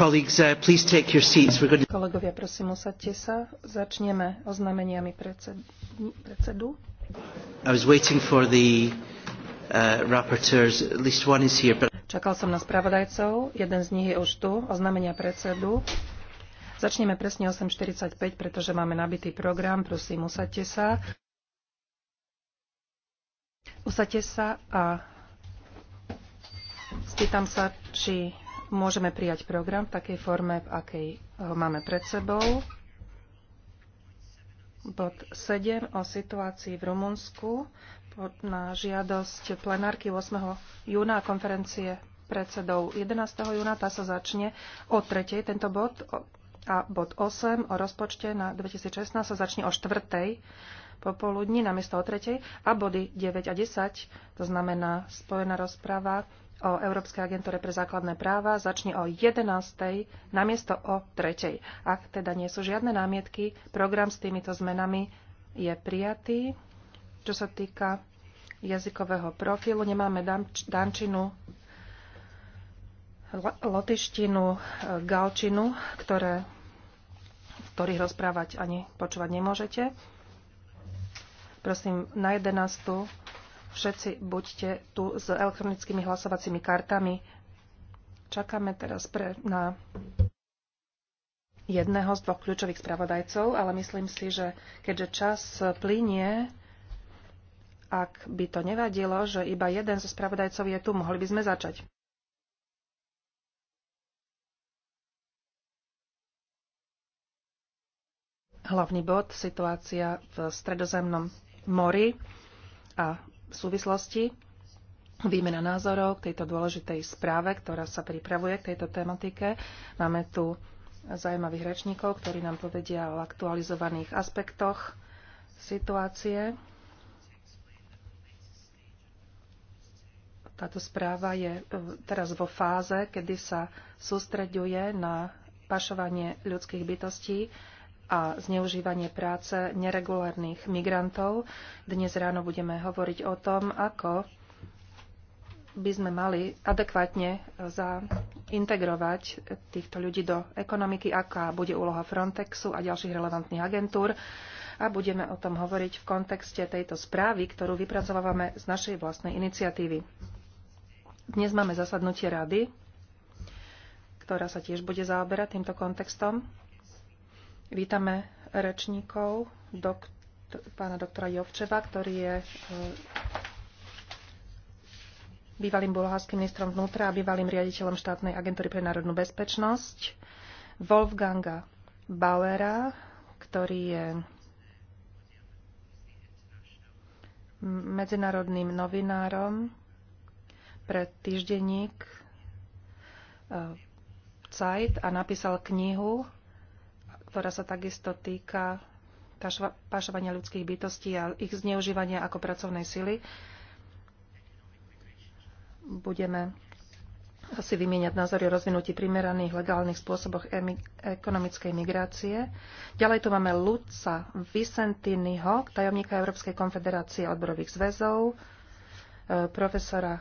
Uh, Kolegovia, prosím, usadte sa. Začneme oznámeniami predsedu. Čakal som na spravodajcov, jeden z nich je už tu, oznámenia predsedu. Začneme presne 8.45, pretože máme nabitý program, prosím, usadte sa. Usadte sa a spýtam sa, či Môžeme prijať program v takej forme, v akej ho e, máme pred sebou. Bod 7 o situácii v Rumunsku na žiadosť plenárky 8. júna a konferencie predsedov 11. júna. Tá sa začne o 3. tento bod a bod 8 o rozpočte na 2016 sa začne o 4. popoludní namiesto o 3. a body 9 a 10, to znamená spojená rozprava o Európskej agentúre pre základné práva začne o 11. namiesto o 3. Ak teda nie sú žiadne námietky, program s týmito zmenami je prijatý. Čo sa týka jazykového profilu, nemáme dančinu, lotištinu, e, galčinu, ktoré, ktorých rozprávať ani počúvať nemôžete. Prosím, na 11 Všetci buďte tu s elektronickými hlasovacími kartami. Čakáme teraz pre, na jedného z dvoch kľúčových spravodajcov, ale myslím si, že keďže čas plinie, ak by to nevadilo, že iba jeden zo spravodajcov je tu, mohli by sme začať. Hlavný bod, situácia v stredozemnom mori a súvislosti výmena názorov k tejto dôležitej správe, ktorá sa pripravuje k tejto tematike. Máme tu zaujímavých rečníkov, ktorí nám povedia o aktualizovaných aspektoch situácie. Táto správa je e, teraz vo fáze, kedy sa sústreďuje na pašovanie ľudských bytostí a zneužívanie práce neregulárnych migrantov. Dnes ráno budeme hovoriť o tom, ako by sme mali adekvátne zaintegrovať týchto ľudí do ekonomiky, aká bude úloha Frontexu a ďalších relevantných agentúr. A budeme o tom hovoriť v kontexte tejto správy, ktorú vypracovávame z našej vlastnej iniciatívy. Dnes máme zasadnutie rady, ktorá sa tiež bude zaoberať týmto kontextom. Vítame rečníkov, dokt- pána doktora Jovčeva, ktorý je e, bývalým bulharským ministrom vnútra a bývalým riaditeľom štátnej agentúry pre národnú bezpečnosť, Wolfganga Bauera, ktorý je medzinárodným novinárom pre týždenník e, Zeit a napísal knihu ktorá sa takisto týka pašovania ľudských bytostí a ich zneužívania ako pracovnej sily. Budeme si vymieňať názory o rozvinutí primeraných legálnych spôsoboch ekonomickej migrácie. Ďalej tu máme Luca Vicentiniho, tajomníka Európskej konfederácie odborových zväzov, e, profesora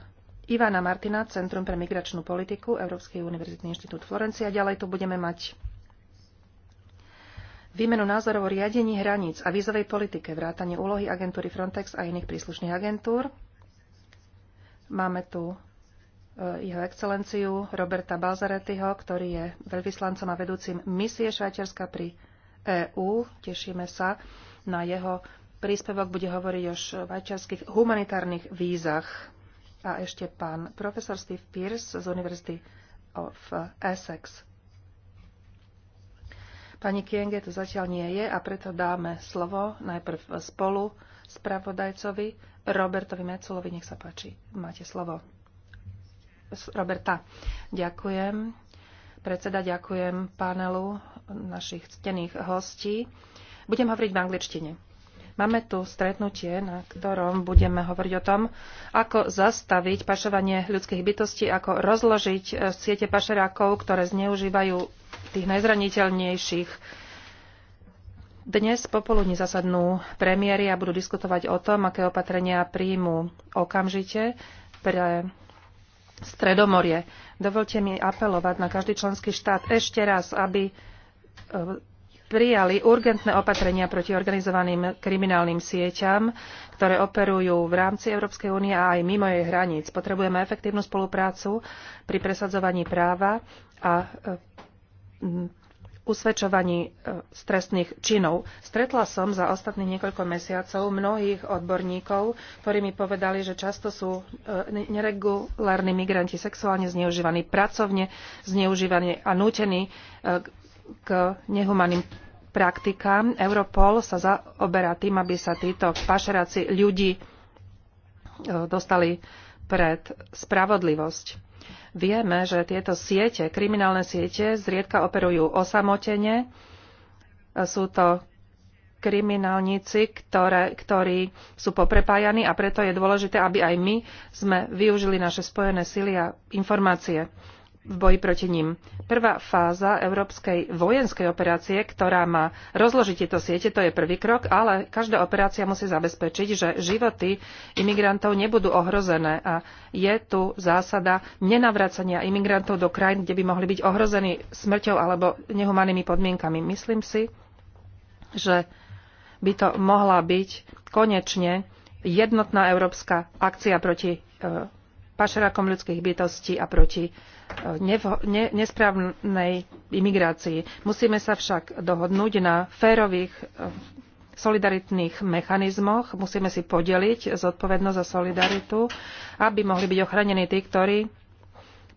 Ivana Martina, Centrum pre migračnú politiku, Európsky univerzitný inštitút Florencia. Ďalej tu budeme mať výmenu názorov o riadení hraníc a vízovej politike, vrátanie úlohy agentúry Frontex a iných príslušných agentúr. Máme tu e, jeho excelenciu Roberta Balzaretyho, ktorý je veľvyslancom a vedúcim misie Švajčiarska pri EÚ. Tešíme sa na jeho príspevok. Bude hovoriť o švajčiarských humanitárnych vízach. A ešte pán profesor Steve Pierce z Univerzity of Essex. Pani Kienge to zatiaľ nie je a preto dáme slovo najprv spolu spravodajcovi Robertovi Meculovi. Nech sa páči, máte slovo. Roberta, ďakujem. Predseda, ďakujem panelu našich ctených hostí. Budem hovoriť v angličtine. Máme tu stretnutie, na ktorom budeme hovoriť o tom, ako zastaviť pašovanie ľudských bytostí, ako rozložiť eh, siete pašerákov, ktoré zneužívajú tých najzraniteľnejších. Dnes popoludní zasadnú premiéry a budú diskutovať o tom, aké opatrenia príjmu okamžite pre Stredomorie. Dovolte mi apelovať na každý členský štát ešte raz, aby e, prijali urgentné opatrenia proti organizovaným kriminálnym sieťam, ktoré operujú v rámci Európskej únie a aj mimo jej hraníc. Potrebujeme efektívnu spoluprácu pri presadzovaní práva a e, usvedčovaní e, stresných činov. Stretla som za ostatných niekoľko mesiacov mnohých odborníkov, ktorí mi povedali, že často sú e, neregulárni migranti sexuálne zneužívaní, pracovne zneužívaní a nútení e, k nehumaným praktikám. Europol sa zaoberá tým, aby sa títo pašeráci ľudí dostali pred spravodlivosť Vieme, že tieto siete, kriminálne siete, zriedka operujú osamotene. Sú to kriminálnici, ktoré, ktorí sú poprepájani a preto je dôležité, aby aj my sme využili naše spojené sily a informácie v boji proti ním. Prvá fáza európskej vojenskej operácie, ktorá má rozložiť tieto siete, to je prvý krok, ale každá operácia musí zabezpečiť, že životy imigrantov nebudú ohrozené a je tu zásada nenavracania imigrantov do krajín, kde by mohli byť ohrození smrťou alebo nehumanými podmienkami. Myslím si, že by to mohla byť konečne jednotná európska akcia proti e, pašerakom ľudských bytostí a proti e, nesprávnej imigrácii. Musíme sa však dohodnúť na férových e, solidaritných mechanizmoch. Musíme si podeliť zodpovednosť za solidaritu, aby mohli byť ochránení tí, ktorí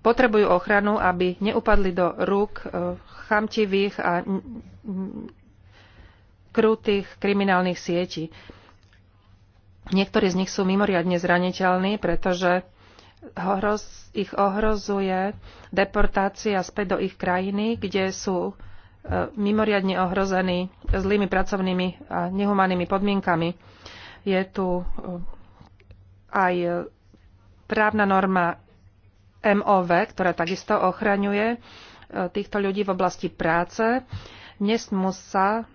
potrebujú ochranu, aby neupadli do rúk e, chamtivých a krutých kriminálnych sietí. Niektorí z nich sú mimoriadne zraniteľní, pretože hroz, ich ohrozuje deportácia späť do ich krajiny, kde sú e, mimoriadne ohrození zlými pracovnými a nehumanými podmienkami. Je tu e, aj právna norma MOV, ktorá takisto ochraňuje e, týchto ľudí v oblasti práce. Nesmú sa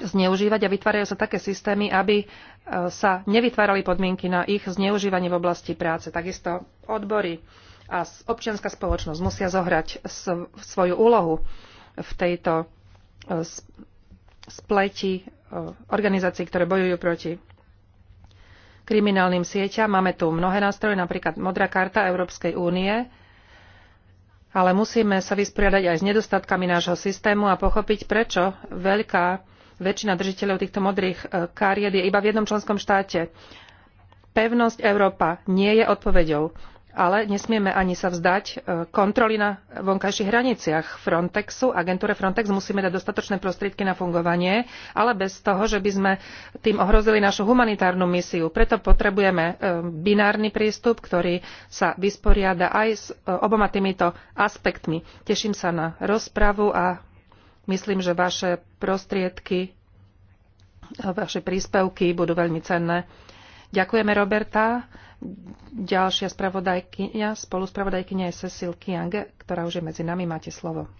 zneužívať a vytvárajú sa také systémy, aby e, sa nevytvárali podmienky na ich zneužívanie v oblasti práce. Takisto odbory a občianská spoločnosť musia zohrať svoju úlohu v tejto e, spleti e, organizácií, ktoré bojujú proti kriminálnym sieťam. Máme tu mnohé nástroje, napríklad Modrá karta Európskej únie, ale musíme sa vysporiadať aj s nedostatkami nášho systému a pochopiť, prečo veľká väčšina držiteľov týchto modrých e, kariet je iba v jednom členskom štáte. Pevnosť Európa nie je odpoveďou, ale nesmieme ani sa vzdať e, kontroly na vonkajších hraniciach Frontexu. Agentúre Frontex musíme dať dostatočné prostriedky na fungovanie, ale bez toho, že by sme tým ohrozili našu humanitárnu misiu. Preto potrebujeme e, binárny prístup, ktorý sa vysporiada aj s oboma týmito aspektmi. Teším sa na rozpravu a Myslím, že vaše prostriedky, vaše príspevky budú veľmi cenné. Ďakujeme Roberta. Ďalšia spravodajkynia, spoluspravodajkynia je Cecil Kiange, ktorá už je medzi nami. Máte slovo.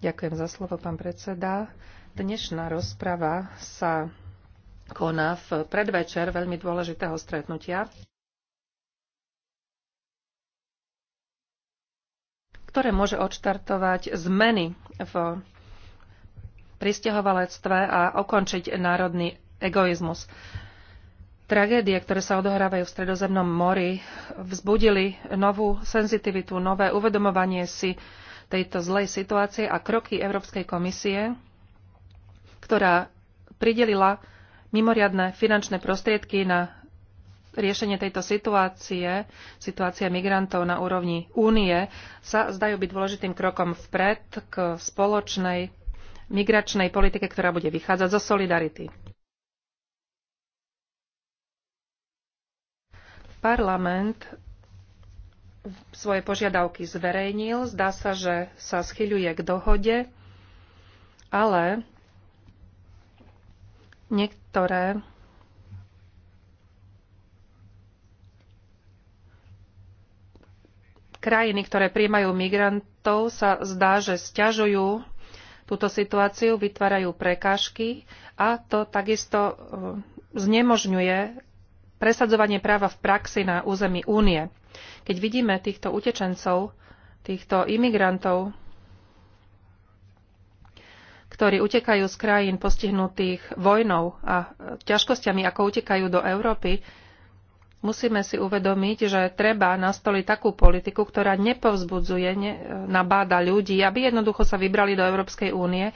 Ďakujem za slovo, pán predseda. Dnešná rozprava sa koná v predvečer veľmi dôležitého stretnutia ktoré môže odštartovať zmeny v pristahovalectve a ukončiť národný egoizmus. Tragédie, ktoré sa odohrávajú v Stredozemnom mori, vzbudili novú senzitivitu, nové uvedomovanie si tejto zlej situácie a kroky Európskej komisie, ktorá pridelila mimoriadne finančné prostriedky na riešenie tejto situácie, situácia migrantov na úrovni únie, sa zdajú byť dôležitým krokom vpred k spoločnej migračnej politike, ktorá bude vychádzať zo solidarity. Parlament svoje požiadavky zverejnil. Zdá sa, že sa schyľuje k dohode, ale niektoré Krajiny, ktoré príjmajú migrantov, sa zdá, že stiažujú túto situáciu, vytvárajú prekážky a to takisto e, znemožňuje presadzovanie práva v praxi na území únie. Keď vidíme týchto utečencov, týchto imigrantov, ktorí utekajú z krajín postihnutých vojnou a ťažkosťami, ako utekajú do Európy, Musíme si uvedomiť, že treba nastoliť takú politiku, ktorá nepovzbudzuje, ne, nabáda ľudí, aby jednoducho sa vybrali do Európskej únie,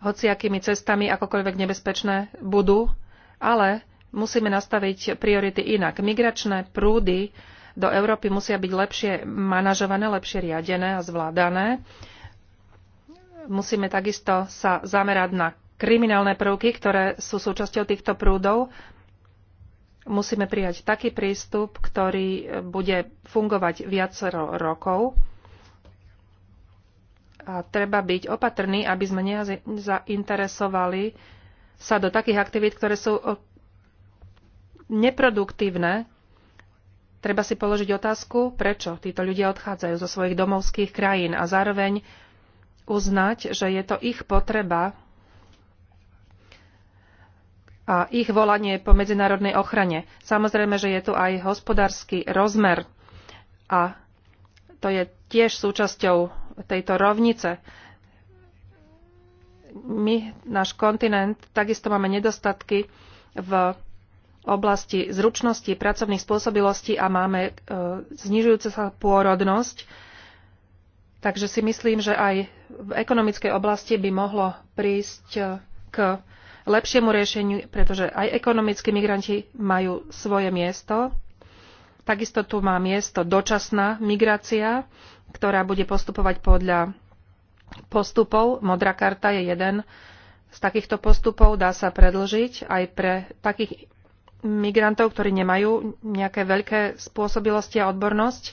hoci akými cestami, akokoľvek nebezpečné budú, ale musíme nastaviť priority inak. Migračné prúdy do Európy musia byť lepšie manažované, lepšie riadené a zvládané. Musíme takisto sa zamerať na kriminálne prvky, ktoré sú súčasťou týchto prúdov musíme prijať taký prístup, ktorý e, bude fungovať viacero rokov a treba byť opatrný, aby sme nezainteresovali sa do takých aktivít, ktoré sú e, neproduktívne. Treba si položiť otázku, prečo títo ľudia odchádzajú zo svojich domovských krajín a zároveň uznať, že je to ich potreba a ich volanie po medzinárodnej ochrane. Samozrejme, že je tu aj hospodársky rozmer a to je tiež súčasťou tejto rovnice. My, náš kontinent, takisto máme nedostatky v oblasti zručnosti, pracovných spôsobilostí a máme e, znižujúcu sa pôrodnosť. Takže si myslím, že aj v ekonomickej oblasti by mohlo prísť e, k lepšiemu riešeniu, pretože aj ekonomickí migranti majú svoje miesto. Takisto tu má miesto dočasná migrácia, ktorá bude postupovať podľa postupov. Modrá karta je jeden z takýchto postupov, dá sa predlžiť aj pre takých migrantov, ktorí nemajú nejaké veľké spôsobilosti a odbornosť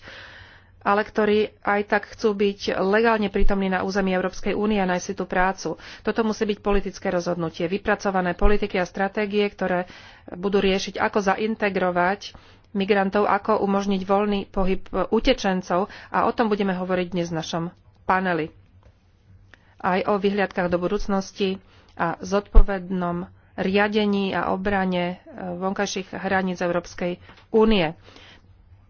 ale ktorí aj tak chcú byť legálne prítomní na území Európskej únie a nájsť si tú prácu. Toto musí byť politické rozhodnutie. Vypracované politiky a stratégie, ktoré budú riešiť, ako zaintegrovať migrantov, ako umožniť voľný pohyb utečencov a o tom budeme hovoriť dnes v našom paneli. Aj o vyhliadkach do budúcnosti a zodpovednom riadení a obrane eh, vonkajších hraníc Európskej únie.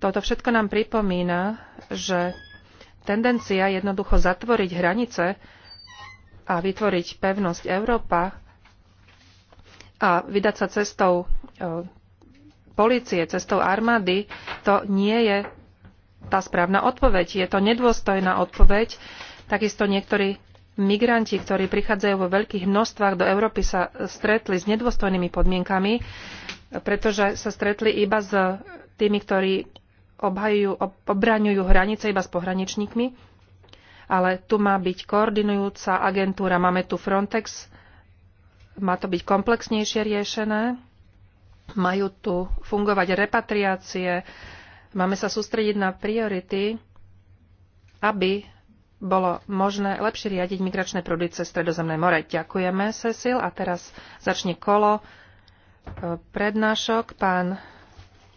Toto všetko nám pripomína, že tendencia jednoducho zatvoriť hranice a vytvoriť pevnosť Európa a vydať sa cestou e, policie, cestou armády, to nie je tá správna odpoveď. Je to nedôstojná odpoveď. Takisto niektorí migranti, ktorí prichádzajú vo veľkých množstvách do Európy, sa stretli s nedôstojnými podmienkami, pretože sa stretli iba s tými, ktorí obhajujú, obraňujú hranice iba s pohraničníkmi, ale tu má byť koordinujúca agentúra, máme tu Frontex, má to byť komplexnejšie riešené, majú tu fungovať repatriácie, máme sa sústrediť na priority, aby bolo možné lepšie riadiť migračné prúdy cez Stredozemné more. Ďakujeme, Cecil. A teraz začne kolo e, prednášok. Pán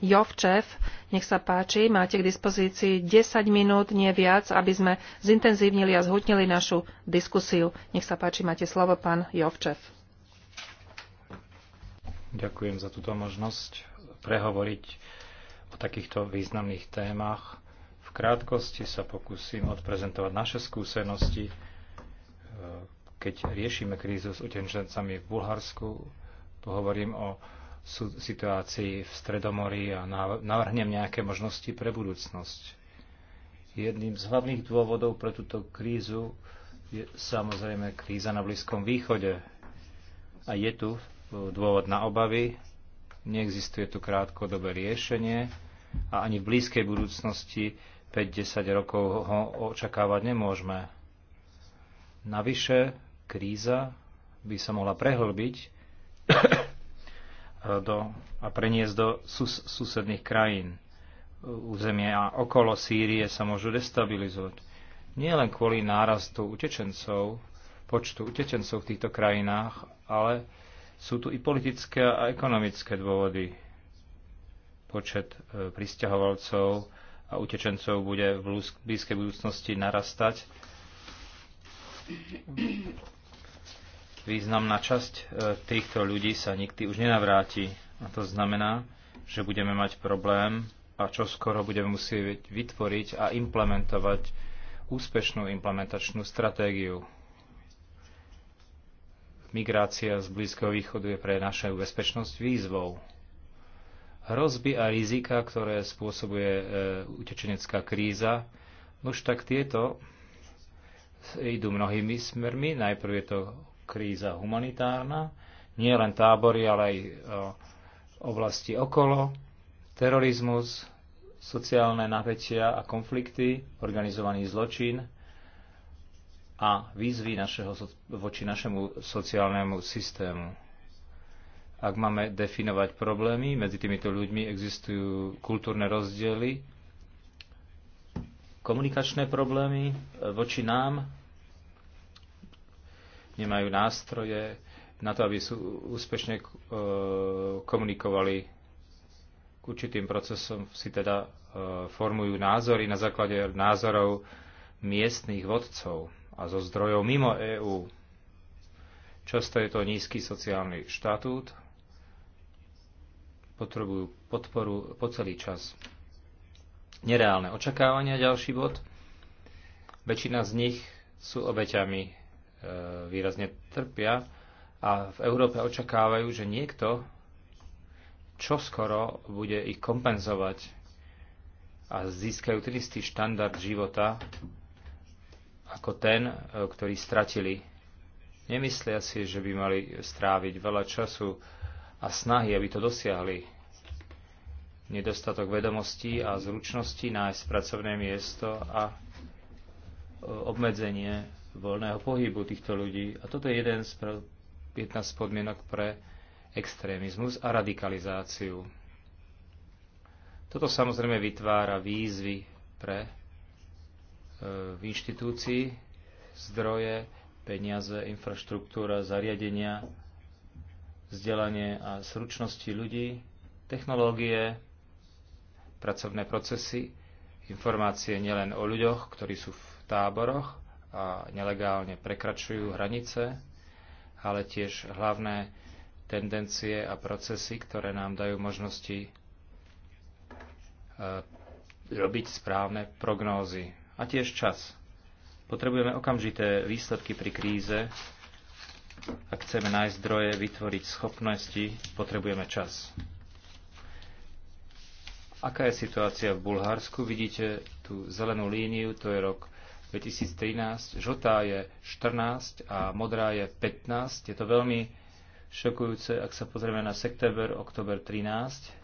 Jovčev. Nech sa páči, máte k dispozícii 10 minút, nie viac, aby sme zintenzívnili a zhutnili našu diskusiu. Nech sa páči, máte slovo, pán Jovčev. Ďakujem za túto možnosť prehovoriť o takýchto významných témach. V krátkosti sa pokúsim odprezentovať naše skúsenosti, e, keď riešime krízu s utečencami v Bulharsku. Pohovorím o situácii v Stredomorí a navrhnem nejaké možnosti pre budúcnosť. Jedným z hlavných dôvodov pre túto krízu je samozrejme kríza na Blízkom východe. A je tu e, dôvod na obavy, neexistuje tu krátkodobé riešenie a ani v blízkej budúcnosti 5-10 rokov ho očakávať nemôžeme. Navyše, kríza by sa mohla prehlbiť do, a preniesť do sus, susedných krajín. Územia okolo Sýrie sa môžu destabilizovať. Nie len kvôli nárastu utečencov, počtu utečencov v týchto krajinách, ale sú tu i politické a ekonomické dôvody. Počet e, pristahovalcov a utečencov bude v blízkej budúcnosti narastať Významná časť e, týchto ľudí sa nikdy už nenavráti. A to znamená, že budeme mať problém a čo skoro budeme musieť vytvoriť a implementovať úspešnú implementačnú stratégiu. Migrácia z Blízkeho východu je pre našu bezpečnosť výzvou. Hrozby a rizika, ktoré spôsobuje e, utečenecká kríza, už tak tieto idú mnohými smermi. Najprv je to kríza humanitárna, nie len tábory, ale aj eh, oblasti okolo, terorizmus, sociálne napätia a konflikty, organizovaný zločin a výzvy našeho, voči našemu sociálnemu systému. Ak máme definovať problémy, medzi týmito ľuďmi existujú kultúrne rozdiely, komunikačné problémy eh, voči nám, nemajú nástroje na to, aby sú úspešne e, komunikovali k určitým procesom, si teda e, formujú názory na základe názorov miestných vodcov a zo zdrojov mimo EÚ. Často je to nízky sociálny štatút, potrebujú podporu po celý čas. Nereálne očakávania, ďalší bod. Väčšina z nich sú obeťami E, výrazne trpia a v Európe očakávajú, že niekto čo skoro bude ich kompenzovať a získajú ten istý štandard života ako ten, e, ktorý stratili. Nemyslia si, že by mali stráviť veľa času a snahy, aby to dosiahli. Nedostatok vedomostí a zručností nájsť pracovné miesto a e, obmedzenie voľného pohybu týchto ľudí. A toto je jeden z, jedna z podmienok pre extrémizmus a radikalizáciu. Toto samozrejme vytvára výzvy pre e, v inštitúcii, zdroje, peniaze, infraštruktúra, zariadenia, vzdelanie a sručnosti ľudí, technológie, pracovné procesy, informácie nielen o ľuďoch, ktorí sú v táboroch, a nelegálne prekračujú hranice, ale tiež hlavné tendencie a procesy, ktoré nám dajú možnosti e, robiť správne prognózy. A tiež čas. Potrebujeme okamžité výsledky pri kríze. Ak chceme nájsť zdroje, vytvoriť schopnosti, potrebujeme čas. Aká je situácia v Bulharsku? Vidíte tú zelenú líniu, to je rok 2013, žltá je 14 a modrá je 15. Je to veľmi šokujúce, ak sa pozrieme na september, oktober 13.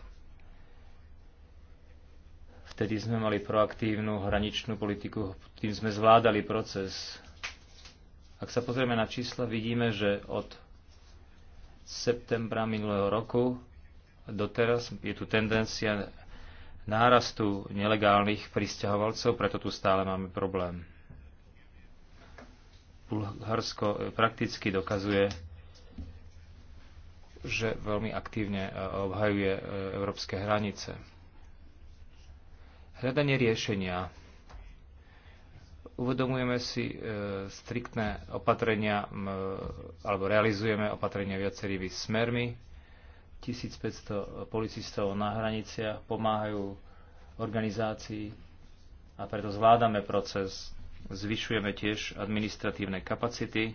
Vtedy sme mali proaktívnu hraničnú politiku, tým sme zvládali proces. Ak sa pozrieme na čísla, vidíme, že od septembra minulého roku doteraz je tu tendencia nárastu nelegálnych pristahovalcov, preto tu stále máme problém. Bulharsko e, prakticky dokazuje, že veľmi aktívne e, obhajuje e, európske hranice. Hľadanie riešenia. Uvedomujeme si striktné opatrenia, alebo realizujeme opatrenia viacerými smermi. 1500 policistov na hraniciach pomáhajú organizácii a preto zvládame proces Zvyšujeme tiež administratívne kapacity,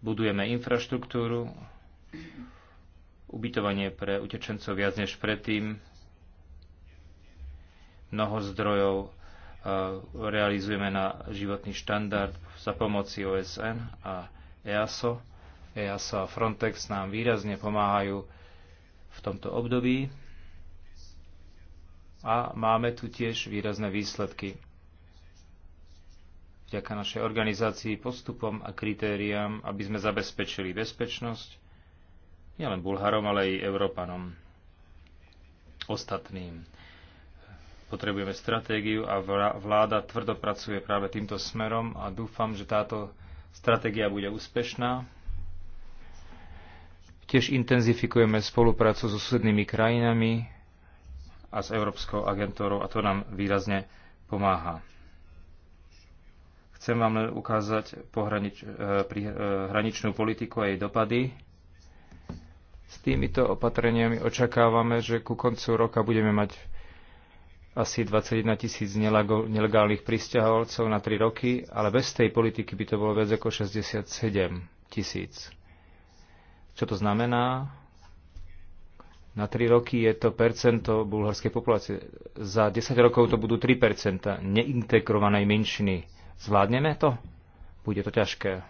budujeme infraštruktúru, ubytovanie pre utečencov viac než predtým, mnoho zdrojov e, realizujeme na životný štandard za pomoci OSN a EASO. EASO a Frontex nám výrazne pomáhajú v tomto období a máme tu tiež výrazné výsledky vďaka našej organizácii, postupom a kritériám, aby sme zabezpečili bezpečnosť nielen Bulharom, ale aj Európanom ostatným. Potrebujeme stratégiu a vláda tvrdo pracuje práve týmto smerom a dúfam, že táto stratégia bude úspešná. Tiež intenzifikujeme spoluprácu so susednými krajinami a s Európskou agentúrou a to nám výrazne pomáha. Chcem vám len ukázať pohranič, eh, pri, eh, hraničnú politiku a jej dopady. S týmito opatreniami očakávame, že ku koncu roka budeme mať asi 21 tisíc nelegálnych pristahovalcov na 3 roky, ale bez tej politiky by to bolo viac ako 67 tisíc. Čo to znamená? Na 3 roky je to percento bulharskej populácie. Za 10 rokov to budú 3 neintegrovanej menšiny Zvládneme to? Bude to ťažké.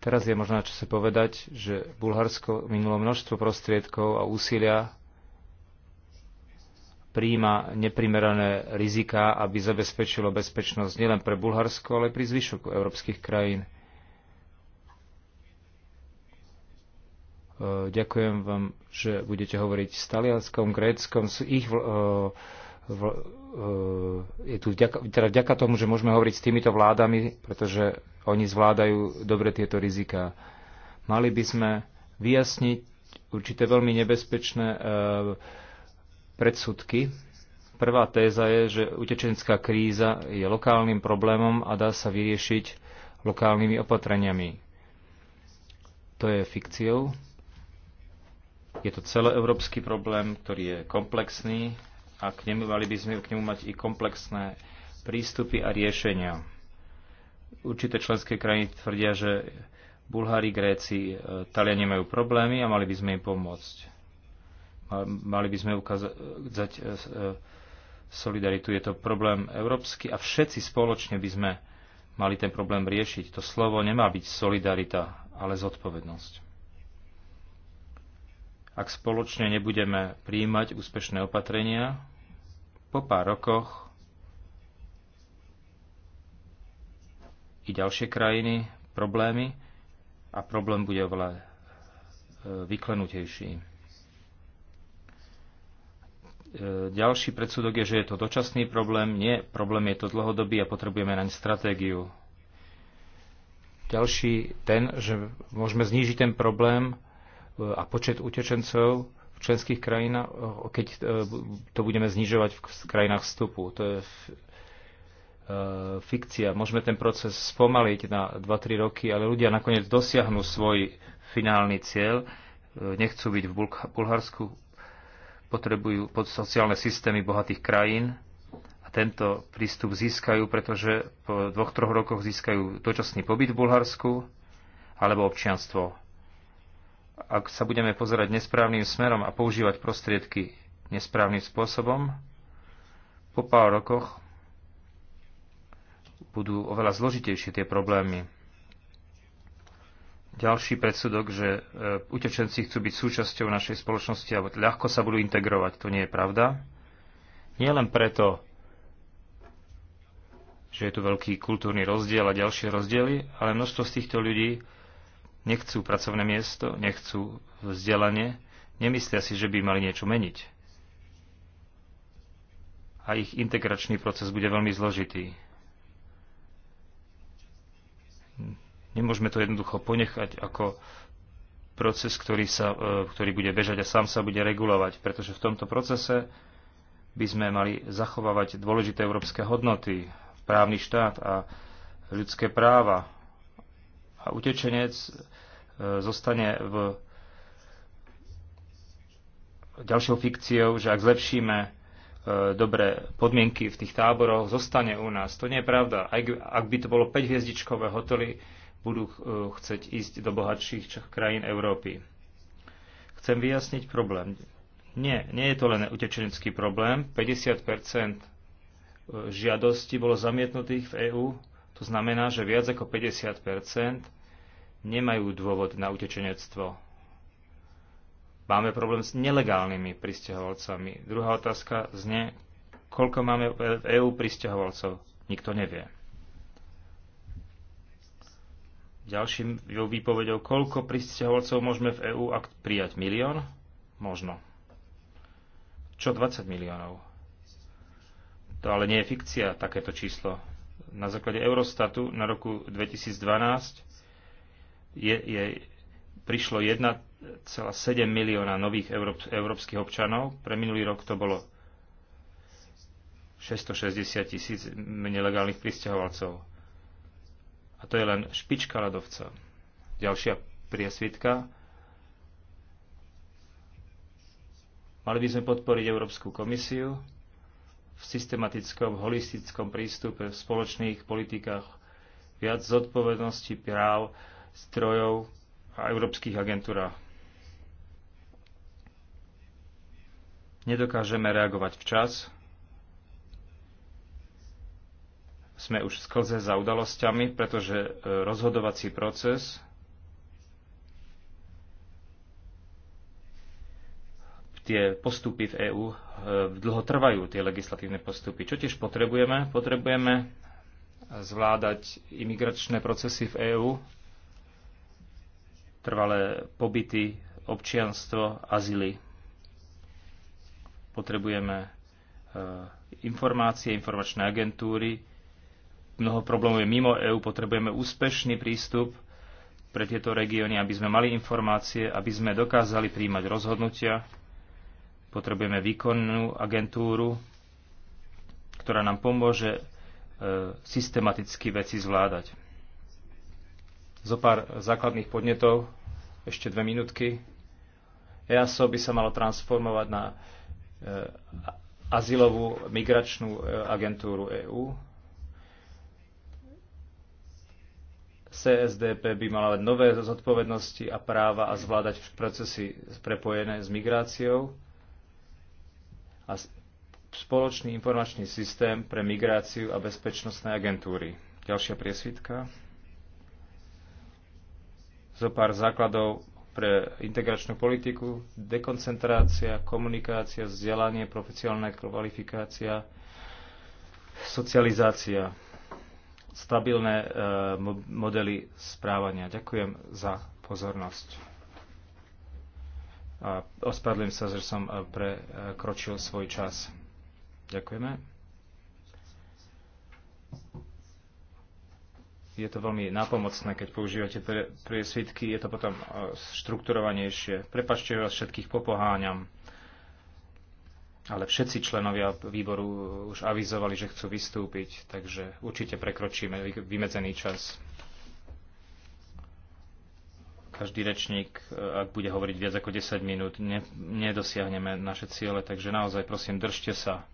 Teraz je možná čo sa povedať, že Bulharsko minulo množstvo prostriedkov a úsilia príjima neprimerané riziká, aby zabezpečilo bezpečnosť nielen pre Bulharsko, ale pri zvyšok európskych krajín. E, ďakujem vám, že budete hovoriť s Talianskom, Gréckom, s ich vl- e, vl- E, je tu vďaka, teda vďaka tomu, že môžeme hovoriť s týmito vládami, pretože oni zvládajú dobre tieto riziká. Mali by sme vyjasniť určité veľmi nebezpečné e, predsudky. Prvá téza je, že utečenská kríza je lokálnym problémom a dá sa vyriešiť lokálnymi opatreniami. To je fikciou. Je to celoevropský problém, ktorý je komplexný, a k nemu mali by sme k nemu mať i komplexné prístupy a riešenia. Určité členské krajiny tvrdia, že Bulhári, Gréci, e, Taliani majú problémy a mali by sme im pomôcť. Mali by sme ukázať e, e, solidaritu. Je to problém európsky a všetci spoločne by sme mali ten problém riešiť. To slovo nemá byť solidarita, ale zodpovednosť. Ak spoločne nebudeme príjmať úspešné opatrenia, po pár rokoch i ďalšie krajiny problémy a problém bude oveľa e, vyklenutejší. E, ďalší predsudok je, že je to dočasný problém. Nie, problém je to dlhodobý a potrebujeme naň stratégiu. Ďalší ten, že môžeme znížiť ten problém a počet utečencov v členských krajinách, keď e, to budeme znižovať v krajinách vstupu. To je e, fikcia. Môžeme ten proces spomaliť na 2-3 roky, ale ľudia nakoniec dosiahnu svoj finálny cieľ. E, nechcú byť v Bulharsku, potrebujú pod sociálne systémy bohatých krajín a tento prístup získajú, pretože po dvoch, troch rokoch získajú dočasný pobyt v Bulharsku alebo občianstvo ak sa budeme pozerať nesprávnym smerom a používať prostriedky nesprávnym spôsobom, po pár rokoch budú oveľa zložitejšie tie problémy. Ďalší predsudok, že e, utečenci chcú byť súčasťou našej spoločnosti a ľahko sa budú integrovať, to nie je pravda. Nie len preto, že je tu veľký kultúrny rozdiel a ďalšie rozdiely, ale množstvo z týchto ľudí Nechcú pracovné miesto, nechcú vzdelanie, nemyslia si, že by mali niečo meniť. A ich integračný proces bude veľmi zložitý. Nemôžeme to jednoducho ponechať ako proces, ktorý, sa, e, ktorý bude bežať a sám sa bude regulovať, pretože v tomto procese by sme mali zachovávať dôležité európske hodnoty, právny štát a ľudské práva. A utečenec zostane v ďalšou fikciou, že ak zlepšíme e, dobré podmienky v tých táboroch, zostane u nás. To nie je pravda. Ak, ak by to bolo 5-hviezdičkové hotely, budú e, chceť ísť do bohatších krajín Európy. Chcem vyjasniť problém. Nie, nie je to len utečenecký problém. 50 e, žiadostí bolo zamietnutých v EÚ. To znamená, že viac ako 50 nemajú dôvod na utečenectvo. Máme problém s nelegálnymi pristahovalcami. Druhá otázka znie, koľko máme v EÚ pristahovalcov. Nikto nevie. Ďalším výpovedou, koľko pristahovalcov môžeme v EÚ ak prijať? Milión? Možno. Čo 20 miliónov? To ale nie je fikcia, takéto číslo. Na základe Eurostatu na roku 2012 je, je, prišlo 1,7 milióna nových európ, európskych občanov. Pre minulý rok to bolo 660 tisíc nelegálnych pristahovalcov. A to je len špička ľadovca. Ďalšia priesvitka. Mali by sme podporiť Európsku komisiu v systematickom, holistickom prístupe v spoločných politikách viac zodpovednosti práv strojov a európskych agentúrách. Nedokážeme reagovať včas. Sme už sklze za udalosťami, pretože e, rozhodovací proces tie postupy v EÚ e, dlho trvajú, tie legislatívne postupy. Čo tiež potrebujeme? Potrebujeme zvládať imigračné procesy v EÚ trvalé pobyty, občianstvo, azily. Potrebujeme e, informácie, informačné agentúry. Mnoho problémov je mimo EÚ, potrebujeme úspešný prístup pre tieto regióny, aby sme mali informácie, aby sme dokázali príjmať rozhodnutia. Potrebujeme výkonnú agentúru, ktorá nám pomôže e, systematicky veci zvládať zo pár základných podnetov, ešte dve minútky. EASO by sa malo transformovať na e, azylovú migračnú e, agentúru EÚ. CSDP by mala mať nové zodpovednosti a práva a zvládať procesy prepojené s migráciou a spoločný informačný systém pre migráciu a bezpečnostné agentúry. Ďalšia priesvitka zo pár základov pre integračnú politiku, dekoncentrácia, komunikácia, vzdelanie, profesionálna kvalifikácia, socializácia, stabilné e, modely správania. Ďakujem za pozornosť. A ospadlím sa, že som e, prekročil svoj čas. Ďakujeme je to veľmi nápomocné, keď používate pre, priesvitky, je to potom e, štrukturovanejšie. Prepačte vás všetkých popoháňam, ale všetci členovia výboru už avizovali, že chcú vystúpiť, takže určite prekročíme vymedzený čas. Každý rečník, e, ak bude hovoriť viac ako 10 minút, ne, nedosiahneme naše ciele, takže naozaj prosím, držte sa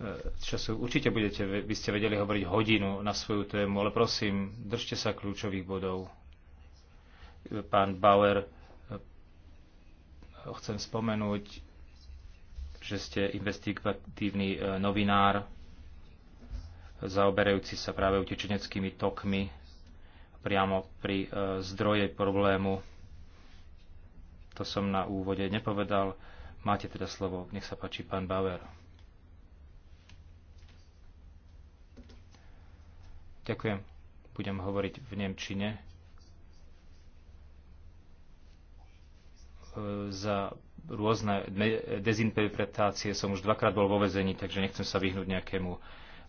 E, času. Určite budete, by ste vedeli hovoriť hodinu na svoju tému, ale prosím, držte sa kľúčových bodov. E, pán Bauer, e, chcem spomenúť, že ste investigatívny novinár, zaoberajúci sa práve utečeneckými tokmi priamo pri zdroje problému. To som na úvode nepovedal. Máte teda slovo. Nech sa páči, pán Bauer. Ďakujem. Budem hovoriť v Nemčine. E, za rôzne dezinterpretácie som už dvakrát bol vo vezení, takže nechcem sa vyhnúť nejakému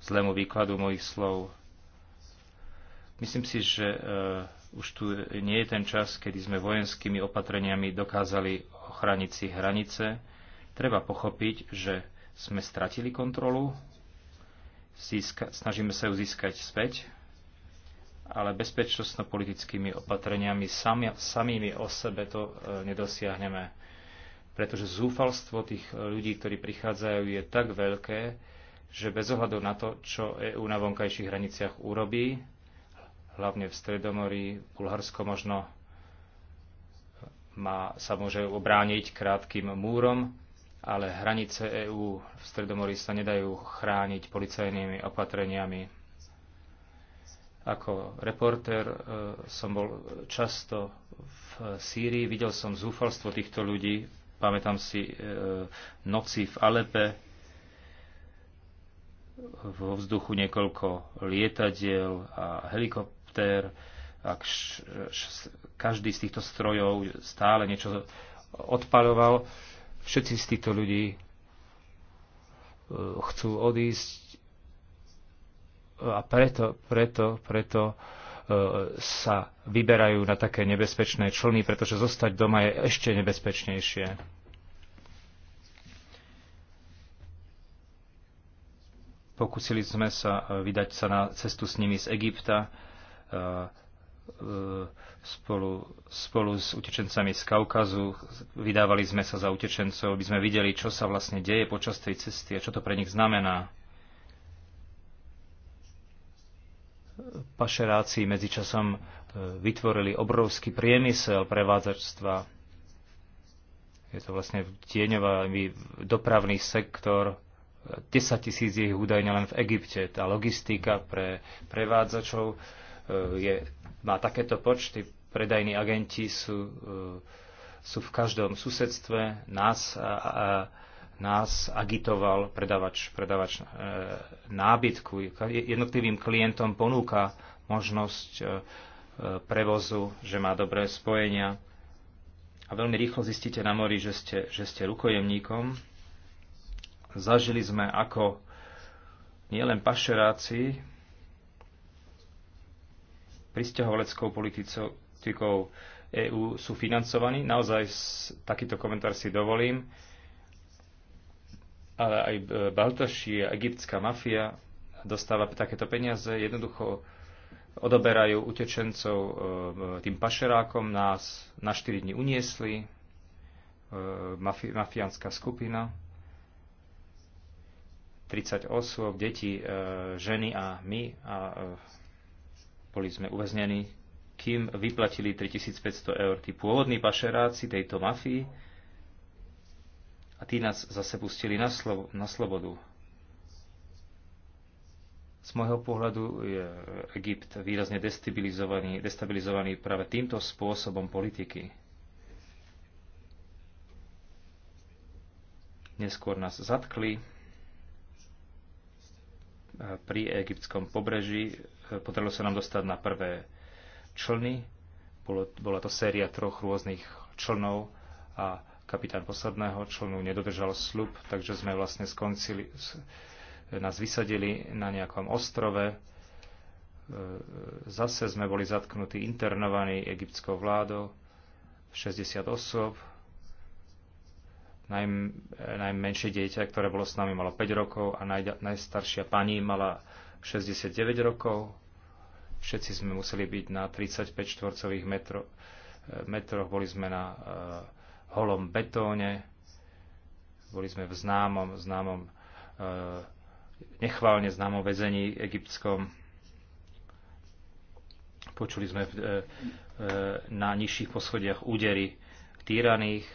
zlému výkladu mojich slov. Myslím si, že e, už tu nie je ten čas, kedy sme vojenskými opatreniami dokázali ochraniť si hranice. Treba pochopiť, že sme stratili kontrolu získa- snažíme sa ju získať späť, ale bezpečnostno-politickými opatreniami sami, samými o sebe to e, nedosiahneme. Pretože zúfalstvo tých e, ľudí, ktorí prichádzajú, je tak veľké, že bez ohľadu na to, čo EÚ na vonkajších hraniciach urobí, hlavne v Stredomorí, Bulharsko možno e, má, sa môže obrániť krátkým múrom, ale hranice EÚ v Stredomorí sa nedajú chrániť policajnými opatreniami. Ako reportér e, som bol často v Sýrii, videl som zúfalstvo týchto ľudí, pamätám si e, noci v Alepe, vo vzduchu niekoľko lietadiel a helikoptér, a každý z týchto strojov stále niečo odpaľoval, Všetci z týchto ľudí e, chcú odísť a preto, preto, preto e, sa vyberajú na také nebezpečné člny, pretože zostať doma je ešte nebezpečnejšie. Pokúsili sme sa vydať sa na cestu s nimi z Egypta e, E, spolu, spolu s utečencami z Kaukazu. Vydávali sme sa za utečencov, aby sme videli, čo sa vlastne deje počas tej cesty a čo to pre nich znamená. Pašeráci medzičasom e, vytvorili obrovský priemysel prevádzačstva. Je to vlastne tieňový dopravný sektor. 10 tisíc je ich údajne len v Egypte. Tá logistika pre prevádzačov Eh, je, má takéto počty. Predajní agenti sú, eh, sú v každom susedstve. Nás, a, a, nás agitoval predavač, predavač eh, nábytku. Jednotlivým klientom ponúka možnosť prevozu, že má dobré spojenia. A veľmi rýchlo zistíte na mori, že ste, že ste rukojemníkom. Zažili sme, ako nielen pašeráci, pristahovaleckou politikou EÚ sú financovaní. Naozaj takýto komentár si dovolím. Ale aj e, a egyptská mafia dostáva takéto peniaze. Jednoducho odoberajú utečencov e, tým pašerákom, nás na 4 dní uniesli, e, mafiánska skupina, 30 osôb, deti, ženy a my. A boli sme uväznení, kým vyplatili 3500 eur tí pôvodní pašeráci tejto mafii a tí nás zase pustili na, slo- na slobodu. Z môjho pohľadu je Egypt výrazne destabilizovaný, destabilizovaný práve týmto spôsobom politiky. Neskôr nás zatkli pri egyptskom pobreží podarilo sa nám dostať na prvé člny. Bolo, bola to séria troch rôznych člnov a kapitán posledného člnu nedodržal slub, takže sme vlastne skoncili, nás vysadili na nejakom ostrove. E, zase sme boli zatknutí, internovaní egyptskou vládou, 60 osôb, e, najmenšie dieťa, ktoré bolo s nami, malo 5 rokov a najstaršia pani mala 69 rokov. Všetci sme museli byť na 35 štvorcových metro, e, metroch, boli sme na uh, holom betóne, boli sme v známom, známom uh, nechválne známom väzení egyptskom. Počuli sme na nižších poschodiach údery týraných.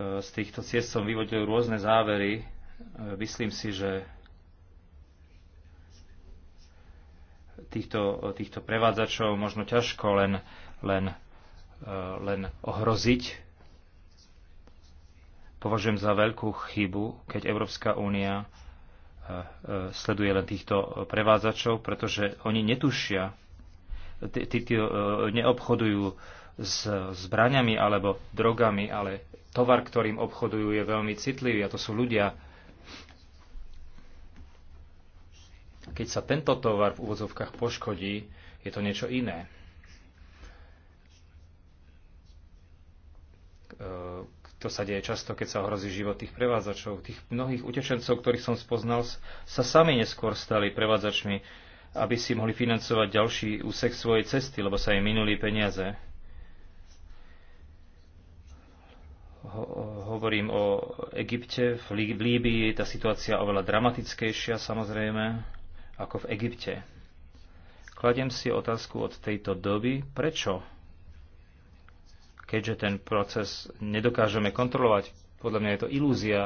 Z týchto ciest som vyvodil rôzne závery. E, myslím si, že týchto, týchto prevádzačov možno ťažko len, len, e, len ohroziť. Považujem za veľkú chybu, keď Európska únia e, sleduje len týchto prevádzačov, pretože oni netušia, tí, tí neobchodujú s zbraniami alebo drogami, ale tovar, ktorým obchodujú, je veľmi citlivý a to sú ľudia, Keď sa tento tovar v úvodzovkách poškodí, je to niečo iné. E, to sa deje často, keď sa ohrozí život tých prevádzačov. Tých mnohých utečencov, ktorých som spoznal, sa sami neskôr stali prevádzačmi, aby si mohli financovať ďalší úsek svojej cesty, lebo sa im minuli peniaze. hovorím o Egypte, v Líbii je tá situácia oveľa dramatickejšia samozrejme ako v Egypte. Kladiem si otázku od tejto doby, prečo? Keďže ten proces nedokážeme kontrolovať, podľa mňa je to ilúzia,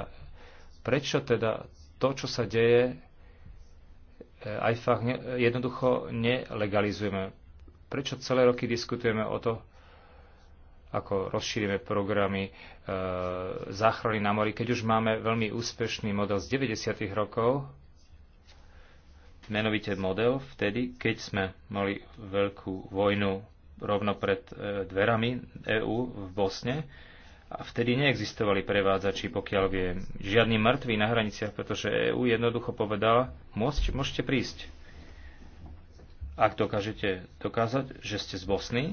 prečo teda to, čo sa deje, eh, aj fakt ne, jednoducho nelegalizujeme. Prečo celé roky diskutujeme o to, ako rozšírime programy e, záchrany na mori, keď už máme veľmi úspešný model z 90. rokov, menovite model vtedy, keď sme mali veľkú vojnu rovno pred e, dverami EÚ v Bosne. A vtedy neexistovali prevádzači, pokiaľ viem. Žiadny mŕtvý na hraniciach, pretože EÚ jednoducho povedala, môžete, môžete prísť. Ak dokážete dokázať, že ste z Bosny,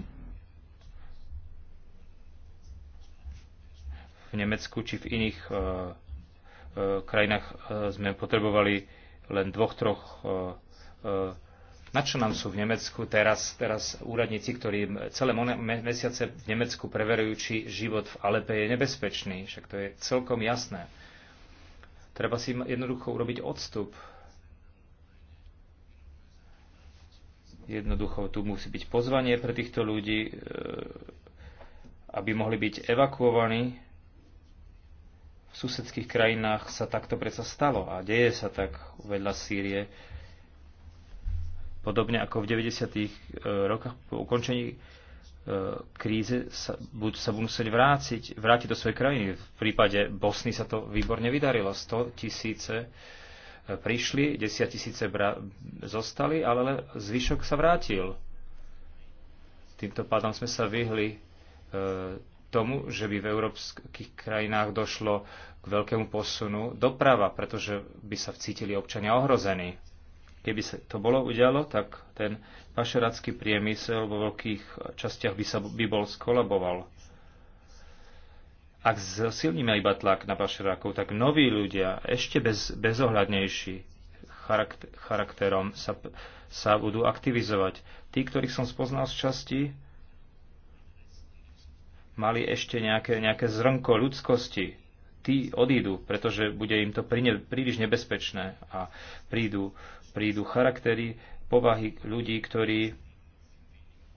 v Nemecku či v iných e, e, krajinách e, sme potrebovali len dvoch, troch. E, e, na čo nám sú v Nemecku teraz, teraz úradníci, ktorí celé mesiace v Nemecku preverujú, či život v Alepe je nebezpečný. Však to je celkom jasné. Treba si jednoducho urobiť odstup. Jednoducho tu musí byť pozvanie pre týchto ľudí, e, aby mohli byť evakuovaní v susedských krajinách sa takto predsa stalo a deje sa tak vedľa Sýrie. Podobne ako v 90. E, rokoch po ukončení e, kríze sa, buď sa budú musieť vrátiť, vrátiť do svojej krajiny. V prípade Bosny sa to výborne vydarilo. 100 tisíce e, prišli, 10 tisíce zostali, ale zvyšok sa vrátil. Týmto pádom sme sa vyhli tomu, že by v európskych krajinách došlo k veľkému posunu doprava, pretože by sa cítili občania ohrození. Keby sa to bolo udialo, tak ten pašeracký priemysel vo veľkých častiach by, sa, by bol skolaboval. Ak zosilníme iba tlak na pašerákov, tak noví ľudia, ešte bez, bezohľadnejší charakter, charakterom, sa, sa budú aktivizovať. Tí, ktorých som spoznal z časti, mali ešte nejaké, nejaké zrnko ľudskosti. Tí odídu, pretože bude im to príne, príliš nebezpečné a prídu, prídu charaktery, povahy ľudí, ktorí,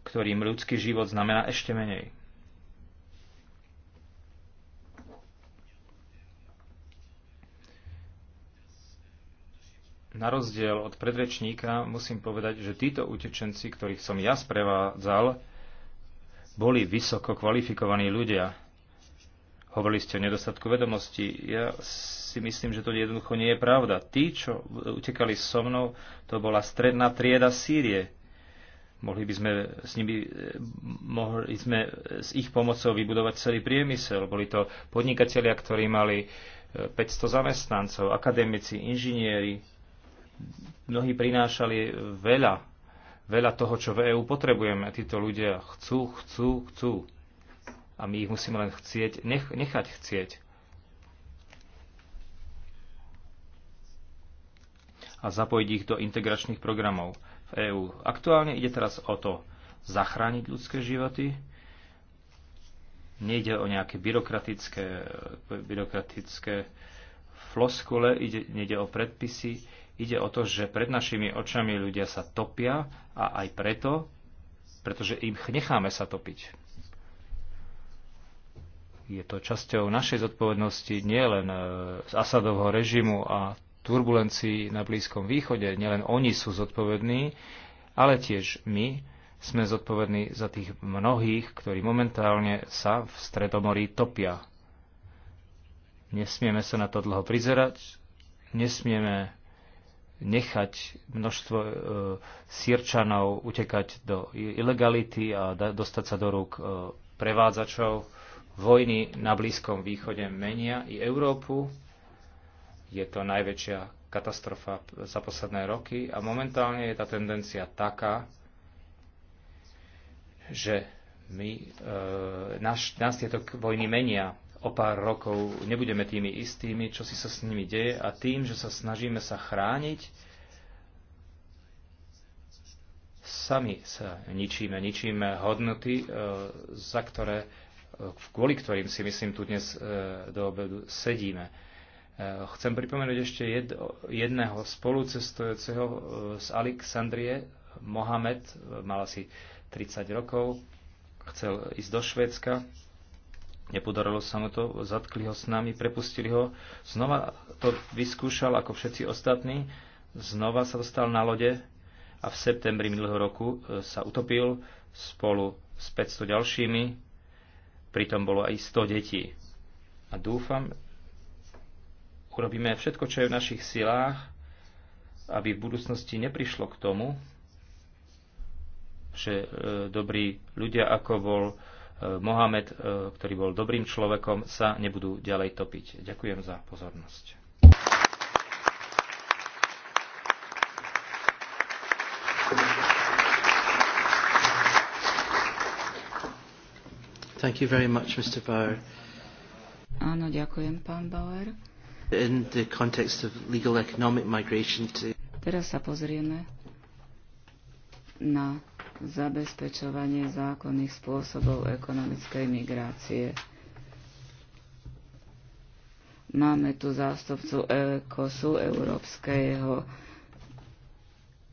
ktorým ľudský život znamená ešte menej. Na rozdiel od predrečníka musím povedať, že títo utečenci, ktorých som ja sprevádzal, boli vysoko kvalifikovaní ľudia. Hovorili ste o nedostatku vedomosti. Ja si myslím, že to jednoducho nie je pravda. Tí, čo utekali so mnou, to bola stredná trieda Sýrie. Mohli by sme s nimi, mohli sme s ich pomocou vybudovať celý priemysel. Boli to podnikatelia, ktorí mali 500 eh, zamestnancov, akademici, inžinieri. Mnohí prinášali veľa veľa toho, čo v EÚ potrebujeme. Títo ľudia chcú, chcú, chcú. A my ich musíme len chcieť, nech, nechať chcieť. A zapojiť ich do integračných programov v EÚ. Aktuálne ide teraz o to zachrániť ľudské životy. Nejde o nejaké byrokratické, byrokratické floskule, ide, nejde o predpisy, Ide o to, že pred našimi očami ľudia sa topia a aj preto, pretože im necháme sa topiť. Je to časťou našej zodpovednosti nielen e, z Asadovho režimu a turbulencií na Blízkom východe. Nielen oni sú zodpovední, ale tiež my sme zodpovední za tých mnohých, ktorí momentálne sa v Stredomorí topia. Nesmieme sa na to dlho prizerať, nesmieme nechať množstvo e, sírčanov utekať do ilegality a da, dostať sa do rúk e, prevádzačov. Vojny na Blízkom východe menia i Európu. Je to najväčšia katastrofa za posledné roky a momentálne je tá tendencia taká, že my, e, naš, nás tieto vojny menia o pár rokov nebudeme tými istými, čo si sa s nimi deje a tým, že sa snažíme sa chrániť, sami sa ničíme, ničíme hodnoty, e, za ktoré, e, kvôli ktorým si myslím tu dnes e, do obedu sedíme. Chcem pripomenúť ešte jedného spolucestujúceho z Alexandrie, Mohamed, mal asi 30 rokov, chcel ísť do Švédska, Nepodarilo sa mu to, zatkli ho s nami, prepustili ho. Znova to vyskúšal ako všetci ostatní, znova sa dostal na lode a v septembri minulého roku e, sa utopil spolu s 500 ďalšími, pritom bolo aj 100 detí. A dúfam, urobíme všetko, čo je v našich silách, aby v budúcnosti neprišlo k tomu, že e, dobrí ľudia, ako bol Mohamed, e, ktorý bol dobrým človekom, sa nebudú ďalej topiť. Ďakujem za pozornosť. Thank you very much, Mr. Bauer. Áno, ďakujem, pán Bauer. In the context of legal economic migration to... Teraz sa pozrieme na zabezpečovanie zákonných spôsobov ekonomickej migrácie. Máme tu zástupcu EKOSu Európskeho,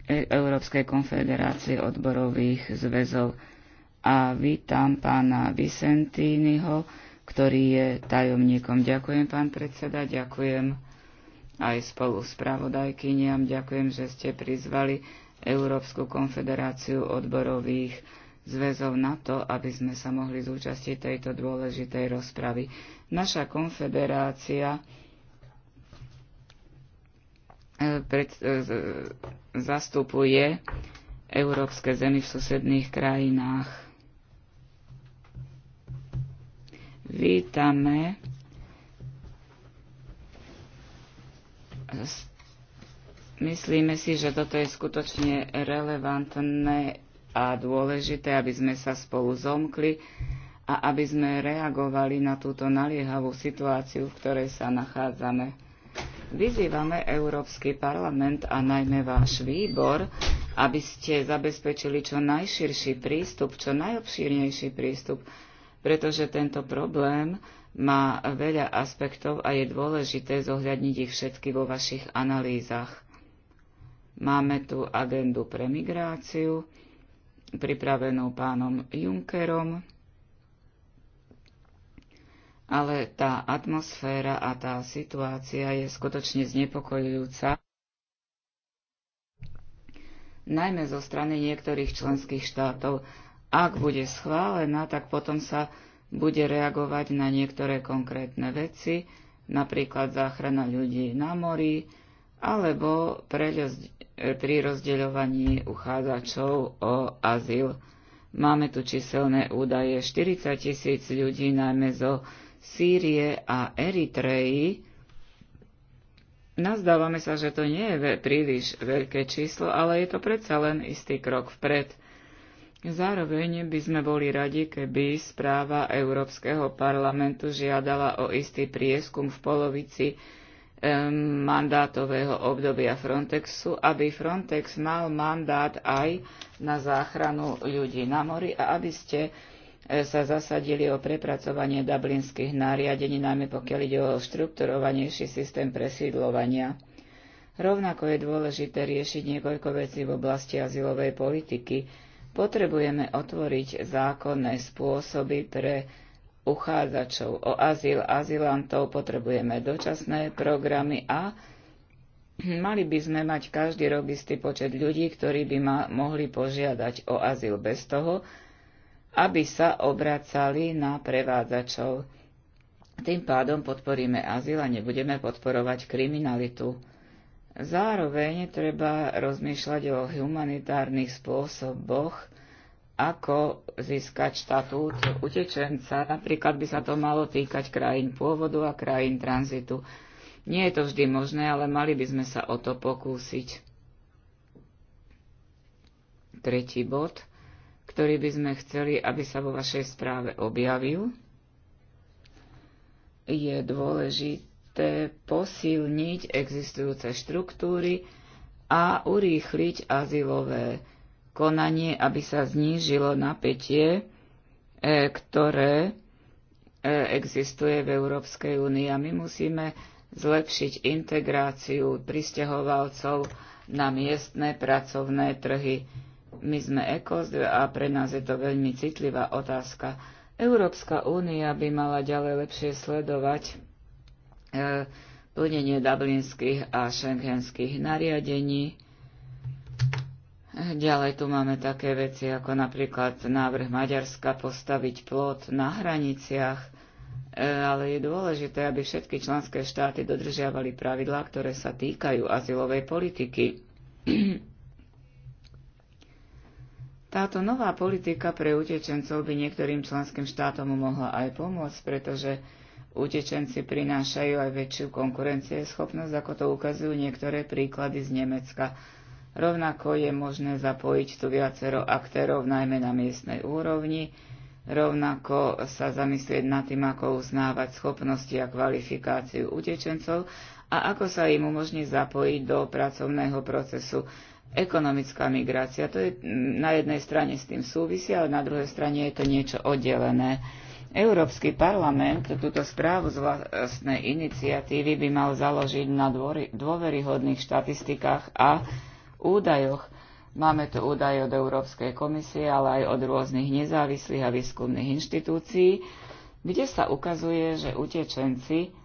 Európskej konfederácie odborových zväzov a vítam pána Vicentínyho, ktorý je tajomníkom. Ďakujem, pán predseda, ďakujem aj spolu spravodajkyniam, ďakujem, že ste prizvali Európsku konfederáciu odborových zväzov na to, aby sme sa mohli zúčastiť tejto dôležitej rozpravy. Naša konfederácia e, pred, e, zastupuje európske zemi v susedných krajinách. Vítame Myslíme si, že toto je skutočne relevantné a dôležité, aby sme sa spolu zomkli a aby sme reagovali na túto naliehavú situáciu, v ktorej sa nachádzame. Vyzývame Európsky parlament a najmä váš výbor, aby ste zabezpečili čo najširší prístup, čo najobšírnejší prístup, pretože tento problém má veľa aspektov a je dôležité zohľadniť ich všetky vo vašich analýzach. Máme tu agendu pre migráciu, pripravenú pánom Junckerom, ale tá atmosféra a tá situácia je skutočne znepokojujúca, najmä zo strany niektorých členských štátov. Ak bude schválená, tak potom sa bude reagovať na niektoré konkrétne veci, napríklad záchrana ľudí na mori, alebo pri rozdeľovaní uchádzačov o azyl. Máme tu číselné údaje 40 tisíc ľudí najmä zo Sýrie a Eritreji. Nazdávame sa, že to nie je príliš veľké číslo, ale je to predsa len istý krok vpred. Zároveň by sme boli radi, keby správa Európskeho parlamentu žiadala o istý prieskum v polovici mandátového obdobia Frontexu, aby Frontex mal mandát aj na záchranu ľudí na mori a aby ste e, sa zasadili o prepracovanie dublinských nariadení, najmä pokiaľ ide o štrukturovanejší systém presídlovania. Rovnako je dôležité riešiť niekoľko vecí v oblasti azylovej politiky. Potrebujeme otvoriť zákonné spôsoby pre uchádzačov o azyl, azylantov, potrebujeme dočasné programy a mali by sme mať každý rok istý počet ľudí, ktorí by ma, mohli požiadať o azyl bez toho, aby sa obracali na prevádzačov. Tým pádom podporíme azyl a nebudeme podporovať kriminalitu. Zároveň treba rozmýšľať o humanitárnych spôsoboch ako získať štatút utečenca. Napríklad by sa to malo týkať krajín pôvodu a krajín tranzitu. Nie je to vždy možné, ale mali by sme sa o to pokúsiť. Tretí bod, ktorý by sme chceli, aby sa vo vašej správe objavil, je dôležité posilniť existujúce štruktúry a urýchliť azylové konanie, aby sa znížilo napätie, e, ktoré e, existuje v Európskej únii. A my musíme zlepšiť integráciu pristahovalcov na miestne pracovné trhy. My sme ECOS a pre nás je to veľmi citlivá otázka. Európska únia by mala ďalej lepšie sledovať e, plnenie dublinských a šenghenských nariadení Ďalej tu máme také veci ako napríklad návrh Maďarska postaviť plot na hraniciach, e, ale je dôležité, aby všetky členské štáty dodržiavali pravidlá, ktoré sa týkajú azylovej politiky. Táto nová politika pre utečencov by niektorým členským štátom mohla aj pomôcť, pretože utečenci prinášajú aj väčšiu konkurencieschopnosť, ako to ukazujú niektoré príklady z Nemecka. Rovnako je možné zapojiť tu viacero aktérov, najmä na miestnej úrovni, rovnako sa zamyslieť nad tým, ako uznávať schopnosti a kvalifikáciu utečencov a ako sa im umožní zapojiť do pracovného procesu. Ekonomická migrácia, to je mm, na jednej strane s tým súvisí, ale na druhej strane je to niečo oddelené. Európsky parlament túto správu z vlastnej iniciatívy by mal založiť na dôveryhodných štatistikách a údajoch. Máme tu údaje od Európskej komisie, ale aj od rôznych nezávislých a výskumných inštitúcií, kde sa ukazuje, že utečenci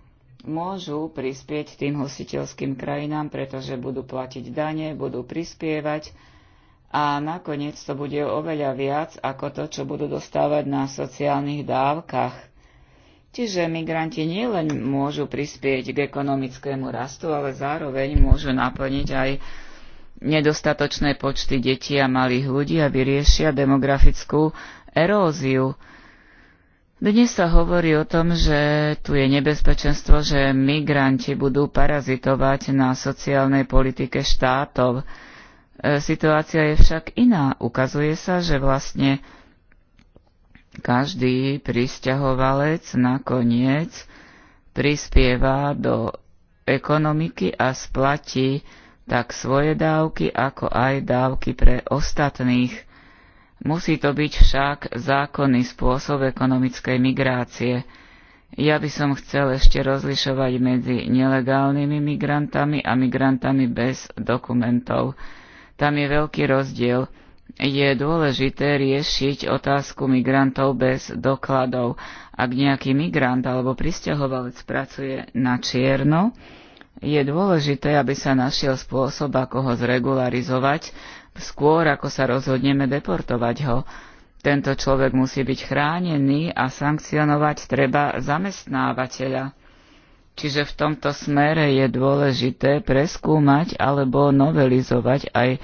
môžu prispieť tým hostiteľským krajinám, pretože budú platiť dane, budú prispievať a nakoniec to bude oveľa viac ako to, čo budú dostávať na sociálnych dávkach. Čiže migranti nielen môžu prispieť k ekonomickému rastu, ale zároveň môžu naplniť aj nedostatočné počty detí a malých ľudí a vyriešia demografickú eróziu. Dnes sa hovorí o tom, že tu je nebezpečenstvo, že migranti budú parazitovať na sociálnej politike štátov. E, situácia je však iná. Ukazuje sa, že vlastne každý pristahovalec nakoniec prispieva do ekonomiky a splatí tak svoje dávky, ako aj dávky pre ostatných. Musí to byť však zákonný spôsob ekonomickej migrácie. Ja by som chcel ešte rozlišovať medzi nelegálnymi migrantami a migrantami bez dokumentov. Tam je veľký rozdiel. Je dôležité riešiť otázku migrantov bez dokladov. Ak nejaký migrant alebo pristahovalec pracuje na čierno, je dôležité, aby sa našiel spôsob, ako ho zregularizovať, skôr ako sa rozhodneme deportovať ho. Tento človek musí byť chránený a sankcionovať treba zamestnávateľa. Čiže v tomto smere je dôležité preskúmať alebo novelizovať aj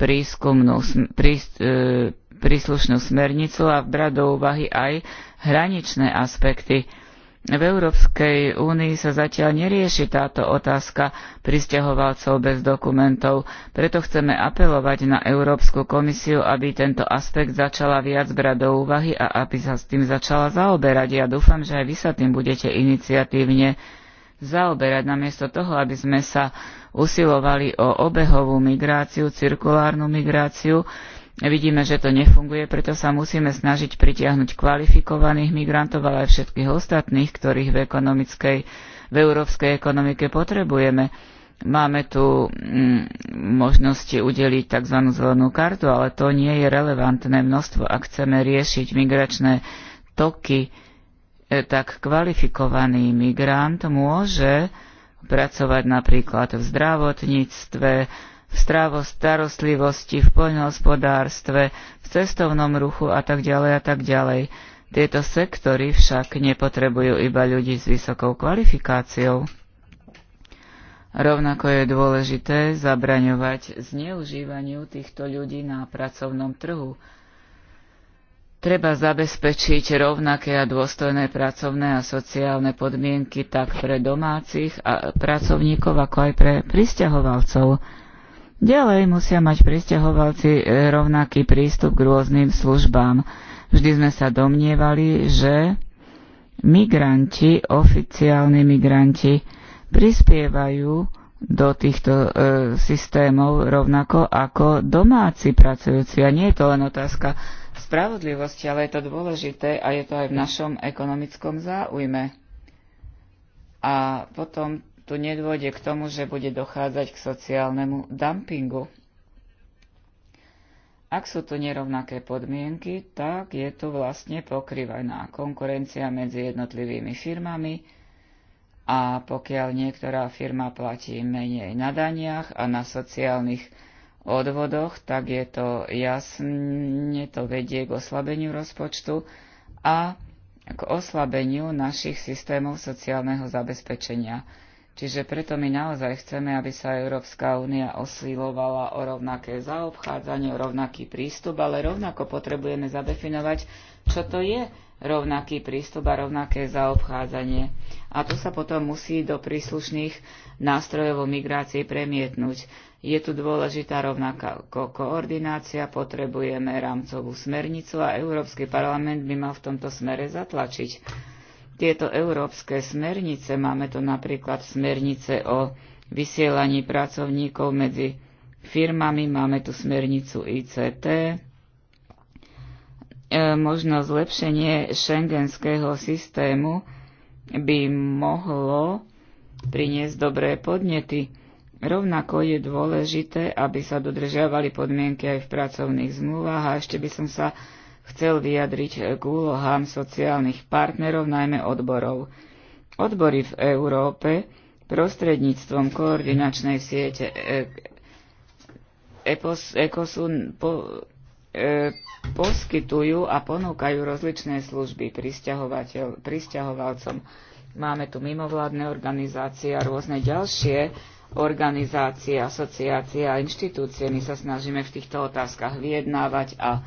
prískumnú, prís, e, príslušnú smernicu a vbrať do úvahy aj hraničné aspekty v Európskej únii sa zatiaľ nerieši táto otázka pristahovalcov bez dokumentov, preto chceme apelovať na Európsku komisiu, aby tento aspekt začala viac brať do úvahy a aby sa s tým začala zaoberať. Ja dúfam, že aj vy sa tým budete iniciatívne zaoberať, namiesto toho, aby sme sa usilovali o obehovú migráciu, cirkulárnu migráciu, Vidíme, že to nefunguje, preto sa musíme snažiť pritiahnuť kvalifikovaných migrantov, ale aj všetkých ostatných, ktorých v, ekonomickej, v európskej ekonomike potrebujeme. Máme tu mm, možnosti udeliť tzv. zelenú kartu, ale to nie je relevantné množstvo. Ak chceme riešiť migračné toky, e, tak kvalifikovaný migrant môže pracovať napríklad v zdravotníctve, starostlivosti, v poľnohospodárstve, v cestovnom ruchu a tak ďalej a tak ďalej. Tieto sektory však nepotrebujú iba ľudí s vysokou kvalifikáciou. Rovnako je dôležité zabraňovať zneužívaniu týchto ľudí na pracovnom trhu. Treba zabezpečiť rovnaké a dôstojné pracovné a sociálne podmienky tak pre domácich a pracovníkov, ako aj pre pristahovalcov. Ďalej musia mať pristahovalci e, rovnaký prístup k rôznym službám. Vždy sme sa domnievali, že migranti, oficiálni migranti, prispievajú do týchto e, systémov rovnako ako domáci pracujúci. A nie je to len otázka spravodlivosti, ale je to dôležité a je to aj v našom ekonomickom záujme. A potom tu nedôjde k tomu, že bude dochádzať k sociálnemu dumpingu. Ak sú tu nerovnaké podmienky, tak je tu vlastne pokrývaná konkurencia medzi jednotlivými firmami a pokiaľ niektorá firma platí menej na daniach a na sociálnych odvodoch, tak je to jasne, to vedie k oslabeniu rozpočtu a k oslabeniu našich systémov sociálneho zabezpečenia. Čiže preto my naozaj chceme, aby sa Európska únia osilovala o rovnaké zaobchádzanie, o rovnaký prístup, ale rovnako potrebujeme zadefinovať, čo to je rovnaký prístup a rovnaké zaobchádzanie. A to sa potom musí do príslušných nástrojov o migrácii premietnúť. Je tu dôležitá rovnaká ko koordinácia, potrebujeme rámcovú smernicu a Európsky parlament by mal v tomto smere zatlačiť tieto európske smernice, máme tu napríklad smernice o vysielaní pracovníkov medzi firmami, máme tu smernicu ICT, e, možno zlepšenie šengenského systému by mohlo priniesť dobré podnety. Rovnako je dôležité, aby sa dodržiavali podmienky aj v pracovných zmluvách a ešte by som sa chcel vyjadriť eh, k úlohám sociálnych partnerov, najmä odborov. Odbory v Európe prostredníctvom koordinačnej siete eh, ECOSUN po, e, poskytujú a ponúkajú rozličné služby pristahovalcom. Máme tu mimovládne organizácie a rôzne ďalšie organizácie, asociácie a inštitúcie. My sa snažíme v týchto otázkach vyjednávať a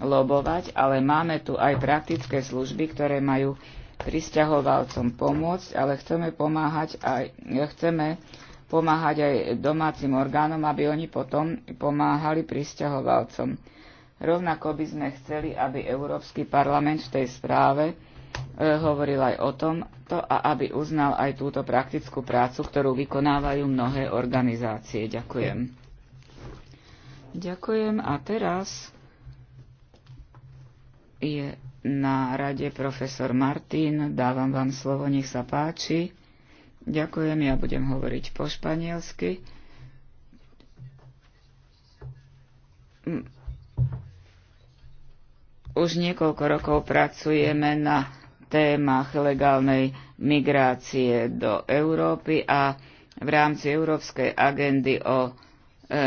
lobovať, ale máme tu aj praktické služby, ktoré majú pristahovalcom pomôcť, ale chceme pomáhať aj, chceme pomáhať aj domácim orgánom, aby oni potom pomáhali pristahovalcom. Rovnako by sme chceli, aby Európsky parlament v tej správe e, hovoril aj o tomto a aby uznal aj túto praktickú prácu, ktorú vykonávajú mnohé organizácie. Ďakujem. Ďakujem a teraz je na rade profesor Martin. Dávam vám slovo, nech sa páči. Ďakujem, ja budem hovoriť po španielsky. Už niekoľko rokov pracujeme na témach legálnej migrácie do Európy a v rámci Európskej agendy o e,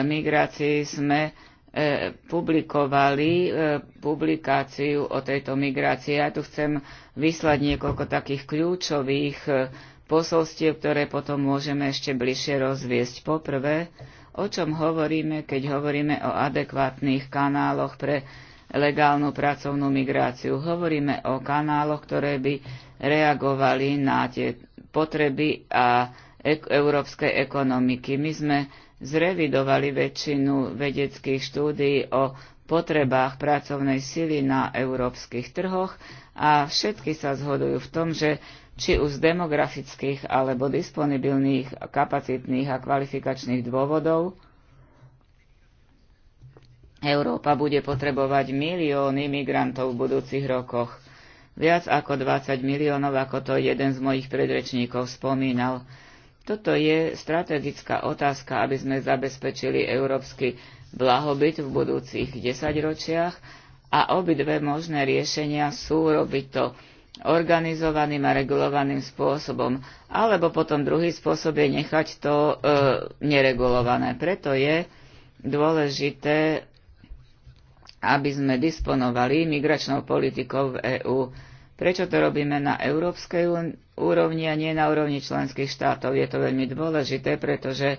migrácii sme E, publikovali e, publikáciu o tejto migrácii. Ja tu chcem vyslať niekoľko takých kľúčových e, posolstiev, ktoré potom môžeme ešte bližšie rozviesť. Poprvé, o čom hovoríme, keď hovoríme o adekvátnych kanáloch pre legálnu pracovnú migráciu. Hovoríme o kanáloch, ktoré by reagovali na tie potreby a e európskej ekonomiky. My sme zrevidovali väčšinu vedeckých štúdií o potrebách pracovnej sily na európskych trhoch a všetky sa zhodujú v tom, že či už z demografických alebo disponibilných kapacitných a kvalifikačných dôvodov Európa bude potrebovať milióny migrantov v budúcich rokoch. Viac ako 20 miliónov, ako to jeden z mojich predrečníkov spomínal. Toto je strategická otázka, aby sme zabezpečili európsky blahobyt v budúcich desaťročiach a obidve možné riešenia sú robiť to organizovaným a regulovaným spôsobom, alebo potom druhý spôsob je nechať to e, neregulované. Preto je dôležité, aby sme disponovali migračnou politikou v EÚ. Prečo to robíme na európskej úrovni a nie na úrovni členských štátov? Je to veľmi dôležité, pretože e,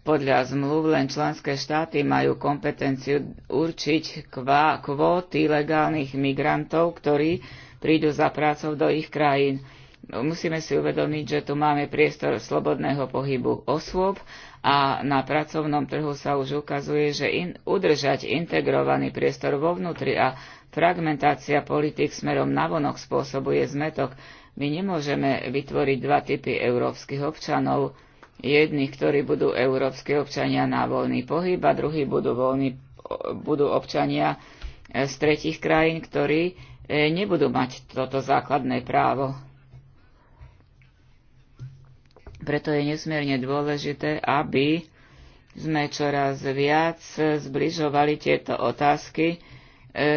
podľa zmluv len členské štáty majú kompetenciu určiť kvá, kvóty legálnych migrantov, ktorí prídu za prácou do ich krajín. Musíme si uvedomiť, že tu máme priestor slobodného pohybu osôb a na pracovnom trhu sa už ukazuje, že in, udržať integrovaný priestor vo vnútri a Fragmentácia politik smerom navonok spôsobuje zmetok. My nemôžeme vytvoriť dva typy európskych občanov. Jedných, ktorí budú európske občania na voľný pohyb a druhí budú, voľný, budú občania e, z tretich krajín, ktorí e, nebudú mať toto základné právo. Preto je nesmierne dôležité, aby sme čoraz viac zbližovali tieto otázky, E,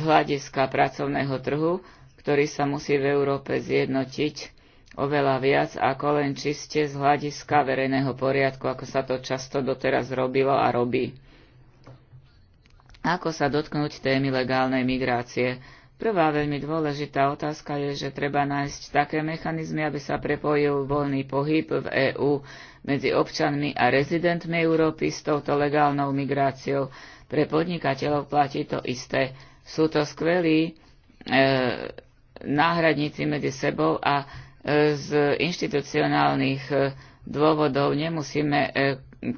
z hľadiska pracovného trhu, ktorý sa musí v Európe zjednotiť oveľa viac ako len čiste z hľadiska verejného poriadku, ako sa to často doteraz robilo a robí. Ako sa dotknúť témy legálnej migrácie? Prvá veľmi dôležitá otázka je, že treba nájsť také mechanizmy, aby sa prepojil voľný pohyb v EÚ medzi občanmi a rezidentmi Európy s touto legálnou migráciou. Pre podnikateľov platí to isté. Sú to skvelí e, náhradníci medzi sebou a e, z inštitucionálnych e, dôvodov nemusíme e,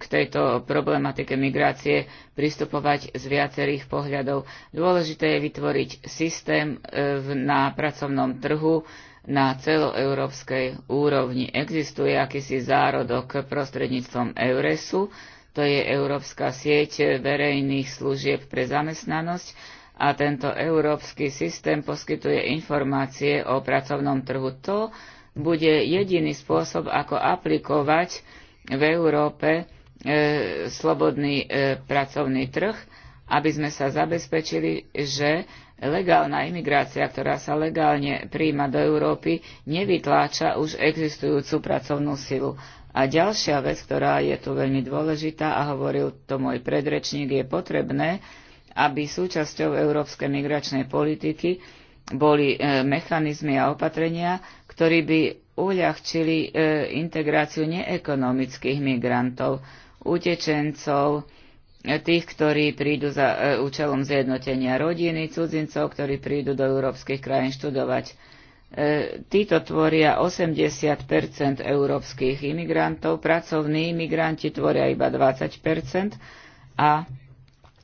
k tejto problematike migrácie pristupovať z viacerých pohľadov. Dôležité je vytvoriť systém e, na pracovnom trhu na celoeurópskej úrovni. Existuje akýsi zárodok prostredníctvom Euresu, to je Európska sieť verejných služieb pre zamestnanosť a tento európsky systém poskytuje informácie o pracovnom trhu. To bude jediný spôsob, ako aplikovať v Európe e, slobodný e, pracovný trh, aby sme sa zabezpečili, že legálna imigrácia, ktorá sa legálne príjma do Európy, nevytláča už existujúcu pracovnú silu. A ďalšia vec, ktorá je tu veľmi dôležitá, a hovoril to môj predrečník, je potrebné, aby súčasťou európskej migračnej politiky boli e, mechanizmy a opatrenia, ktorí by uľahčili e, integráciu neekonomických migrantov, utečencov, e, tých, ktorí prídu za účelom zjednotenia rodiny, cudzincov, ktorí prídu do európskych krajín študovať E, títo tvoria 80 európskych imigrantov, pracovní imigranti tvoria iba 20 a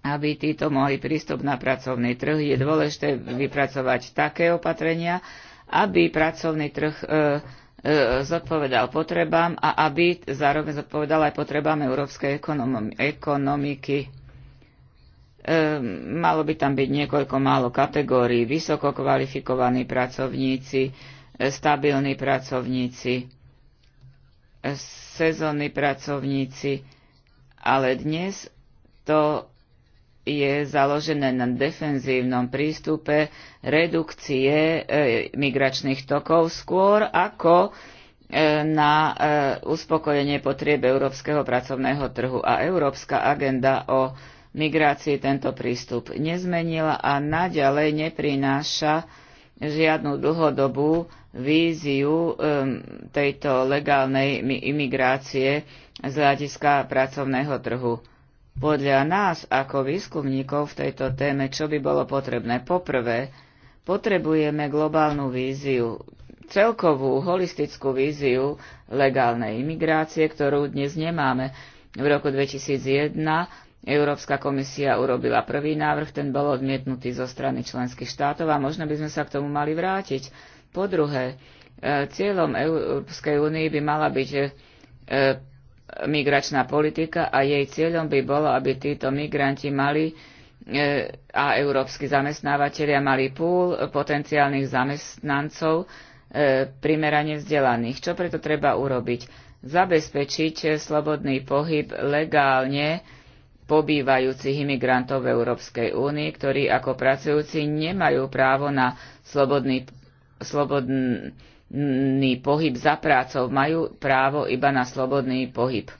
aby títo mohli prístup na pracovný trh, je dôležité vypracovať také opatrenia, aby pracovný trh e, e, zodpovedal potrebám a aby zároveň zodpovedal aj potrebám európskej ekonomiky. Ehm, malo by tam byť niekoľko málo kategórií, vysoko kvalifikovaní pracovníci, e, stabilní pracovníci, e, sezónni pracovníci, ale dnes to je založené na defenzívnom prístupe redukcie e, migračných tokov skôr ako na uspokojenie potrieb európskeho pracovného trhu. A Európska agenda o migrácii tento prístup nezmenila a naďalej neprináša žiadnu dlhodobú víziu um, tejto legálnej imigrácie z hľadiska pracovného trhu. Podľa nás ako výskumníkov v tejto téme, čo by bolo potrebné? Poprvé, potrebujeme globálnu víziu, celkovú holistickú víziu legálnej imigrácie, ktorú dnes nemáme. V roku 2001 Európska komisia urobila prvý návrh, ten bol odmietnutý zo strany členských štátov a možno by sme sa k tomu mali vrátiť. Po druhé, e, cieľom Európskej únie by mala byť e, migračná politika a jej cieľom by bolo, aby títo migranti mali e, a európsky zamestnávateľia mali púl potenciálnych zamestnancov primerane vzdelaných. Čo preto treba urobiť? Zabezpečiť slobodný pohyb legálne pobývajúcich imigrantov v Európskej únii, ktorí ako pracujúci nemajú právo na slobodný, slobodný pohyb za prácou, majú právo iba na slobodný pohyb.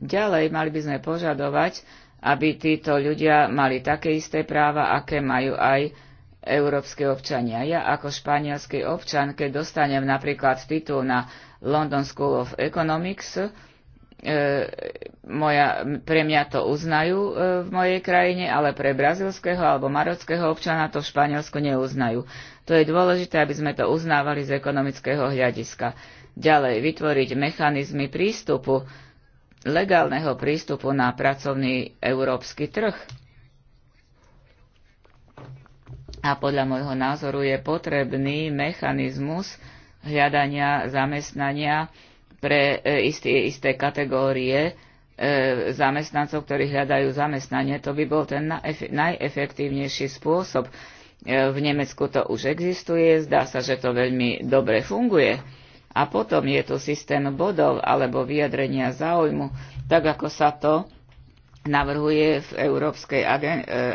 Ďalej mali by sme požadovať, aby títo ľudia mali také isté práva, aké majú aj európske občania. Ja ako španielský občan, keď dostanem napríklad titul na London School of Economics, E, moja, pre mňa to uznajú e, v mojej krajine, ale pre brazilského alebo marockého občana to v Španielsku neuznajú. To je dôležité, aby sme to uznávali z ekonomického hľadiska. Ďalej, vytvoriť mechanizmy prístupu, legálneho prístupu na pracovný európsky trh. A podľa môjho názoru je potrebný mechanizmus hľadania zamestnania, pre e, isté, isté kategórie e, zamestnancov, ktorí hľadajú zamestnanie. To by bol ten najefektívnejší spôsob. E, v Nemecku to už existuje, zdá sa, že to veľmi dobre funguje. A potom je tu systém bodov alebo vyjadrenia záujmu, tak ako sa to navrhuje v Európskej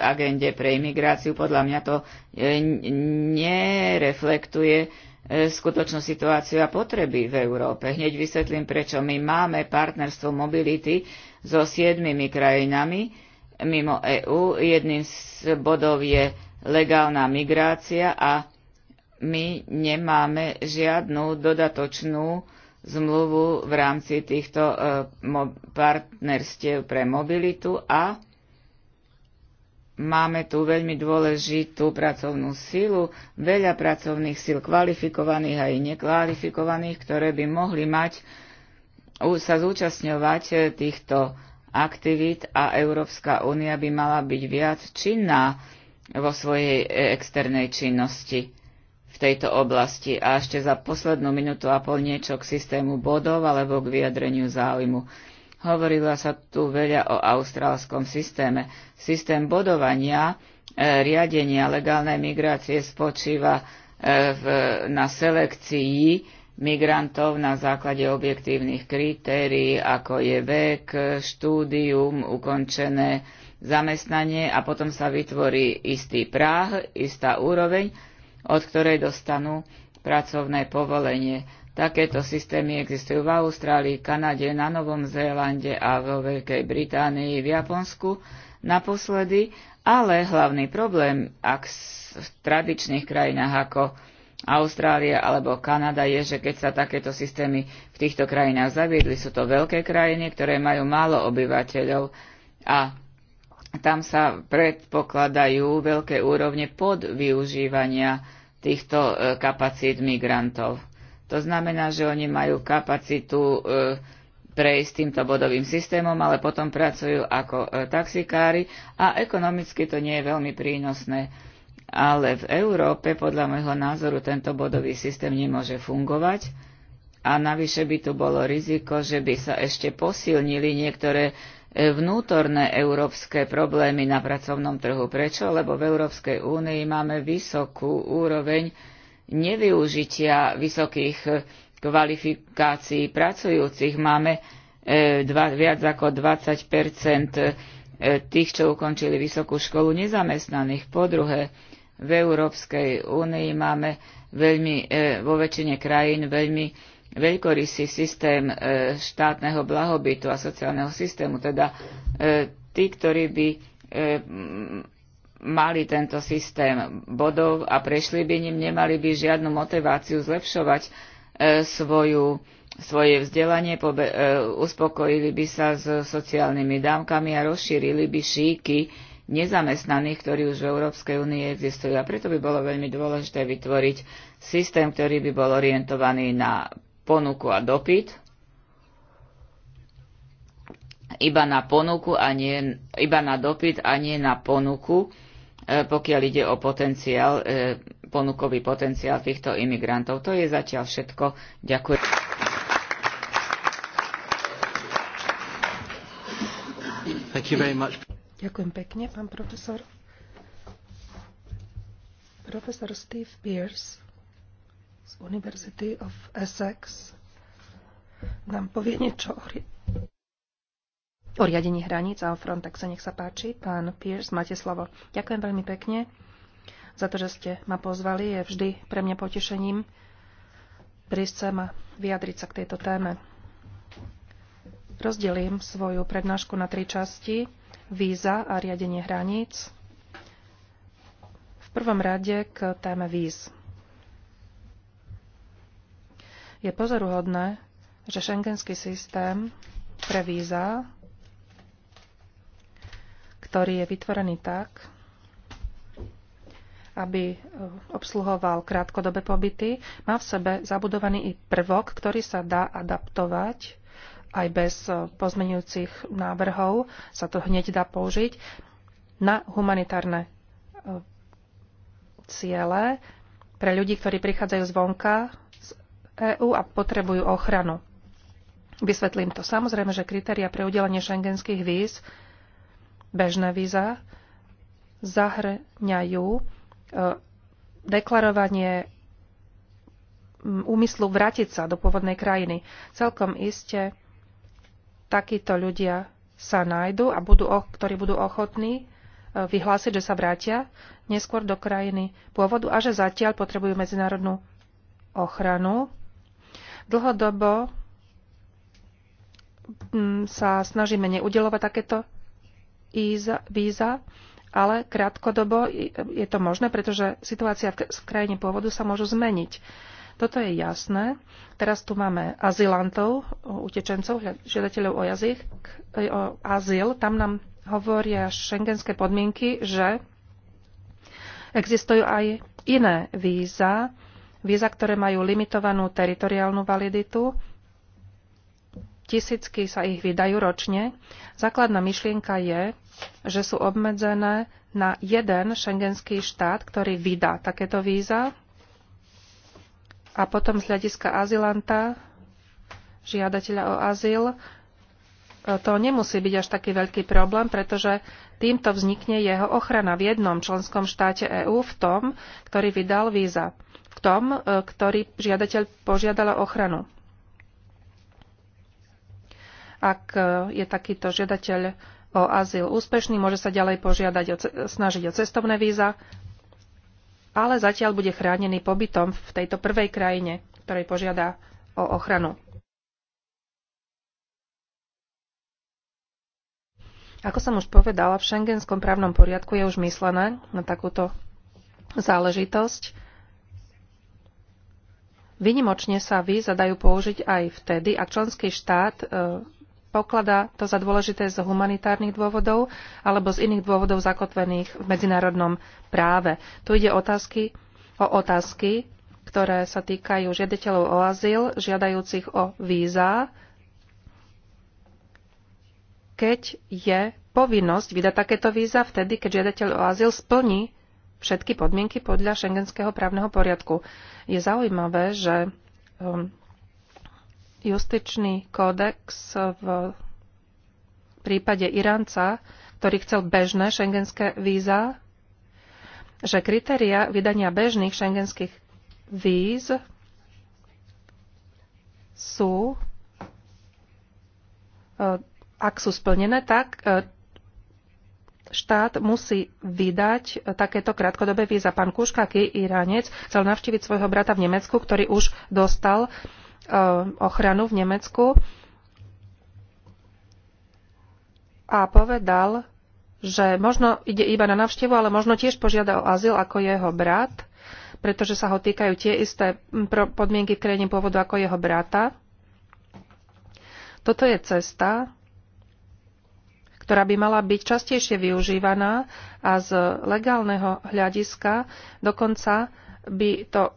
agende pre imigráciu. Podľa mňa to nereflektuje E, skutočnú situáciu a potreby v Európe. Hneď vysvetlím, prečo my máme partnerstvo mobility so siedmimi krajinami mimo EÚ. Jedným z bodov je legálna migrácia a my nemáme žiadnu dodatočnú zmluvu v rámci týchto e, partnerstiev pre mobilitu a Máme tu veľmi dôležitú pracovnú silu, veľa pracovných síl kvalifikovaných aj nekvalifikovaných, ktoré by mohli mať sa zúčastňovať e, týchto aktivít a Európska únia by mala byť viac činná vo svojej e, externej činnosti v tejto oblasti. A ešte za poslednú minútu a pol niečo k systému bodov alebo k vyjadreniu záujmu. Hovorila sa tu veľa o austrálskom systéme. Systém bodovania, e, riadenia legálnej migrácie spočíva e, v, na selekcii migrantov na základe objektívnych kritérií, ako je vek, štúdium, ukončené zamestnanie a potom sa vytvorí istý práh, istá úroveň, od ktorej dostanú pracovné povolenie. Takéto systémy existujú v Austrálii, Kanade, na Novom Zélande a vo Veľkej Británii, v Japonsku naposledy, ale hlavný problém, ak v tradičných krajinách ako Austrália alebo Kanada je, že keď sa takéto systémy v týchto krajinách zaviedli, sú to veľké krajiny, ktoré majú málo obyvateľov a tam sa predpokladajú veľké úrovne využívania týchto e, kapacít migrantov. To znamená, že oni majú kapacitu e, prejsť týmto bodovým systémom, ale potom pracujú ako e, taxikári a ekonomicky to nie je veľmi prínosné. Ale v Európe, podľa môjho názoru, tento bodový systém nemôže fungovať a navyše by tu bolo riziko, že by sa ešte posilnili niektoré e, vnútorné európske problémy na pracovnom trhu. Prečo? Lebo v Európskej únii máme vysokú úroveň nevyužitia vysokých kvalifikácií pracujúcich. Máme e, dva, viac ako 20 e, tých, čo ukončili vysokú školu nezamestnaných. Po druhé, v Európskej únii máme veľmi, e, vo väčšine krajín veľmi veľkorysý systém štátneho blahobytu a sociálneho systému. Teda tí, ktorí by mali tento systém bodov a prešli by ním, nemali by žiadnu motiváciu zlepšovať e, svoju, svoje vzdelanie, pobe, e, uspokojili by sa s sociálnymi dávkami a rozšírili by šíky nezamestnaných, ktorí už v Európskej únii existujú. A preto by bolo veľmi dôležité vytvoriť systém, ktorý by bol orientovaný na ponuku a dopyt, iba na ponuku a nie, iba na dopyt a nie na ponuku, E, pokiaľ ide o potenciál, e, ponukový potenciál týchto imigrantov. To je zatiaľ všetko. Ďakujem. Ďakujem pekne, pán profesor. Profesor Steve Pierce z University of Essex nám povie niečo o o riadení hraníc a o Frontexe. Nech sa páči, pán Pierce, máte slovo. Ďakujem veľmi pekne za to, že ste ma pozvali. Je vždy pre mňa potešením prísť sem a vyjadriť sa k tejto téme. Rozdelím svoju prednášku na tri časti. Víza a riadenie hraníc. V prvom rade k téme víz. Je pozoruhodné, že šengenský systém pre víza ktorý je vytvorený tak, aby eh, obsluhoval krátkodobé pobyty, má v sebe zabudovaný i prvok, ktorý sa dá adaptovať aj bez eh, pozmenujúcich návrhov, sa to hneď dá použiť, na humanitárne eh, ciele pre ľudí, ktorí prichádzajú zvonka z EÚ a potrebujú ochranu. Vysvetlím to. Samozrejme, že kritéria pre udelenie šengenských víz bežné víza zahrňajú e, deklarovanie úmyslu vrátiť sa do pôvodnej krajiny. Celkom iste takíto ľudia sa nájdu a budú, ktorí budú ochotní e, vyhlásiť, že sa vrátia neskôr do krajiny pôvodu a že zatiaľ potrebujú medzinárodnú ochranu. Dlhodobo sa snažíme neudelovať takéto víza, ale krátkodobo je to možné, pretože situácia v krajine pôvodu sa môžu zmeniť. Toto je jasné. Teraz tu máme azylantov, utečencov, žiadateľov o, jazyk, e, o azyl. Tam nám hovoria šengenské podmienky, že existujú aj iné víza, víza, ktoré majú limitovanú teritoriálnu validitu tisícky sa ich vydajú ročne. Základná myšlienka je, že sú obmedzené na jeden šengenský štát, ktorý vydá takéto víza a potom z hľadiska azylanta, žiadateľa o azyl, to nemusí byť až taký veľký problém, pretože týmto vznikne jeho ochrana v jednom členskom štáte EÚ v tom, ktorý vydal víza, v tom, e, ktorý žiadateľ požiadala ochranu. Ak e, je takýto žiadateľ o azyl úspešný, môže sa ďalej požiadať o, snažiť o cestovné víza, ale zatiaľ bude chránený pobytom v tejto prvej krajine, ktorej požiada o ochranu. Ako som už povedala, v šengenskom právnom poriadku je už myslené na takúto záležitosť. Vynimočne sa víza dajú použiť aj vtedy, ak členský štát e, pokladá to za dôležité z humanitárnych dôvodov alebo z iných dôvodov zakotvených v medzinárodnom práve. Tu ide otázky, o otázky, ktoré sa týkajú žiadateľov o azyl, žiadajúcich o víza, keď je povinnosť vydať takéto víza vtedy, keď žiadateľ o azyl splní všetky podmienky podľa šengenského právneho poriadku. Je zaujímavé, že um, justičný kódex v prípade Iránca, ktorý chcel bežné šengenské víza, že kritéria vydania bežných šengenských víz sú, e, ak sú splnené, tak e, štát musí vydať takéto krátkodobé víza. Pán Kuškaký, Iránec, chcel navštíviť svojho brata v Nemecku, ktorý už dostal Eh, ochranu v Nemecku a povedal, že možno ide iba na navštevu, ale možno tiež požiada o azyl ako jeho brat, pretože sa ho týkajú tie isté mm, podmienky v krajine pôvodu ako jeho brata. Toto je cesta, ktorá by mala byť častejšie využívaná a z legálneho hľadiska dokonca by to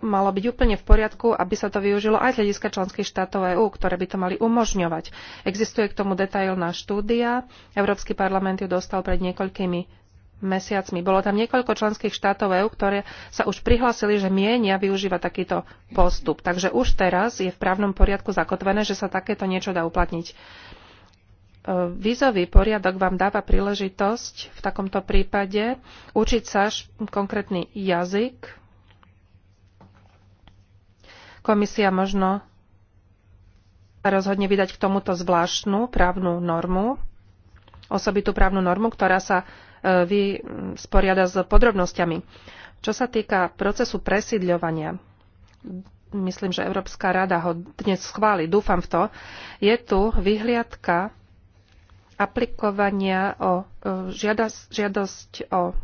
malo byť úplne v poriadku, aby sa to využilo aj z hľadiska členských štátov EÚ, ktoré by to mali umožňovať. Existuje k tomu detailná štúdia. Európsky parlament ju dostal pred niekoľkými mesiacmi. Bolo tam niekoľko členských štátov EÚ, ktoré sa už prihlásili, že mienia využívať takýto postup. Takže už teraz je v právnom poriadku zakotvené, že sa takéto niečo dá uplatniť. E, vízový poriadok vám dáva príležitosť v takomto prípade učiť sa konkrétny jazyk, Komisia možno rozhodne vydať k tomuto zvláštnu právnu normu, osobitú právnu normu, ktorá sa e, vysporiada s podrobnosťami. Čo sa týka procesu presídľovania, myslím, že Európska rada ho dnes schváli, dúfam v to, je tu vyhliadka aplikovania o e, žiadosť, žiadosť o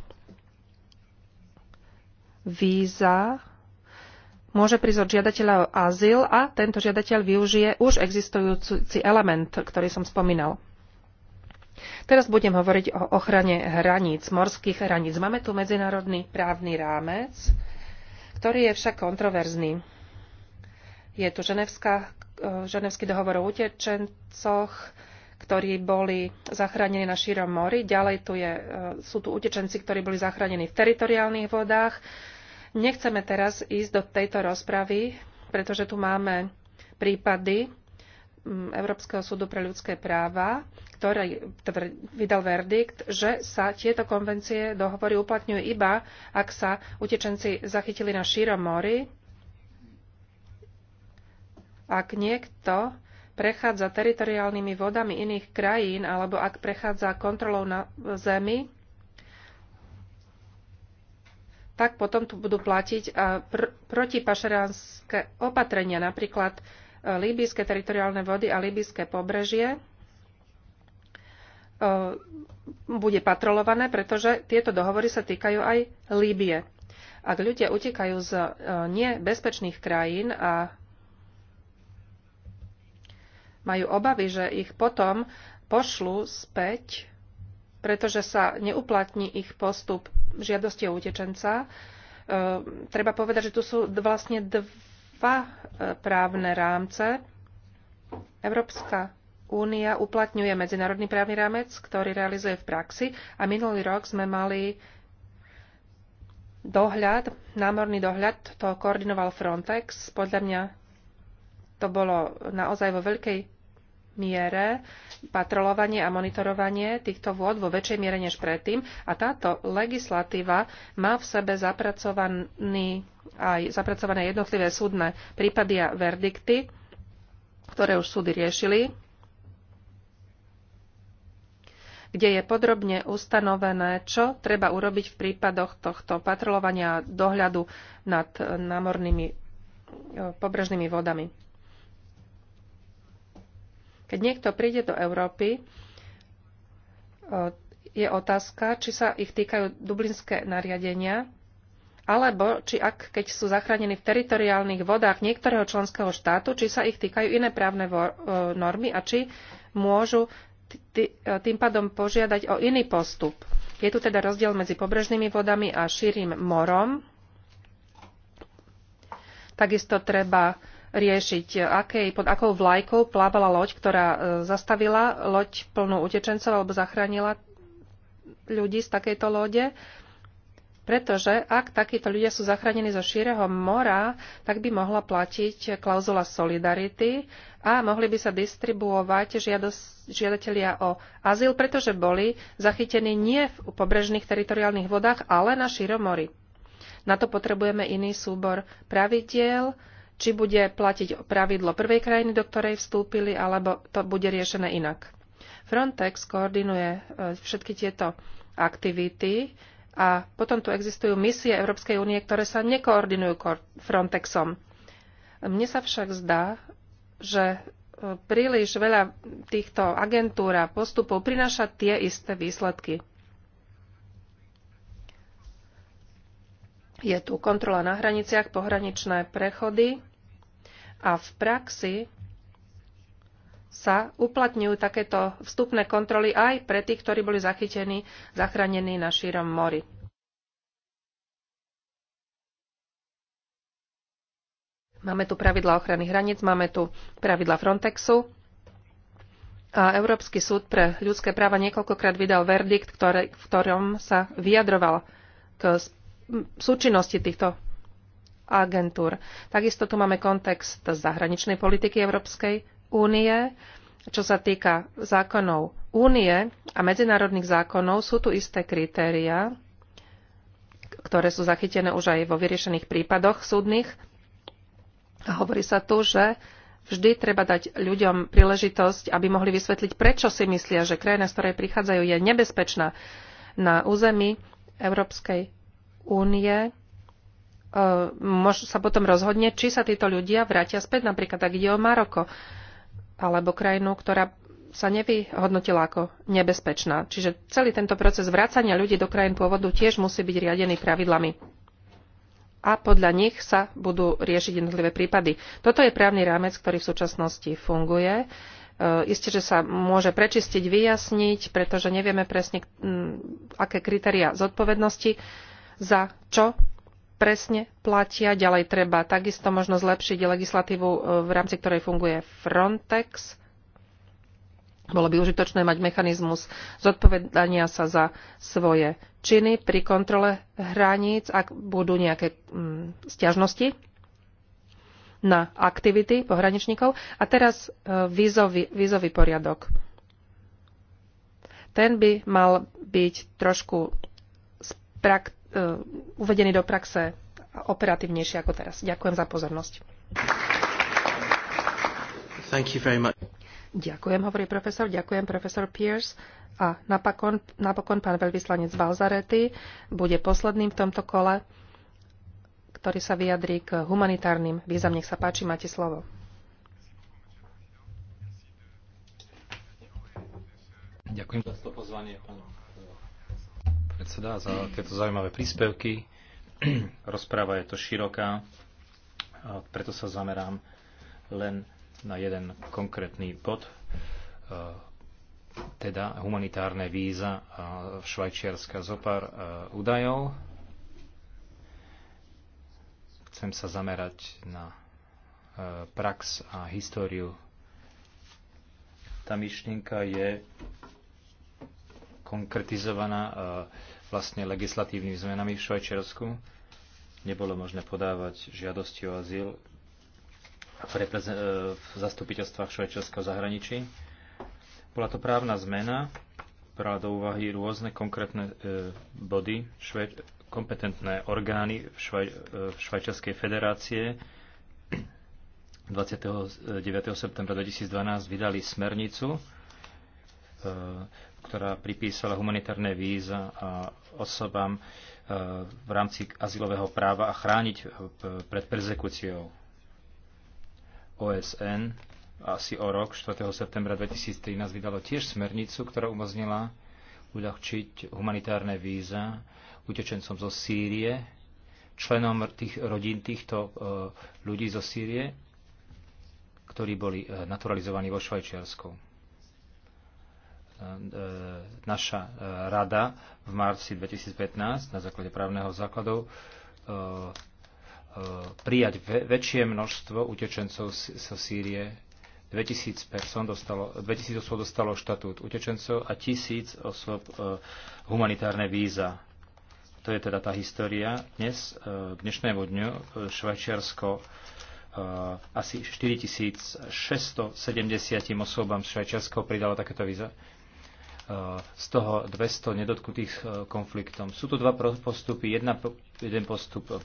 víza môže prísť žiadateľa o azyl a tento žiadateľ využije už existujúci element, ktorý som spomínal. Teraz budem hovoriť o ochrane hraníc, morských hraníc. Máme tu medzinárodný právny rámec, ktorý je však kontroverzný. Je tu ženevská, e, ženevský dohovor o utečencoch, ktorí boli zachránení na šírom mori. Ďalej tu je, e, sú tu utečenci, ktorí boli zachránení v teritoriálnych vodách Nechceme teraz ísť do tejto rozpravy, pretože tu máme prípady mm, Európskeho súdu pre ľudské práva, ktorý vydal verdikt, že sa tieto konvencie dohovory uplatňujú iba, ak sa utečenci zachytili na šírom mori, ak niekto prechádza teritoriálnymi vodami iných krajín alebo ak prechádza kontrolou na zemi, tak potom tu budú platiť e, pr- protipašeránske opatrenia, napríklad e, líbyjské teritoriálne vody a líbyjské pobrežie e, bude patrolované, pretože tieto dohovory sa týkajú aj Líbie. Ak ľudia utekajú z nebezpečných krajín a majú obavy, že ich potom pošlu späť, pretože sa neuplatní ich postup žiadosti o utečenca, e, treba povedať, že tu sú vlastne dva e, právne rámce. Európska únia uplatňuje medzinárodný právny rámec, ktorý realizuje v praxi a minulý rok sme mali dohľad, námorný dohľad, to koordinoval Frontex. Podľa mňa to bolo naozaj vo veľkej miere patrolovanie a monitorovanie týchto vôd vo väčšej miere než predtým a táto legislatíva má v sebe zapracovaný aj zapracované jednotlivé súdne prípady a verdikty, ktoré už súdy riešili, kde je podrobne ustanovené, čo treba urobiť v prípadoch tohto patrolovania a dohľadu nad námornými e, pobrežnými vodami. Keď niekto príde do Európy, e, je otázka, či sa ich týkajú dublinské nariadenia, alebo či ak, keď sú zachránení v teritoriálnych vodách niektorého členského štátu, či sa ich týkajú iné právne e, normy a či môžu e, tým pádom požiadať o iný postup. Je tu teda rozdiel medzi pobrežnými vodami a širým morom. Takisto treba riešiť, pod akou vlajkou plávala loď, ktorá e, zastavila loď plnú utečencov alebo zachránila ľudí z takejto lode. Pretože ak takíto ľudia sú zachránení zo šíreho mora, tak by mohla platiť klauzula solidarity a mohli by sa distribuovať žiadatelia o azyl, pretože boli zachytení nie v pobrežných teritoriálnych vodách, ale na širomori. Na to potrebujeme iný súbor pravidiel, či bude platiť pravidlo prvej krajiny, do ktorej vstúpili, alebo to bude riešené inak. Frontex koordinuje e, všetky tieto aktivity a potom tu existujú misie Európskej únie, ktoré sa nekoordinujú Frontexom. Mne sa však zdá, že e, príliš veľa týchto agentúr a postupov prináša tie isté výsledky. Je tu kontrola na hraniciach, pohraničné prechody a v praxi sa uplatňujú takéto vstupné kontroly aj pre tých, ktorí boli zachytení, zachránení na šírom mori. Máme tu pravidla ochrany hraníc, máme tu pravidla Frontexu. A Európsky súd pre ľudské práva niekoľkokrát vydal verdikt, ktoré, v ktorom sa vyjadroval k súčinnosti týchto agentúr. Takisto tu máme kontext zahraničnej politiky Európskej únie. Čo sa týka zákonov únie a medzinárodných zákonov, sú tu isté kritéria, ktoré sú zachytené už aj vo vyriešených prípadoch súdnych. A hovorí sa tu, že vždy treba dať ľuďom príležitosť, aby mohli vysvetliť, prečo si myslia, že krajina, z ktorej prichádzajú, je nebezpečná. Na území Európskej únie Eh, sa potom rozhodne, či sa títo ľudia vrátia späť, napríklad ak ide o Maroko, alebo krajinu, ktorá sa nevyhodnotila ako nebezpečná. Čiže celý tento proces vracania ľudí do krajín pôvodu tiež musí byť riadený pravidlami. A podľa nich sa budú riešiť jednotlivé prípady. Toto je právny rámec, ktorý v súčasnosti funguje. Eh, isté, že sa môže prečistiť, vyjasniť, pretože nevieme presne, hm, aké kritéria zodpovednosti za čo presne platia. Ďalej treba takisto možno zlepšiť legislatívu, e, v rámci ktorej funguje Frontex. Bolo by užitočné mať mechanizmus zodpovedania sa za svoje činy pri kontrole hraníc, ak budú nejaké mm, stiažnosti na aktivity pohraničníkov. A teraz e, vízový, vízový poriadok. Ten by mal byť trošku sprak- E, uvedený do praxe operatívnejšie ako teraz. Ďakujem za pozornosť. Thank you very much. Ďakujem, hovorí profesor, ďakujem profesor Pierce. A napokon, napokon pán veľvyslanec Balzarety bude posledným v tomto kole, ktorý sa vyjadrí k humanitárnym výzam. Nech sa páči, máte slovo. Ďakujem za to pozvanie, pán predseda, za tieto zaujímavé príspevky. Rozpráva je to široká, preto sa zamerám len na jeden konkrétny bod, teda humanitárne víza v Švajčiarska zopár údajov. Chcem sa zamerať na prax a históriu. Tá myšlienka je konkretizovaná e, vlastne legislatívnymi zmenami v Švajčiarsku. Nebolo možné podávať žiadosti o azyl v e, zastupiteľstvách Švajčiarska v zahraničí. Bola to právna zmena, ktorá do úvahy rôzne konkrétne e, body, švaj- kompetentné orgány v, švaj, v Švajčiarskej federácie 29. septembra 2012 vydali smernicu, E, ktorá pripísala humanitárne víza osobám e, v rámci azylového práva a chrániť e, pred persekúciou. OSN asi o rok, 4. septembra 2013, vydalo tiež smernicu, ktorá umoznila, uľahčiť humanitárne víza utečencom zo Sýrie, členom tých rodín týchto ľudí zo Sýrie, ktorí boli naturalizovaní vo Švajčiarsku E, e, naša e, rada v marci 2015 na základe právneho základov prijať väčšie množstvo utečencov zo Sýrie. 2000, person dostalo, 2000 osôb dostalo štatút utečencov a 1000 osôb humanitárne víza. To je teda tá história. Dnes, k dnešnému dňu, Švajčiarsko asi 4670 osobám z Švajčiarsko pridalo takéto víza z toho 200 nedotknutých e, konfliktom. Sú tu dva postupy. Jedna, jeden postup e,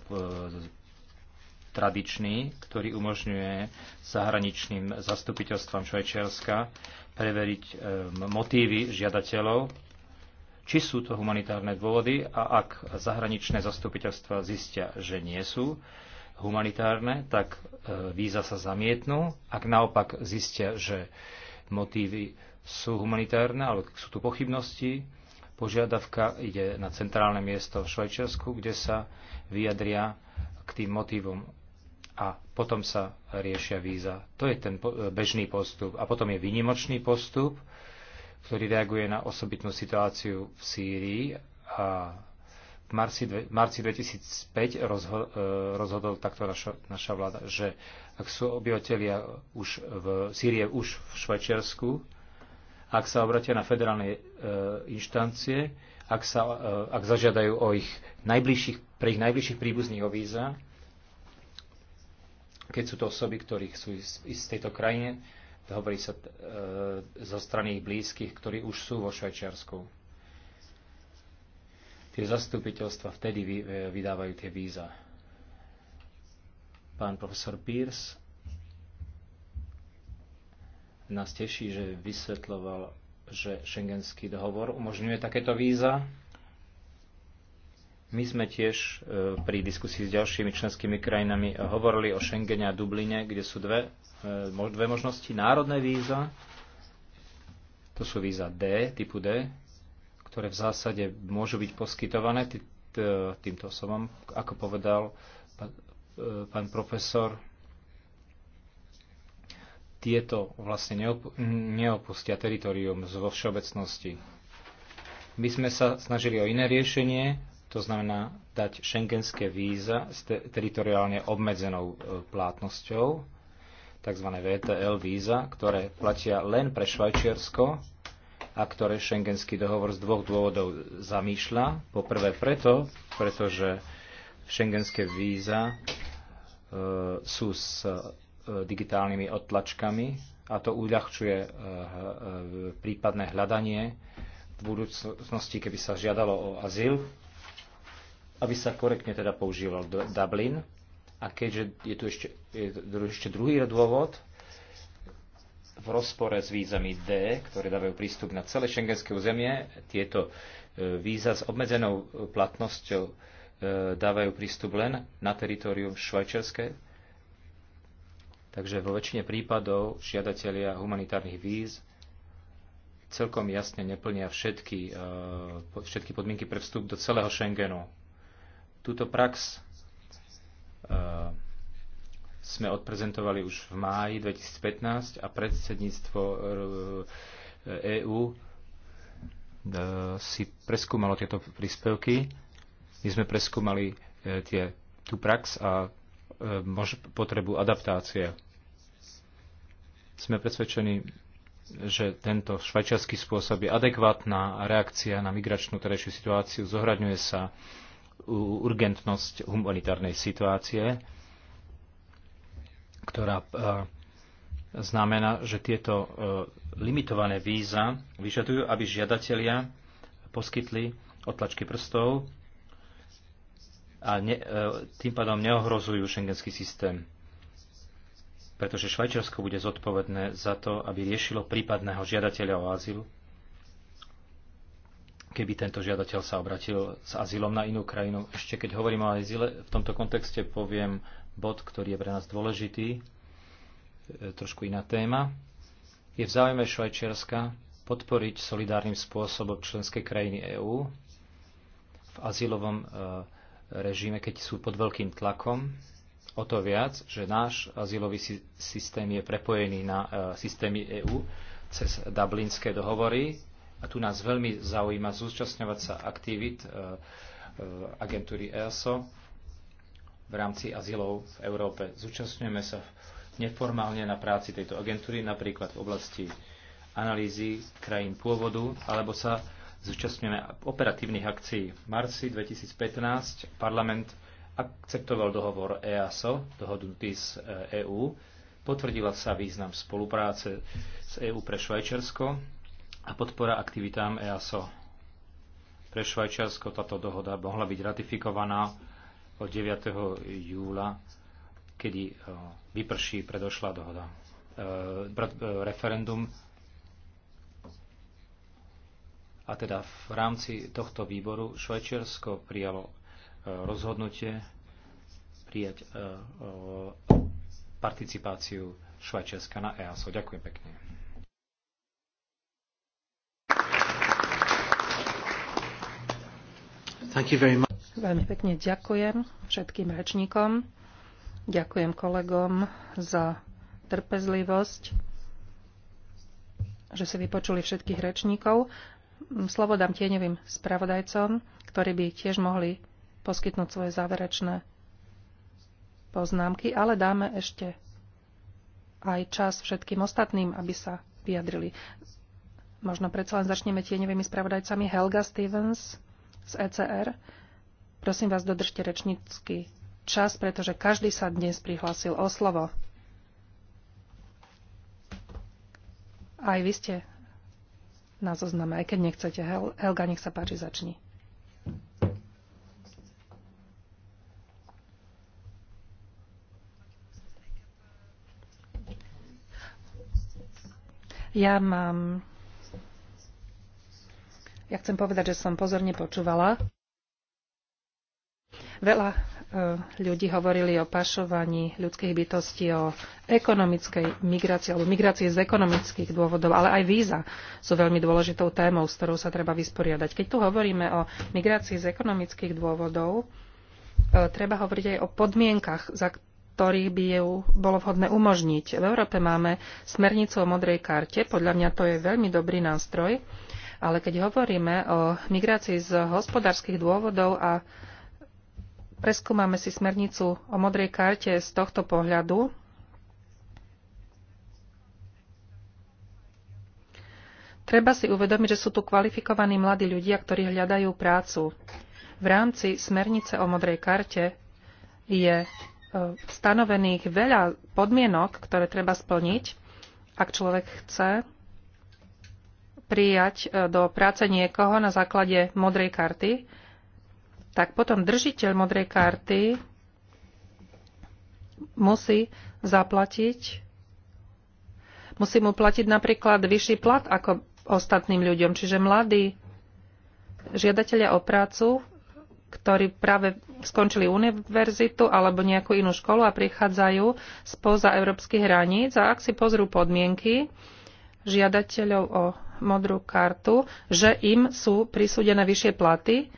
tradičný, ktorý umožňuje zahraničným zastupiteľstvom Švajčiarska preveriť e, motívy žiadateľov, či sú to humanitárne dôvody a ak zahraničné zastupiteľstva zistia, že nie sú humanitárne, tak víza sa zamietnú. Ak naopak zistia, že motívy sú humanitárne, ale sú tu pochybnosti. Požiadavka ide na centrálne miesto v Švajčiarsku, kde sa vyjadria k tým motivom a potom sa riešia víza. To je ten bežný postup. A potom je výnimočný postup, ktorý reaguje na osobitnú situáciu v Sýrii a v marci, v marci 2005 rozho, e, rozhodol takto naša, naša vláda, že ak sú obyvateľia už v Sýrie už v Švajčiarsku, ak sa obratia na federálne e, inštancie, ak, sa, e, ak zažiadajú o ich najbližších, pre ich najbližších príbuzných o víza, keď sú to osoby, ktorí sú z tejto krajine, hovorí sa e, zo strany ich blízkych, ktorí už sú vo Švajčiarsku. Tie zastupiteľstva vtedy vy, e, vydávajú tie víza. Pán profesor Pierce nás teší, že vysvetloval, že šengenský dohovor umožňuje takéto víza. My sme tiež e, pri diskusii s ďalšími členskými krajinami hovorili o Schengene a Dubline, kde sú dve, e, dve možnosti. Národné víza, to sú víza D, typu D, ktoré v zásade môžu byť poskytované týmto osobom, ako povedal e, pán profesor tieto vlastne neop- neopustia teritorium vo všeobecnosti. My sme sa snažili o iné riešenie, to znamená dať šengenské víza s te- teritoriálne obmedzenou e, plátnosťou, tzv. VTL víza, ktoré platia len pre Švajčiarsko a ktoré šengenský dohovor z dvoch dôvodov zamýšľa. Poprvé preto, pretože šengenské víza e, sú s digitálnymi odtlačkami a to uľahčuje eh, eh, prípadné hľadanie v budúcnosti, keby sa žiadalo o azyl, aby sa korektne teda používal Dublin. A keďže je tu ešte, je tu ešte druhý dôvod, v rozpore s vízami D, ktoré dávajú prístup na celé šengenské územie, tieto eh, víza s obmedzenou platnosťou dávajú prístup len na teritorium švajčiarske, Takže vo väčšine prípadov žiadatelia humanitárnych víz celkom jasne neplnia všetky, eh, všetky podmienky pre vstup do celého Schengenu. Túto prax eh, sme odprezentovali už v máji 2015 a predsedníctvo EÚ eh, e si preskúmalo tieto príspevky. My sme preskúmali tie, tú prax a potrebu adaptácie sme presvedčení, že tento švajčiarsky spôsob je adekvátna reakcia na migračnú terajšiu situáciu, zohradňuje sa urgentnosť humanitárnej situácie, ktorá e, znamená, že tieto e, limitované víza vyžadujú, aby žiadatelia poskytli otlačky prstov a ne, e, tým pádom neohrozujú šengenský systém pretože Švajčiarsko bude zodpovedné za to, aby riešilo prípadného žiadateľa o azyl, keby tento žiadateľ sa obratil s azylom na inú krajinu. Ešte keď hovorím o azyle, v tomto kontexte poviem bod, ktorý je pre nás dôležitý, e, trošku iná téma. Je v záujme Švajčiarska podporiť solidárnym spôsobom členské krajiny EÚ v azylovom e, režime, keď sú pod veľkým tlakom O to viac, že náš azylový systém je prepojený na e, systémy EÚ cez dublinské dohovory a tu nás veľmi zaujíma zúčastňovať sa aktivít e, e, agentúry EASO v rámci azylov v Európe. Zúčastňujeme sa neformálne na práci tejto agentúry, napríklad v oblasti analýzy krajín pôvodu, alebo sa zúčastňujeme operatívnych akcií. V marci 2015 parlament akceptoval dohovor EASO, dohodnutý z EÚ, e potvrdila sa význam spolupráce s EÚ pre Švajčiarsko a podpora aktivitám EASO. Pre Švajčiarsko táto dohoda mohla byť ratifikovaná od 9. júla, kedy e, vyprší predošlá dohoda. E, referendum a teda v rámci tohto výboru Švajčiarsko prijalo rozhodnutie prijať e, e, participáciu Švajčiarska na EASO. Ďakujem pekne. Thank you very much. Veľmi pekne ďakujem všetkým rečníkom. Ďakujem kolegom za trpezlivosť, že si vypočuli všetkých rečníkov. Slovo dám tieňovým spravodajcom, ktorí by tiež mohli poskytnúť svoje záverečné poznámky, ale dáme ešte aj čas všetkým ostatným, aby sa vyjadrili. Možno predsa len začneme tieňovými spravodajcami Helga Stevens z ECR. Prosím vás, dodržte rečnícky čas, pretože každý sa dnes prihlásil o slovo. Aj vy ste na zozname, aj keď nechcete. Helga, nech sa páči, začni. Ja mám... Ja chcem povedať, že som pozorne počúvala. Veľa e, ľudí hovorili o pašovaní ľudských bytostí, o ekonomickej migrácii alebo migrácii z ekonomických dôvodov, ale aj víza sú veľmi dôležitou témou, s ktorou sa treba vysporiadať. Keď tu hovoríme o migrácii z ekonomických dôvodov, e, treba hovoriť aj o podmienkach, za ktorých by ju bolo vhodné umožniť. V Európe máme smernicu o modrej karte, podľa mňa to je veľmi dobrý nástroj, ale keď hovoríme o migrácii z hospodárskych dôvodov a preskúmame si smernicu o modrej karte z tohto pohľadu, treba si uvedomiť, že sú tu kvalifikovaní mladí ľudia, ktorí hľadajú prácu. V rámci smernice o modrej karte je stanovených veľa podmienok, ktoré treba splniť, ak človek chce prijať e, do práce niekoho na základe modrej karty, tak potom držiteľ modrej karty musí zaplatiť, musí mu platiť napríklad vyšší plat ako ostatným ľuďom. Čiže mladí žiadatelia o prácu ktorí práve skončili univerzitu alebo nejakú inú školu a prichádzajú spoza európskych hraníc a ak si pozrú podmienky žiadateľov o modrú kartu, že im sú prisúdené vyššie platy,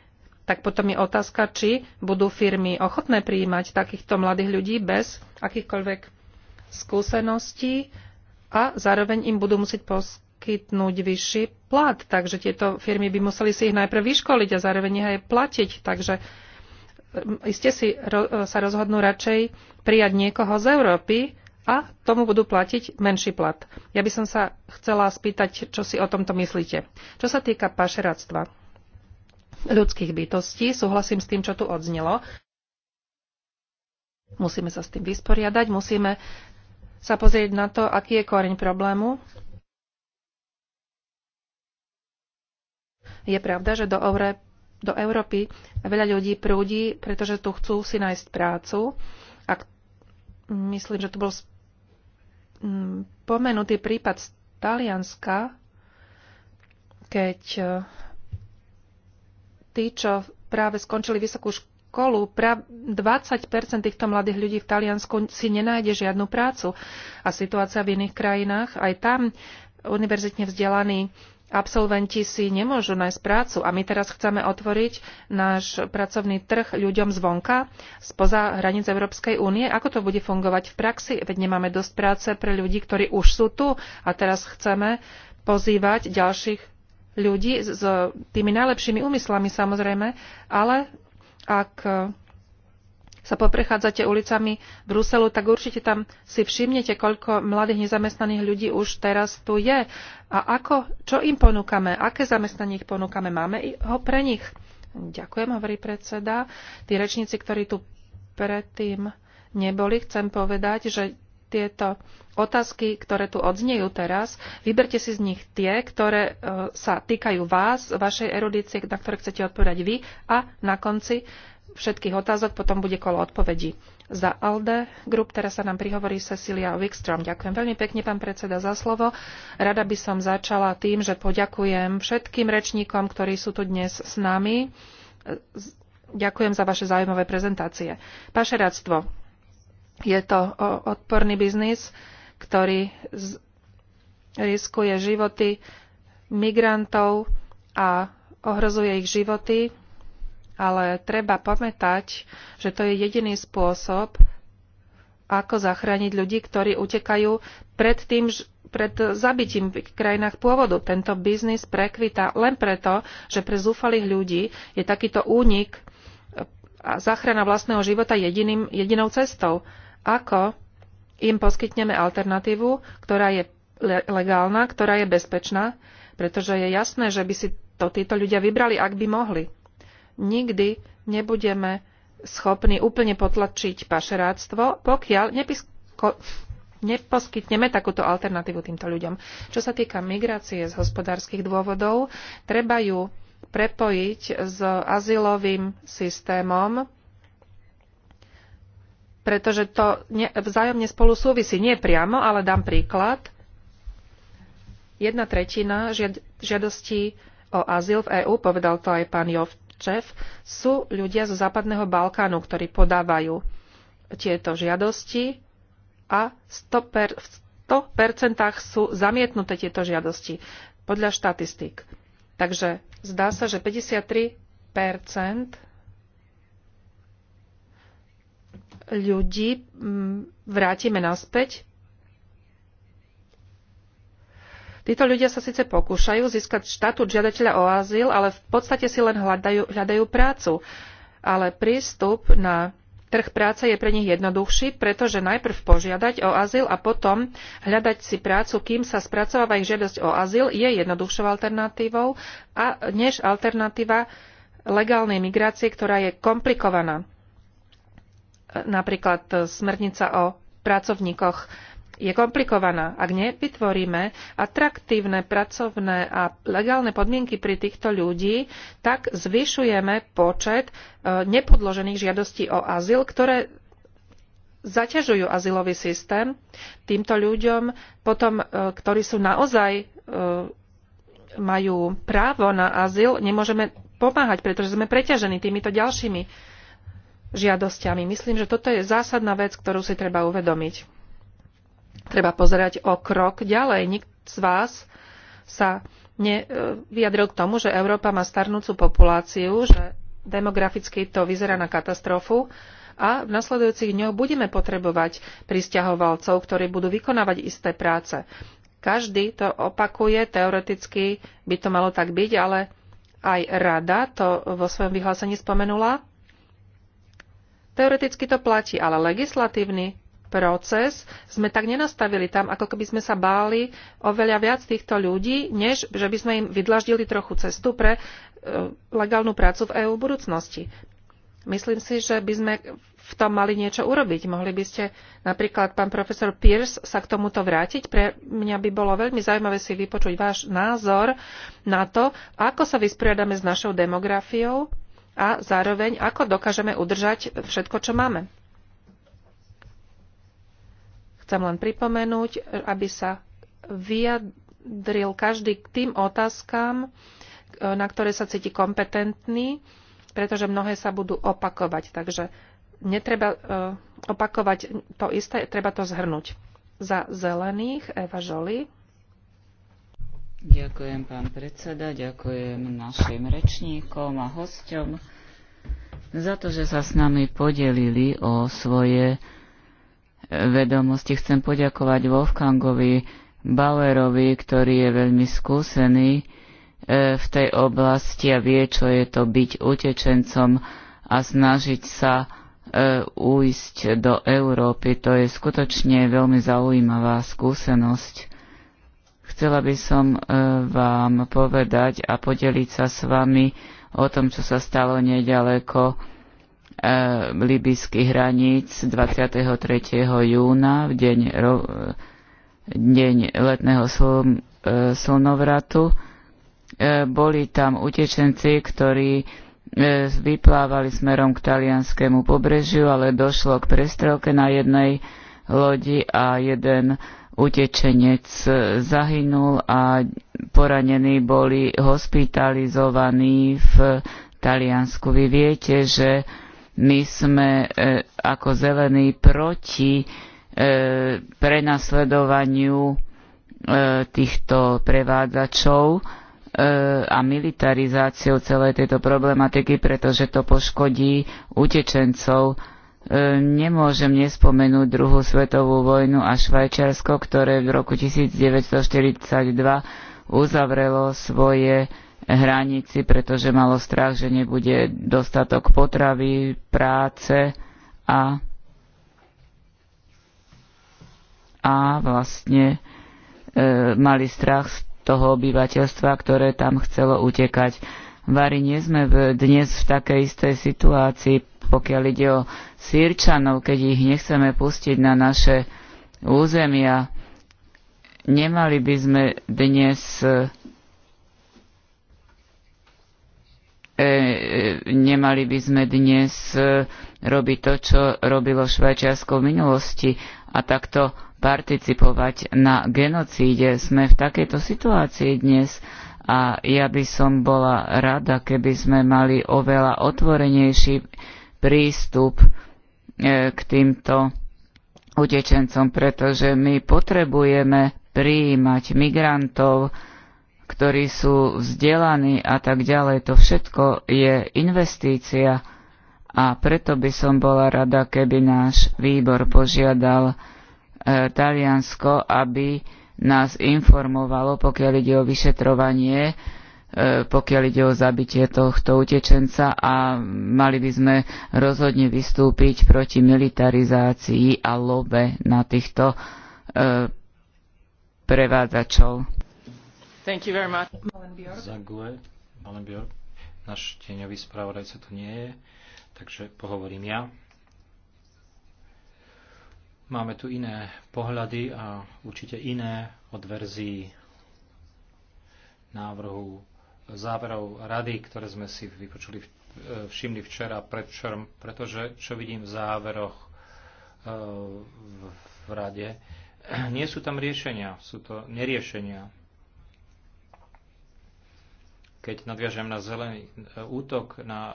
tak potom je otázka, či budú firmy ochotné prijímať takýchto mladých ľudí bez akýchkoľvek skúseností a zároveň im budú musieť poskytnúť poskytnúť vyšší plat. Takže tieto firmy by museli si ich najprv vyškoliť a zároveň ich aj platiť. Takže um, iste si ro- e, sa rozhodnú radšej prijať niekoho z Európy a tomu budú platiť menší plat. Ja by som sa chcela spýtať, čo si o tomto myslíte. Čo sa týka pašeráctva ľudských bytostí, súhlasím s tým, čo tu odznelo. Musíme sa s tým vysporiadať, musíme sa pozrieť na to, aký je koreň problému Je pravda, že do, Eure, do Európy veľa ľudí prúdi, pretože tu chcú si nájsť prácu. A myslím, že tu bol pomenutý prípad z Talianska, keď e, tí, čo práve skončili vysokú školu, 20 týchto mladých ľudí v Taliansku si nenájde žiadnu prácu. A situácia v iných krajinách, aj tam univerzitne vzdelaní absolventi si nemôžu nájsť prácu a my teraz chceme otvoriť náš pracovný trh ľuďom zvonka, spoza hranic Európskej únie. Ako to bude fungovať v praxi? Veď nemáme dosť práce pre ľudí, ktorí už sú tu a teraz chceme pozývať ďalších ľudí s tými najlepšími úmyslami samozrejme, ale ak sa poprechádzate ulicami Bruselu, tak určite tam si všimnete, koľko mladých nezamestnaných ľudí už teraz tu je. A ako, čo im ponúkame, aké zamestnanie ich ponúkame, máme ho pre nich. Ďakujem, hovorí predseda. Tí rečníci, ktorí tu predtým neboli, chcem povedať, že tieto otázky, ktoré tu odznejú teraz, vyberte si z nich tie, ktoré e, sa týkajú vás, vašej erudície, na ktoré chcete odpovedať vy a na konci všetkých otázok, potom bude kolo odpovedí. Za ALDE Group teraz sa nám prihovorí Cecilia Wickstrom. Ďakujem veľmi pekne, pán predseda, za slovo. Rada by som začala tým, že poďakujem všetkým rečníkom, ktorí sú tu dnes s nami. Ďakujem za vaše zaujímavé prezentácie. Pašeráctvo. Je to odporný biznis, ktorý riskuje životy migrantov a ohrozuje ich životy ale treba pamätať, že to je jediný spôsob, ako zachrániť ľudí, ktorí utekajú pred, tým, pred zabitím v krajinách pôvodu. Tento biznis prekvita len preto, že pre zúfalých ľudí je takýto únik e, a záchrana vlastného života jediným, jedinou cestou. Ako im poskytneme alternatívu, ktorá je legálna, ktorá je bezpečná, pretože je jasné, že by si to títo ľudia vybrali, ak by mohli nikdy nebudeme schopní úplne potlačiť pašeráctvo, pokiaľ nepisko, neposkytneme takúto alternatívu týmto ľuďom. Čo sa týka migrácie z hospodárskych dôvodov, treba ju prepojiť s azylovým systémom, pretože to vzájomne spolu súvisí. Nie priamo, ale dám príklad. Jedna tretina žiadostí o azyl v EÚ, povedal to aj pán Jov, Čev, sú ľudia zo Západného Balkánu, ktorí podávajú tieto žiadosti a 100 per, v 100% sú zamietnuté tieto žiadosti podľa štatistík. Takže zdá sa, že 53% ľudí mm, vrátime naspäť Títo ľudia sa síce pokúšajú získať štatút žiadateľa o azyl, ale v podstate si len hľadajú, prácu. Ale prístup na trh práce je pre nich jednoduchší, pretože najprv požiadať o azyl a potom hľadať si prácu, kým sa spracováva ich žiadosť o azyl, je jednoduchšou alternatívou a než alternatíva legálnej migrácie, ktorá je komplikovaná. Napríklad smernica o pracovníkoch je komplikovaná. Ak nevytvoríme atraktívne pracovné a legálne podmienky pri týchto ľudí, tak zvyšujeme počet e, nepodložených žiadostí o azyl, ktoré zaťažujú azylový systém týmto ľuďom, potom, e, ktorí sú naozaj e, majú právo na azyl, nemôžeme pomáhať, pretože sme preťažení týmito ďalšími žiadosťami. Myslím, že toto je zásadná vec, ktorú si treba uvedomiť treba pozerať o krok ďalej. Nikt z vás sa nevyjadril k tomu, že Európa má starnúcu populáciu, že demograficky to vyzerá na katastrofu a v nasledujúcich dňoch budeme potrebovať pristahovalcov, ktorí budú vykonávať isté práce. Každý to opakuje, teoreticky by to malo tak byť, ale aj rada to vo svojom vyhlásení spomenula. Teoreticky to platí, ale legislatívny proces sme tak nenastavili tam, ako keby sme sa báli oveľa viac týchto ľudí, než že by sme im vydlaždili trochu cestu pre e, legálnu prácu v EÚ v budúcnosti. Myslím si, že by sme v tom mali niečo urobiť. Mohli by ste napríklad, pán profesor Pierce, sa k tomuto vrátiť. Pre mňa by bolo veľmi zaujímavé si vypočuť váš názor na to, ako sa vysporiadame s našou demografiou a zároveň ako dokážeme udržať všetko, čo máme. Chcem len pripomenúť, aby sa vyjadril každý k tým otázkam, na ktoré sa cíti kompetentný, pretože mnohé sa budú opakovať. Takže netreba e, opakovať to isté, treba to zhrnúť. Za zelených Eva Žoli. Ďakujem, pán predseda, ďakujem našim rečníkom a hosťom za to, že sa s nami podelili o svoje vedomosti. Chcem poďakovať Wolfgangovi Bauerovi, ktorý je veľmi skúsený e, v tej oblasti a vie, čo je to byť utečencom a snažiť sa e, ujsť do Európy. To je skutočne veľmi zaujímavá skúsenosť. Chcela by som e, vám povedať a podeliť sa s vami o tom, čo sa stalo nedaleko Eh, libyských hraníc 23. júna v deň, deň letného sln, eh, slnovratu. Eh, boli tam utečenci, ktorí vyplávali smerom k talianskému pobrežiu, ale došlo k prestrelke na jednej lodi a jeden utečenec zahynul a poranení boli hospitalizovaní v Taliansku. Vy viete, že my sme e, ako zelení proti e, prenasledovaniu e, týchto prevádzačov e, a militarizáciou celej tejto problematiky, pretože to poškodí utečencov. E, nemôžem nespomenúť druhú svetovú vojnu a Švajčiarsko, ktoré v roku 1942 uzavrelo svoje hranici, pretože malo strach, že nebude dostatok potravy, práce a, a vlastne e, mali strach z toho obyvateľstva, ktoré tam chcelo utekať. Vari nie sme v, dnes v takej istej situácii, pokiaľ ide o sírčanov, keď ich nechceme pustiť na naše územia. Nemali by sme dnes e, E, e, nemali by sme dnes e, robiť to, čo robilo Švajčiarsko v minulosti a takto participovať na genocíde. Sme v takejto situácii dnes a ja by som bola rada, keby sme mali oveľa otvorenejší prístup k týmto utečencom, pretože my potrebujeme prijímať migrantov, ktorí sú vzdelaní a tak ďalej. To všetko je investícia a preto by som bola rada, keby náš výbor požiadal e, Taliansko, aby nás informovalo, pokiaľ ide o vyšetrovanie, e, pokiaľ ide o zabitie tohto utečenca a mali by sme rozhodne vystúpiť proti militarizácii a lobe na týchto e, prevádzačov. Thank you very much. Zague, Malen Náš tieňový spravodajca tu nie je, takže pohovorím ja. Máme tu iné pohľady a určite iné od verzií návrhu záverov rady, ktoré sme si vypočuli, e, všimli včera, predvčerom, pretože čo vidím v záveroch e, v rade, nie sú tam riešenia, sú to neriešenia. Keď nadviažem na zelený e, útok na e,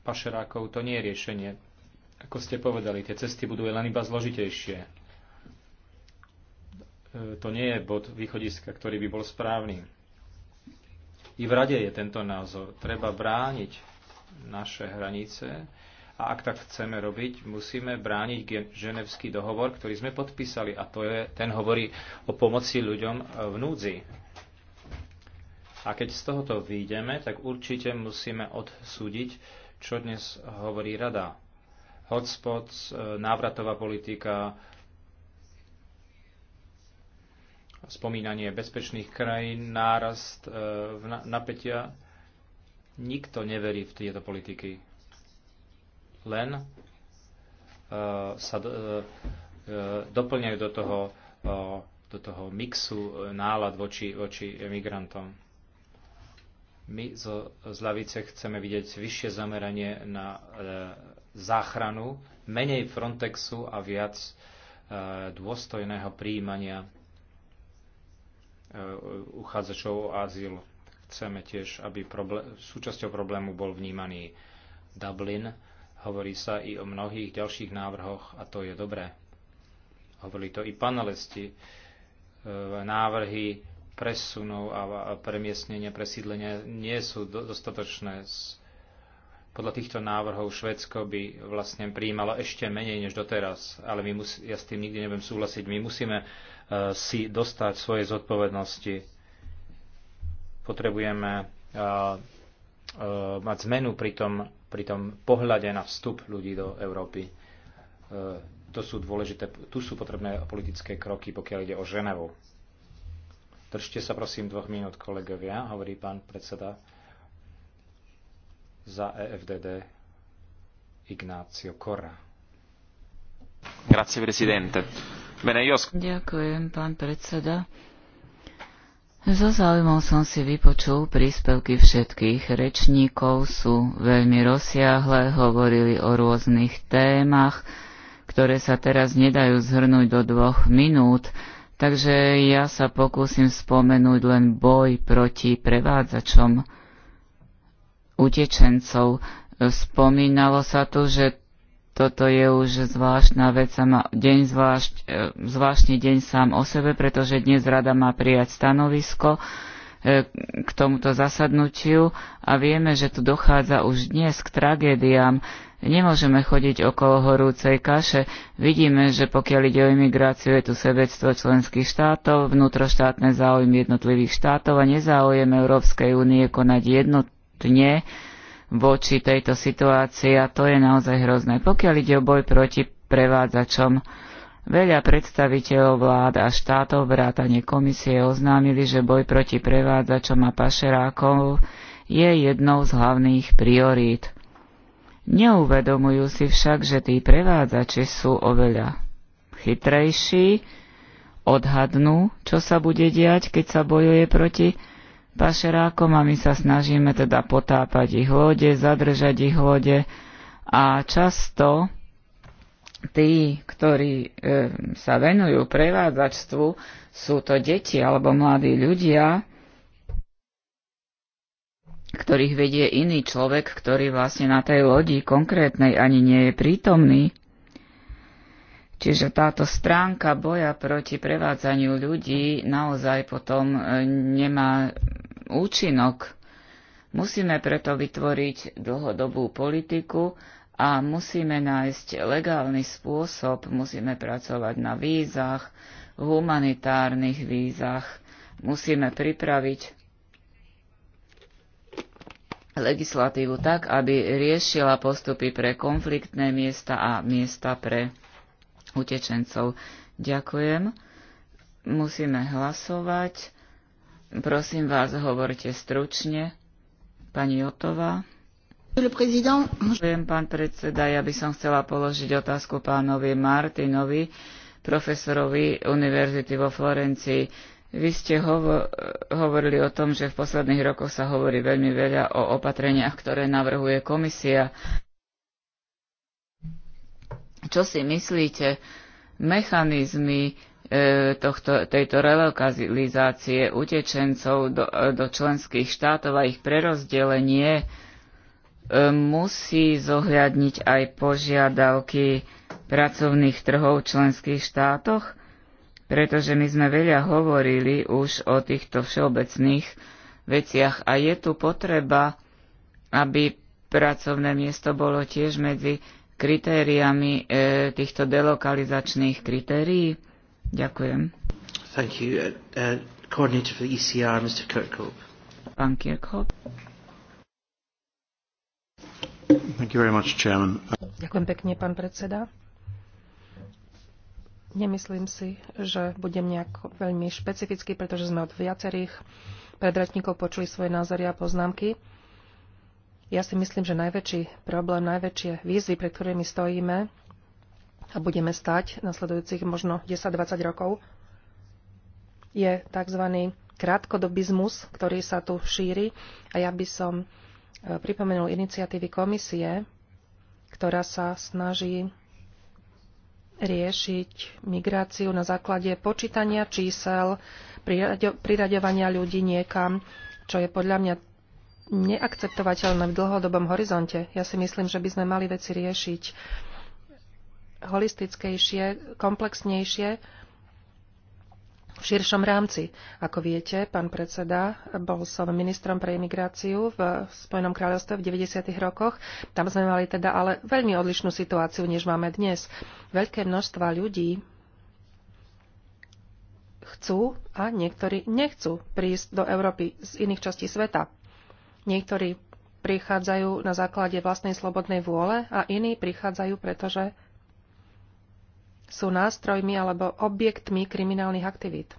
pašerákov, to nie je riešenie. Ako ste povedali, tie cesty budú len iba zložitejšie. E, to nie je bod východiska, ktorý by bol správny. I v rade je tento názor. Treba brániť naše hranice a ak tak chceme robiť, musíme brániť ženevský dohovor, ktorý sme podpísali a to je, ten hovorí o pomoci ľuďom v núdzi a keď z tohoto výjdeme, tak určite musíme odsúdiť, čo dnes hovorí rada. Hotspots, e, návratová politika, spomínanie bezpečných krajín, nárast e, napätia. Nikto neverí v tieto politiky. Len e, sa doplňajú do toho, do toho mixu nálad voči, voči migrantom my z, z lavice chceme vidieť vyššie zameranie na e, záchranu, menej Frontexu a viac e, dôstojného príjmania e, uchádzačov o azyl. Chceme tiež, aby problé- súčasťou problému bol vnímaný Dublin. Hovorí sa i o mnohých ďalších návrhoch a to je dobré. Hovorili to i panelisti. E, návrhy presunov a premiestnenia, presídlenia nie sú dostatočné. Podľa týchto návrhov Švedsko by vlastne prijímalo ešte menej než doteraz, ale my mus, ja s tým nikdy nebudem súhlasiť. My musíme uh, si dostať svoje zodpovednosti. Potrebujeme uh, uh, mať zmenu pri tom, pri tom pohľade na vstup ľudí do Európy. Uh, to sú dôležité, tu sú potrebné politické kroky, pokiaľ ide o Ženevu Držte sa prosím dvoch minút, kolegovia, hovorí pán predseda za EFDD Ignácio Kora. Grazie, presidente. Bene, io... Ďakujem, pán predseda. So záujmom som si vypočul príspevky všetkých rečníkov, sú veľmi rozsiahle, hovorili o rôznych témach, ktoré sa teraz nedajú zhrnúť do dvoch minút Takže ja sa pokúsim spomenúť len boj proti prevádzačom utečencov. Spomínalo sa tu, že toto je už zvláštna vec, má deň zvlášť, e, zvláštny deň sám o sebe, pretože dnes rada má prijať stanovisko e, k tomuto zasadnutiu a vieme, že tu dochádza už dnes k tragédiám, Nemôžeme chodiť okolo horúcej kaše. Vidíme, že pokiaľ ide o imigráciu, je tu sebectvo členských štátov, vnútroštátne záujmy jednotlivých štátov a nezáujem Európskej únie konať jednotne voči tejto situácii a to je naozaj hrozné. Pokiaľ ide o boj proti prevádzačom, Veľa predstaviteľov vlád a štátov vrátane komisie oznámili, že boj proti prevádzačom a pašerákov je jednou z hlavných priorít. Neuvedomujú si však, že tí prevádzači sú oveľa chytrejší, odhadnú, čo sa bude diať, keď sa bojuje proti pašerákom a my sa snažíme teda potápať ich lode, zadržať ich lode a často tí, ktorí e, sa venujú prevádzačstvu, sú to deti alebo mladí ľudia, ktorých vedie iný človek, ktorý vlastne na tej lodi konkrétnej ani nie je prítomný. Čiže táto stránka boja proti prevádzaniu ľudí naozaj potom e, nemá účinok. Musíme preto vytvoriť dlhodobú politiku a musíme nájsť legálny spôsob, musíme pracovať na vízach, humanitárnych vízach, musíme pripraviť legislatívu tak, aby riešila postupy pre konfliktné miesta a miesta pre utečencov. Ďakujem. Musíme hlasovať. Prosím vás, hovorte stručne. Pani Jotová. Ďakujem, pán predseda. Ja by som chcela položiť otázku pánovi Martinovi, profesorovi Univerzity vo Florencii. Vy ste hovo- hovorili o tom, že v posledných rokoch sa hovorí veľmi veľa o opatreniach, ktoré navrhuje komisia. Čo si myslíte, mechanizmy e, tohto, tejto relokalizácie utečencov do, do členských štátov a ich prerozdelenie e, musí zohľadniť aj požiadavky pracovných trhov v členských štátoch? pretože my sme veľa hovorili už o týchto všeobecných veciach a je tu potreba, aby pracovné miesto bolo tiež medzi kritériami e, týchto delokalizačných kritérií. Ďakujem. Thank you. Uh, uh coordinator for the ECR, Mr. Kirkhope. Pán Kirkhope. Thank you very much, Chairman. Ďakujem pekne, pán predseda. Nemyslím si, že budem nejak veľmi špecifický, pretože sme od viacerých predratníkov počuli svoje názory a poznámky. Ja si myslím, že najväčší problém, najväčšie výzvy, pred ktorými stojíme a budeme stať nasledujúcich možno 10-20 rokov, je tzv. krátkodobizmus, ktorý sa tu šíri. A ja by som e, pripomenul iniciatívy komisie, ktorá sa snaží riešiť migráciu na základe počítania čísel, priraďovania ľudí niekam, čo je podľa mňa neakceptovateľné v dlhodobom horizonte. Ja si myslím, že by sme mali veci riešiť holistickejšie, komplexnejšie v širšom rámci. Ako viete, pán predseda, bol som ministrom pre imigráciu v Spojenom kráľovstve v 90. rokoch. Tam sme mali teda ale veľmi odlišnú situáciu, než máme dnes. Veľké množstva ľudí chcú a niektorí nechcú prísť do Európy z iných častí sveta. Niektorí prichádzajú na základe vlastnej slobodnej vôle a iní prichádzajú, pretože sú nástrojmi alebo objektmi kriminálnych aktivít.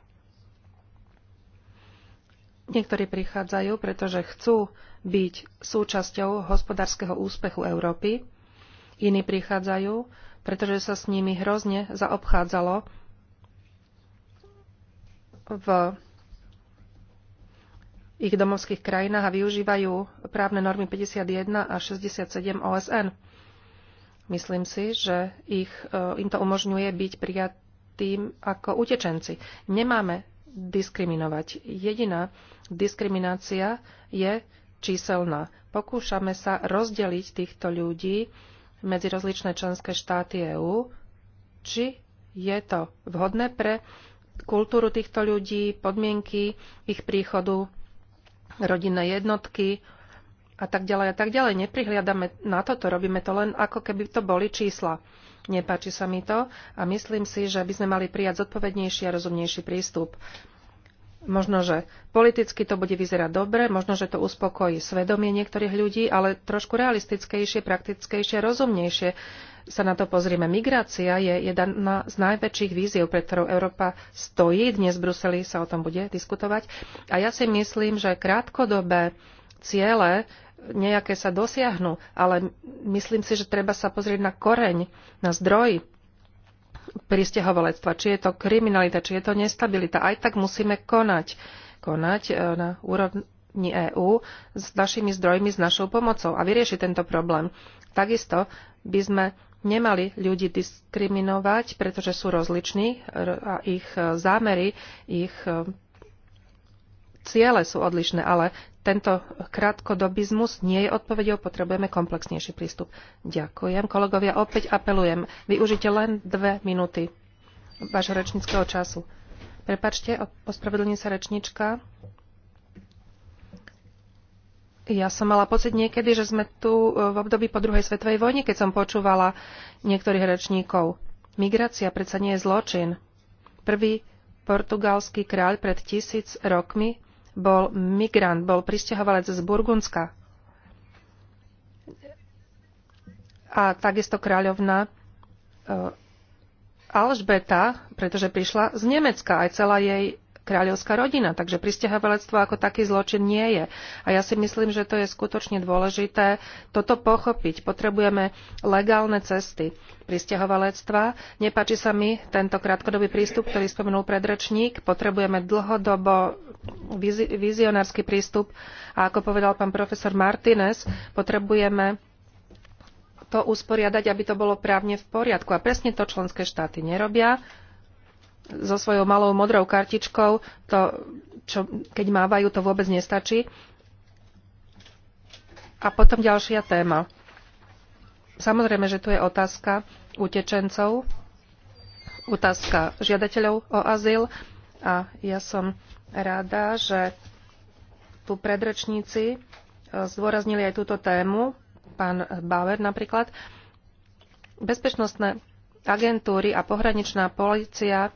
Niektorí prichádzajú, pretože chcú byť súčasťou hospodárskeho úspechu Európy. Iní prichádzajú, pretože sa s nimi hrozne zaobchádzalo v ich domovských krajinách a využívajú právne normy 51 a 67 OSN. Myslím si, že ich, e, im to umožňuje byť prijatým ako utečenci. Nemáme diskriminovať. Jediná diskriminácia je číselná. Pokúšame sa rozdeliť týchto ľudí medzi rozličné členské štáty EÚ, či je to vhodné pre kultúru týchto ľudí, podmienky ich príchodu, rodinné jednotky, a tak ďalej a tak ďalej. Neprihliadame na toto, robíme to len ako keby to boli čísla. Nepáči sa mi to a myslím si, že by sme mali prijať zodpovednejší a rozumnejší prístup. Možno, že politicky to bude vyzerať dobre, možno, že to uspokojí svedomie niektorých ľudí, ale trošku realistickejšie, praktickejšie, rozumnejšie sa na to pozrieme. Migrácia je jedna z najväčších víziev, pre ktorou Európa stojí. Dnes v Bruseli sa o tom bude diskutovať. A ja si myslím, že krátkodobé ciele nejaké sa dosiahnu, ale myslím si, že treba sa pozrieť na koreň, na zdroj pristehovalectva, či je to kriminalita, či je to nestabilita. Aj tak musíme konať. Konať e, na úrovni EÚ s našimi zdrojmi, s našou pomocou a vyriešiť tento problém. Takisto by sme nemali ľudí diskriminovať, pretože sú rozliční e, a ich e, zámery, ich ciele sú odlišné, ale tento krátkodobizmus nie je odpovedou, potrebujeme komplexnejší prístup. Ďakujem. Kolegovia, opäť apelujem, využite len dve minúty vášho rečníckého času. Prepačte, ospravedlní sa rečnička. Ja som mala pocit niekedy, že sme tu e, v období po druhej svetovej vojne, keď som počúvala niektorých rečníkov. Migrácia predsa nie je zločin. Prvý portugalský kráľ pred tisíc rokmi bol migrant, bol pristahovalec z Burgundska. A takisto kráľovna e, Alžbeta, pretože prišla z Nemecka, aj celá jej kráľovská rodina. Takže pristahovalectvo ako taký zločin nie je. A ja si myslím, že to je skutočne dôležité toto pochopiť. Potrebujeme legálne cesty pristahovalectva. Nepáči sa mi tento krátkodobý prístup, ktorý spomenul predrečník. Potrebujeme dlhodobo vizionársky prístup a ako povedal pán profesor Martinez, potrebujeme to usporiadať, aby to bolo právne v poriadku. A presne to členské štáty nerobia so svojou malou modrou kartičkou, to, čo, keď mávajú, to vôbec nestačí. A potom ďalšia téma. Samozrejme, že tu je otázka utečencov, otázka žiadateľov o azyl a ja som rada, že tu predrečníci e, zdôraznili aj túto tému, pán Bauer napríklad. Bezpečnostné agentúry a pohraničná policia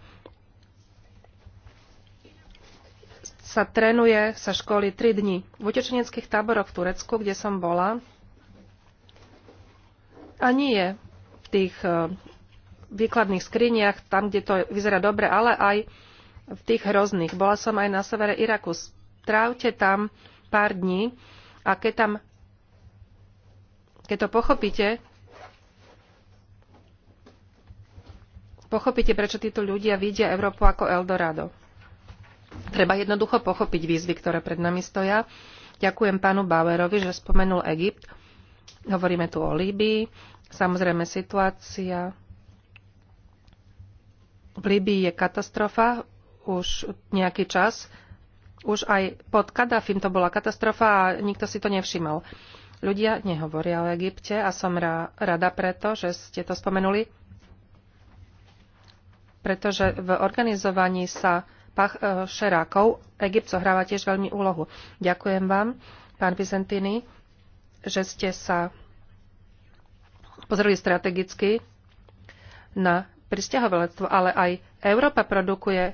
sa trénuje, sa školí 3 dni V utečeneckých táboroch v Turecku, kde som bola, a nie je v tých e, výkladných skriniach, tam, kde to vyzerá dobre, ale aj v tých hrozných. Bola som aj na severe Iraku. Strávte tam pár dní a keď tam keď to pochopíte, pochopíte, prečo títo ľudia vidia Európu ako Eldorado. Treba jednoducho pochopiť výzvy, ktoré pred nami stoja. Ďakujem pánu Bauerovi, že spomenul Egypt. Hovoríme tu o Líbii. Samozrejme, situácia v Líbii je katastrofa už nejaký čas. Už aj pod Kadafim to bola katastrofa a nikto si to nevšimol. Ľudia nehovoria o Egypte a som rada preto, že ste to spomenuli, pretože v organizovaní sa E, šerákov. Egypt zohráva tiež veľmi úlohu. Ďakujem vám, pán Vizentini, že ste sa pozreli strategicky na pristahovalectvo, ale aj Európa produkuje e,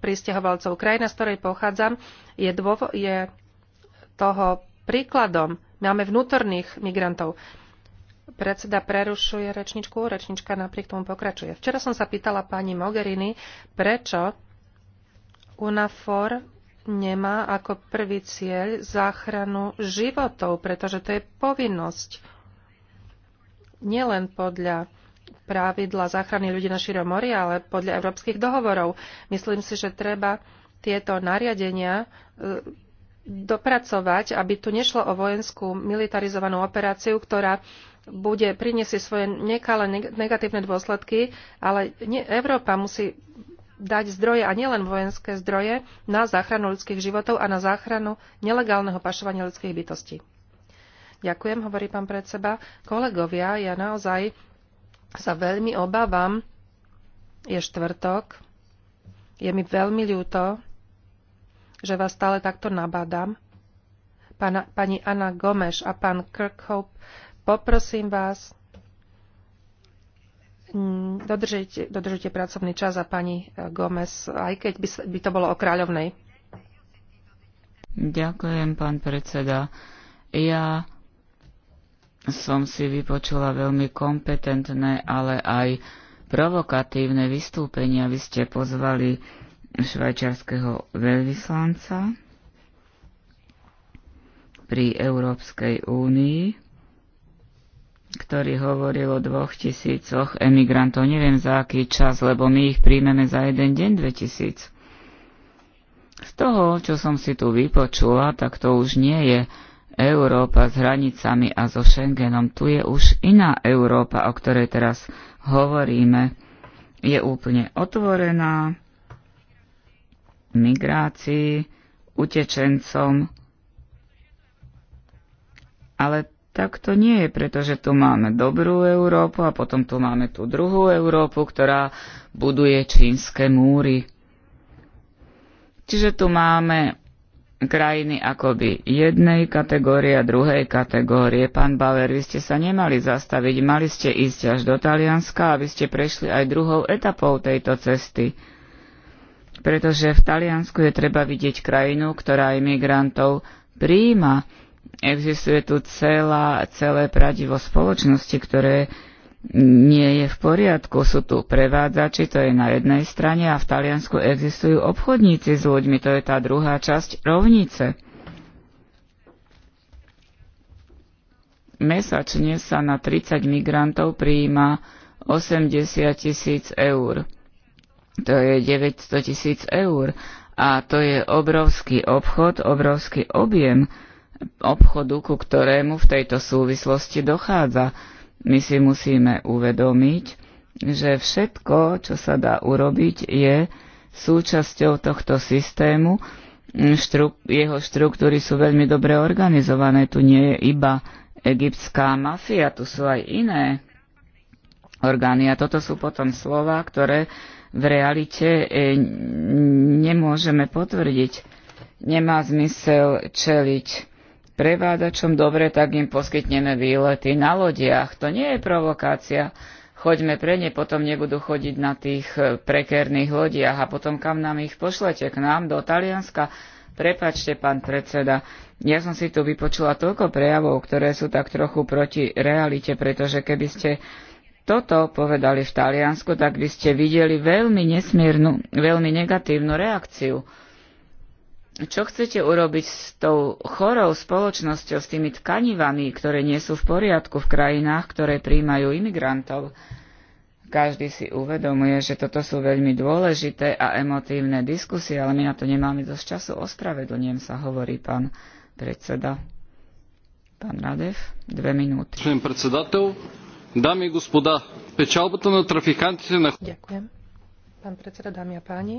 pristahovalcov. Krajina, z ktorej pochádzam, je, dôvo- je toho príkladom. Máme vnútorných migrantov. Predseda prerušuje rečničku, rečnička napriek tomu pokračuje. Včera som sa pýtala pani Mogherini, prečo UNAFOR nemá ako prvý cieľ záchranu životov, pretože to je povinnosť. Nielen podľa pravidla záchrany ľudí na širom mori, ale podľa európskych dohovorov. Myslím si, že treba tieto nariadenia e, dopracovať, aby tu nešlo o vojenskú militarizovanú operáciu, ktorá bude priniesie svoje nekalé negatívne dôsledky, ale Európa musí dať zdroje, a nielen vojenské zdroje, na záchranu ľudských životov a na záchranu nelegálneho pašovania ľudských bytostí. Ďakujem, hovorí pán predseba. Kolegovia, ja naozaj sa veľmi obávam. Je štvrtok. Je mi veľmi ľúto, že vás stále takto nabádam. Pana, pani Anna Gomeš a pán Kirkhope, poprosím vás, Mm, dodržujte, dodržujte pracovný čas a pani e, Gomez, aj keď by, by to bolo o kráľovnej. Ďakujem, pán predseda. Ja som si vypočula veľmi kompetentné, ale aj provokatívne vystúpenia. Vy ste pozvali švajčarského veľvyslanca pri Európskej únii ktorý hovoril o dvoch tisícoch emigrantov. Neviem za aký čas, lebo my ich príjmeme za jeden deň 2000. Z toho, čo som si tu vypočula, tak to už nie je Európa s hranicami a so Schengenom. Tu je už iná Európa, o ktorej teraz hovoríme. Je úplne otvorená migrácii, utečencom, ale tak to nie je, pretože tu máme dobrú Európu a potom tu máme tú druhú Európu, ktorá buduje čínske múry. Čiže tu máme krajiny akoby jednej kategórie a druhej kategórie. Pán Bauer, vy ste sa nemali zastaviť, mali ste ísť až do Talianska, aby ste prešli aj druhou etapou tejto cesty. Pretože v Taliansku je treba vidieť krajinu, ktorá imigrantov príjma Existuje tu celá, celé pradivo spoločnosti, ktoré nie je v poriadku. Sú tu prevádzači, to je na jednej strane, a v Taliansku existujú obchodníci s ľuďmi, to je tá druhá časť rovnice. Mesačne sa na 30 migrantov prijíma 80 tisíc eur. To je 900 tisíc eur. A to je obrovský obchod, obrovský objem, obchodu, ku ktorému v tejto súvislosti dochádza. My si musíme uvedomiť, že všetko, čo sa dá urobiť, je súčasťou tohto systému. Štru, jeho štruktúry sú veľmi dobre organizované. Tu nie je iba egyptská mafia, tu sú aj iné orgány. A toto sú potom slova, ktoré v realite e, nemôžeme potvrdiť. Nemá zmysel čeliť prevádzačom, dobre, tak im poskytneme výlety na lodiach. To nie je provokácia. Choďme pre ne, potom nebudú chodiť na tých e, prekerných lodiach a potom kam nám ich pošlete? K nám do Talianska? Prepačte, pán predseda, ja som si tu vypočula toľko prejavov, ktoré sú tak trochu proti realite, pretože keby ste toto povedali v Taliansku, tak by ste videli veľmi nesmiernu, veľmi negatívnu reakciu čo chcete urobiť s tou chorou spoločnosťou, s tými tkanivami, ktoré nie sú v poriadku v krajinách, ktoré príjmajú imigrantov? Každý si uvedomuje, že toto sú veľmi dôležité a emotívne diskusie, ale my na to nemáme dosť času. Ospravedlňujem sa, hovorí pán predseda. Pán Radev, dve minúty. Ďakujem predsedateľ, dámy gospoda, pečalbata na trafikantite na... Ďakujem. Pán predseda, dámy a páni.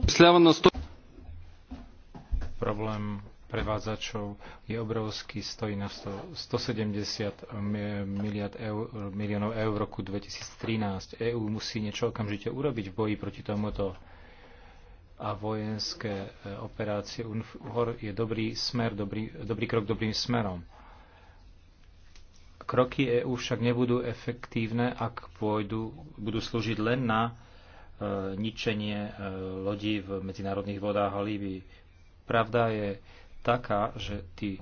Problém prevádzačov je obrovský, stojí na 170 miliard eur, miliónov eur v roku 2013. EÚ musí niečo okamžite urobiť v boji proti tomuto a vojenské e, operácie UNFOR je dobrý smer, dobrý, dobrý krok dobrým smerom. Kroky EÚ však nebudú efektívne, ak pôjdu, budú slúžiť len na e, ničenie e, lodí v medzinárodných vodách a Líbii. Pravda je taká, že tí e,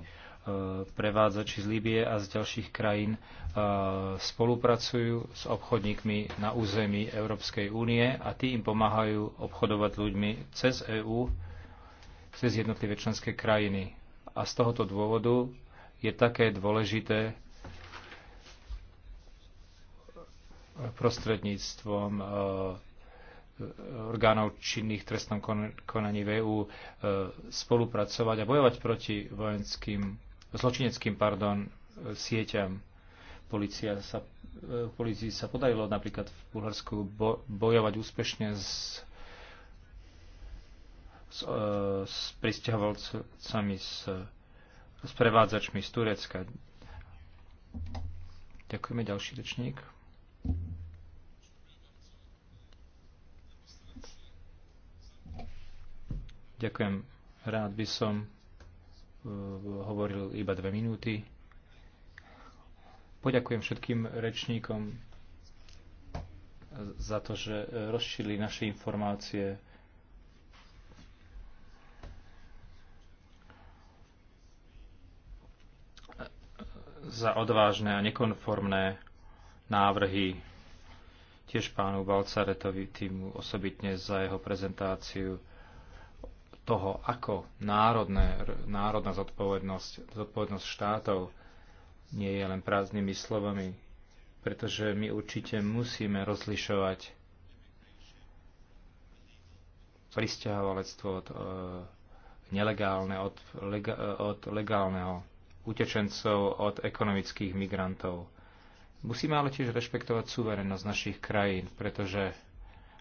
prevádzači z Líbie a z ďalších krajín e, spolupracujú s obchodníkmi na území Európskej únie a tí im pomáhajú obchodovať ľuďmi cez EÚ, cez jednotlivé členské krajiny. A z tohoto dôvodu je také dôležité prostredníctvom e, orgánov činných trestnom konaní v EÚ e, spolupracovať a bojovať proti vojenským, zločineckým pardon, e, sieťam. Polícia sa, e, polícii sa podarilo napríklad v Bulharsku bo, bojovať úspešne s, s, s pristahovalcami, s, s prevádzačmi z Turecka. Ďakujeme, ďalší rečník. Ďakujem. Rád by som e, hovoril iba dve minúty. Poďakujem všetkým rečníkom za to, že e, rozšili naše informácie. za odvážne a nekonformné návrhy tiež pánu Balcaretovi týmu osobitne za jeho prezentáciu toho, ako národné, národná zodpovednosť, zodpovednosť štátov nie je len prázdnymi slovami, pretože my určite musíme rozlišovať pristahovalectvo od e, nelegálne, od, lega, od legálneho, utečencov od ekonomických migrantov. Musíme ale tiež rešpektovať suverenosť našich krajín, pretože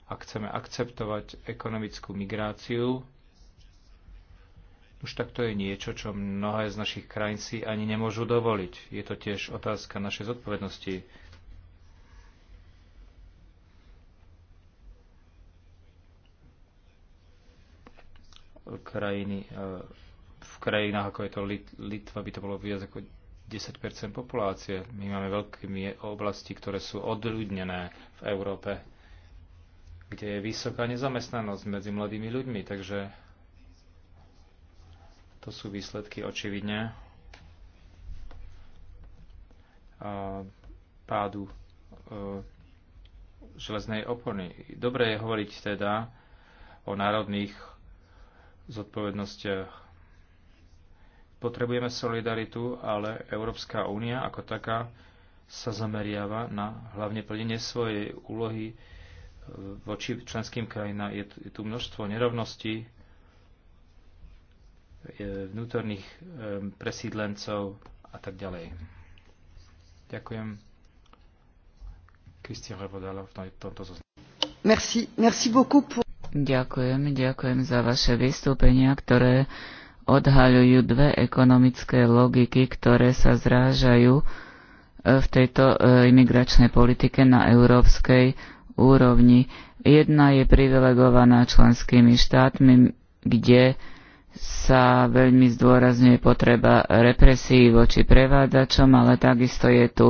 ak chceme akceptovať ekonomickú migráciu, už tak to je niečo, čo mnohé z našich krajín si ani nemôžu dovoliť. Je to tiež otázka našej zodpovednosti. Krajiny, eh, v krajinách ako je to Litva by to bolo viac ako 10 populácie. My máme veľké oblasti, ktoré sú odľudnené v Európe, kde je vysoká nezamestnanosť medzi mladými ľuďmi, takže to sú výsledky očividne pádu e, železnej opony. Dobre je hovoriť teda o národných zodpovednostiach. Potrebujeme solidaritu, ale Európska únia ako taká sa zameriava na hlavne plnenie svojej úlohy e, voči členským krajinám. Je tu množstvo nerovností, E, vnútorných e, presídlencov a tak ďalej. Ďakujem. Kristian Revodala v tomto zoznamu. Merci, merci beaucoup pour... Ďakujem, ďakujem za vaše vystúpenia, ktoré odhaľujú dve ekonomické logiky, ktoré sa zrážajú e, v tejto imigračnej politike na európskej úrovni. Jedna je privilegovaná členskými štátmi, kde sa veľmi zdôrazňuje potreba represí voči prevádzačom, ale takisto je tu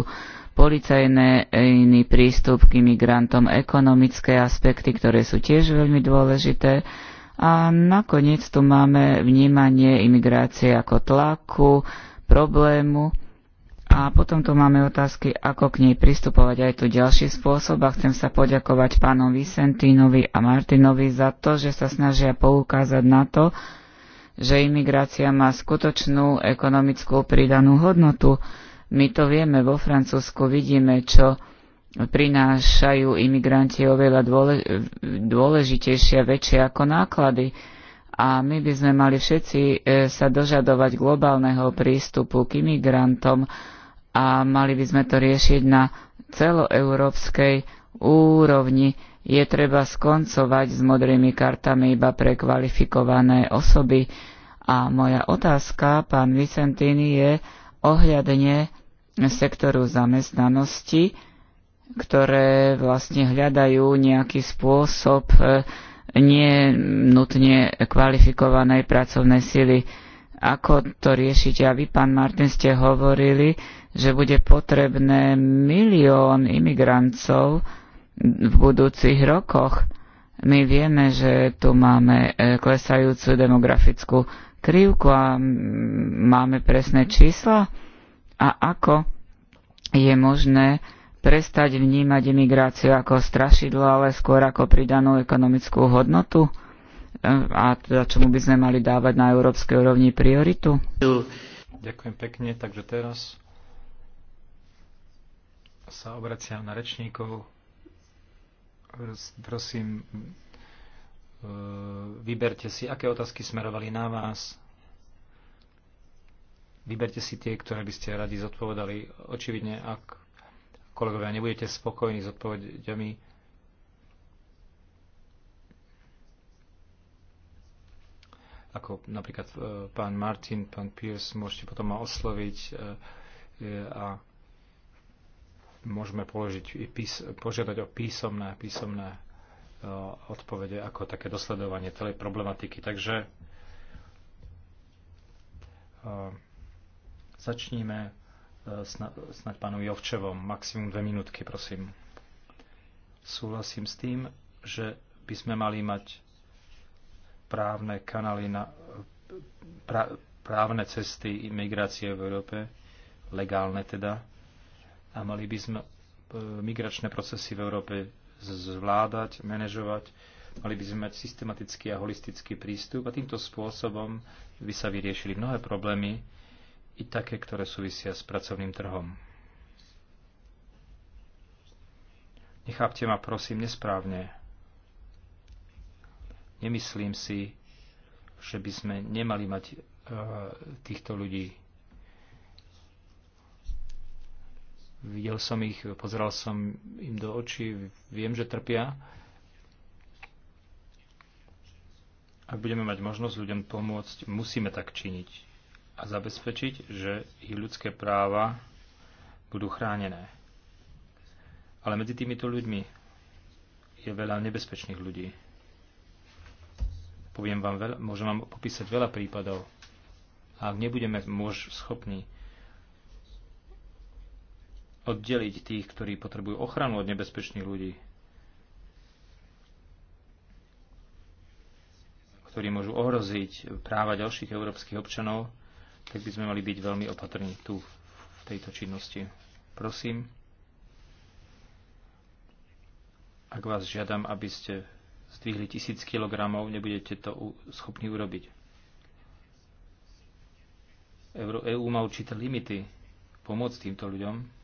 policajné e, iný prístup k imigrantom, ekonomické aspekty, ktoré sú tiež veľmi dôležité. A nakoniec tu máme vnímanie imigrácie ako tlaku, problému. A potom tu máme otázky, ako k nej pristupovať. Aj tu ďalší spôsob a chcem sa poďakovať pánom Vicentínovi a Martinovi za to, že sa snažia poukázať na to, že imigrácia má skutočnú ekonomickú pridanú hodnotu. My to vieme, vo Francúzsku vidíme, čo prinášajú imigranti oveľa dôležitejšie a väčšie ako náklady. A my by sme mali všetci e, sa dožadovať globálneho prístupu k imigrantom a mali by sme to riešiť na celoeurópskej úrovni je treba skoncovať s modrými kartami iba pre kvalifikované osoby. A moja otázka, pán Vicentini, je ohľadne sektoru zamestnanosti, ktoré vlastne hľadajú nejaký spôsob e, nie nutne kvalifikovanej pracovnej sily. Ako to riešite? A vy, pán Martin, ste hovorili, že bude potrebné milión imigrancov, v budúcich rokoch. My vieme, že tu máme e, klesajúcu demografickú krivku a máme presné čísla. A ako je možné prestať vnímať imigráciu ako strašidlo, ale skôr ako pridanú ekonomickú hodnotu? E, a teda čomu by sme mali dávať na európskej úrovni prioritu? Ďakujem pekne, takže teraz sa obraciam na rečníkov prosím, e, vyberte si, aké otázky smerovali na vás. Vyberte si tie, ktoré by ste radi zodpovedali. Očividne, ak kolegovia nebudete spokojní s odpovediami, ako napríklad e, pán Martin, pán Pierce, môžete potom ma osloviť e, a môžeme položiť, pís, požiadať o písomné, písomné e, odpovede ako také dosledovanie celej problematiky. Takže e, začníme e, snať pánu Jovčevom. Maximum dve minútky, prosím. Súhlasím s tým, že by sme mali mať právne kanály na pra, právne cesty imigrácie v Európe, legálne teda, a mali by sme e, migračné procesy v Európe zvládať, manažovať. Mali by sme mať systematický a holistický prístup a týmto spôsobom by sa vyriešili mnohé problémy, i také, ktoré súvisia s pracovným trhom. Nechápte ma prosím nesprávne. Nemyslím si, že by sme nemali mať e, týchto ľudí Videl som ich, pozeral som im do očí, viem, že trpia. Ak budeme mať možnosť ľuďom pomôcť, musíme tak činiť a zabezpečiť, že ich ľudské práva budú chránené. Ale medzi týmito ľuďmi je veľa nebezpečných ľudí. Poviem vám veľa, môžem vám popísať veľa prípadov. A ak nebudeme môž schopní oddeliť tých, ktorí potrebujú ochranu od nebezpečných ľudí, ktorí môžu ohroziť práva ďalších európskych občanov, tak by sme mali byť veľmi opatrní tu v tejto činnosti. Prosím, ak vás žiadam, aby ste zdvihli tisíc kilogramov, nebudete to schopní urobiť. EU e má určité limity pomôcť týmto ľuďom,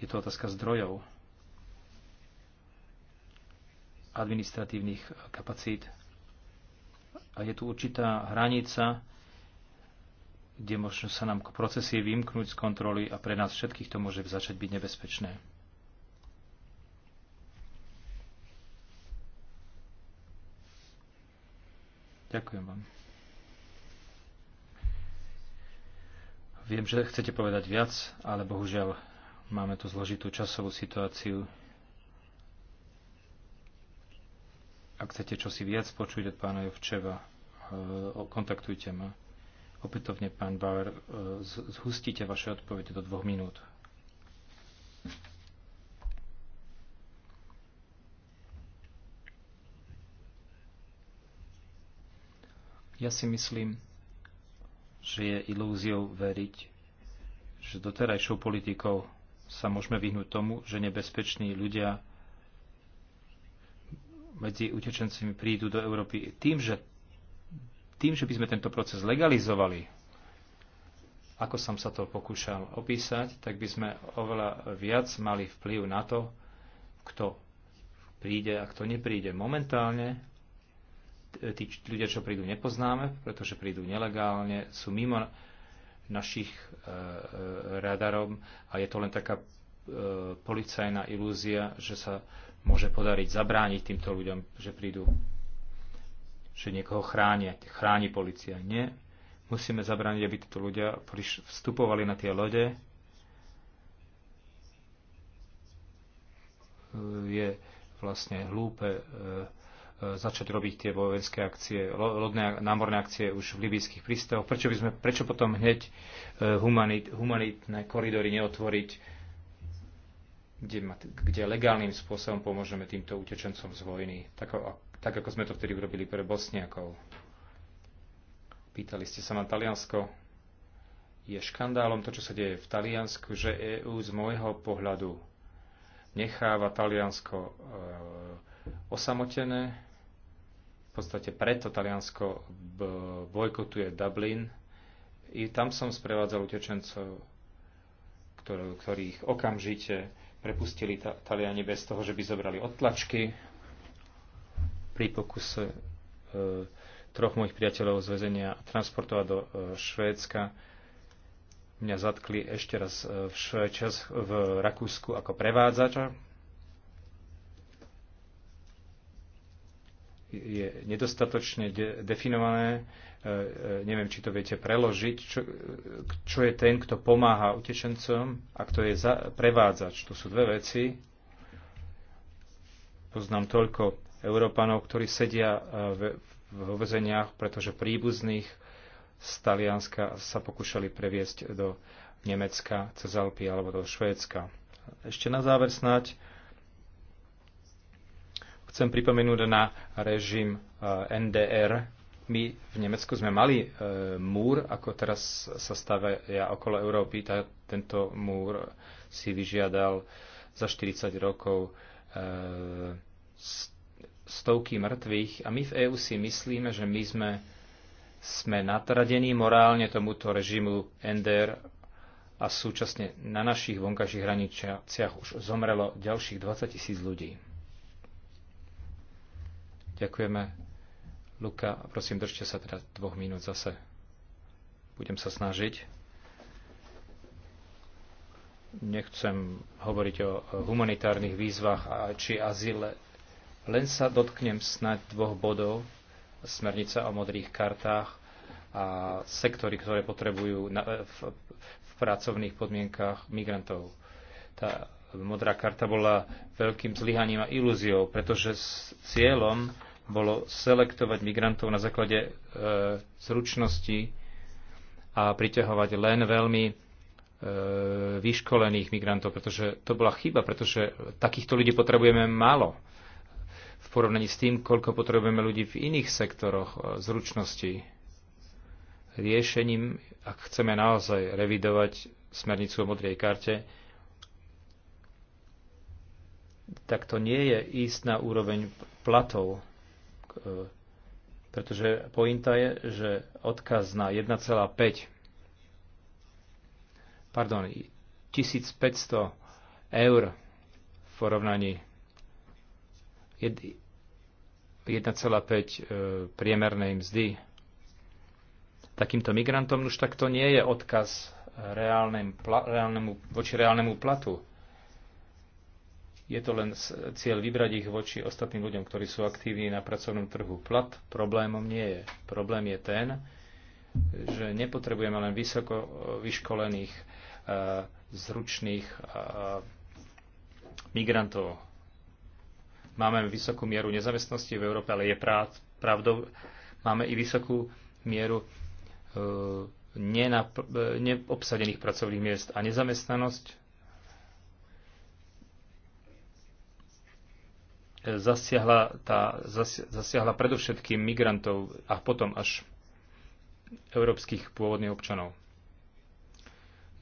je to otázka zdrojov, administratívnych kapacít. A je tu určitá hranica, kde možno sa nám procesy vymknúť z kontroly a pre nás všetkých to môže začať byť nebezpečné. Ďakujem vám. Viem, že chcete povedať viac, ale bohužiaľ Máme tu zložitú časovú situáciu. Ak chcete čosi viac počuť od pána Jovčeva, eh, kontaktujte ma. Opätovne, pán Bauer, eh, zhustite vaše odpovede do dvoch minút. Ja si myslím, že je ilúziou veriť, že doterajšou politikou sa môžeme vyhnúť tomu, že nebezpeční ľudia medzi utečencami prídu do Európy tým, že, tým, že by sme tento proces legalizovali, ako som sa to pokúšal opísať, tak by sme oveľa viac mali vplyv na to, kto príde a kto nepríde. Momentálne tí ľudia, čo prídu, nepoznáme, pretože prídu nelegálne, sú mimo našich e, e, radarom a je to len taká e, policajná ilúzia, že sa môže podariť zabrániť týmto ľuďom, že prídu, že niekoho chránia, chráni policia. Nie. Musíme zabrániť, aby títo ľudia vstupovali na tie lode. Je vlastne hlúpe začať robiť tie vojenské akcie, lodné, námorné akcie už v libijských prístavoch. Prečo, by sme, prečo potom hneď e, humanit, humanitné koridory neotvoriť, kde, kde legálnym spôsobom pomôžeme týmto utečencom z vojny, tak, tak ako sme to vtedy urobili pre Bosniakov. Pýtali ste sa na Taliansko. Je škandálom to, čo sa deje v Taliansku, že EÚ z môjho pohľadu necháva Taliansko e, osamotené, v podstate preto Taliansko bojkotuje Dublin. I tam som sprevádzal utečencov, ktorých okamžite prepustili Taliani bez toho, že by zobrali odtlačky. Pri pokuse e, troch mojich priateľov z väzenia transportovať do e, Švédska mňa zatkli ešte raz e, v, v Rakúsku ako prevádzača je nedostatočne de- definované. E, e, neviem, či to viete preložiť. Čo, e, čo je ten, kto pomáha utečencom a kto je za- prevádzač? To sú dve veci. Poznám toľko Európanov, ktorí sedia e, v, vo vezeniach, pretože príbuzných z Talianska sa pokúšali previesť do Nemecka, cez Alpy alebo do Švédska. Ešte na záver snáď Chcem pripomenúť na režim e, NDR. My v Nemecku sme mali e, múr, ako teraz sa stavia okolo Európy. Tá, tento múr si vyžiadal za 40 rokov e, stovky mŕtvych a my v EÚ si myslíme, že my sme, sme natradení morálne tomuto režimu NDR a súčasne na našich vonkajších hraniciach už zomrelo ďalších 20 tisíc ľudí. Ďakujeme. Luka, prosím, držte sa teda dvoch minút zase. Budem sa snažiť. Nechcem hovoriť o humanitárnych výzvach a či azile. Len sa dotknem snať dvoch bodov. Smernica o modrých kartách a sektory, ktoré potrebujú na, v, v pracovných podmienkách migrantov. Tá modrá karta bola veľkým zlyhaním a ilúziou, pretože s cieľom bolo selektovať migrantov na základe e, zručnosti a priťahovať len veľmi e, vyškolených migrantov, pretože to bola chyba, pretože takýchto ľudí potrebujeme málo v porovnaní s tým, koľko potrebujeme ľudí v iných sektoroch e, zručnosti. Riešením, ak chceme naozaj revidovať smernicu o modrej karte, tak to nie je ísť na úroveň platov E, pretože pointa je, že odkaz na 1,5 pardon, 1500 eur v porovnaní 1,5 e, priemernej mzdy takýmto migrantom, už takto nie je odkaz reálnemu, reálnemu, voči reálnemu platu. Je to len cieľ vybrať ich voči ostatným ľuďom, ktorí sú aktívni na pracovnom trhu. Plat problémom nie je. Problém je ten, že nepotrebujeme len vysoko e, vyškolených, e, zručných e, migrantov. Máme vysokú mieru nezamestnosti v Európe, ale je pravdou, máme i vysokú mieru neobsadených pracovných miest a nezamestnanosť E, zasiahla, tá, zasiahla predovšetkým migrantov a potom až európskych pôvodných občanov.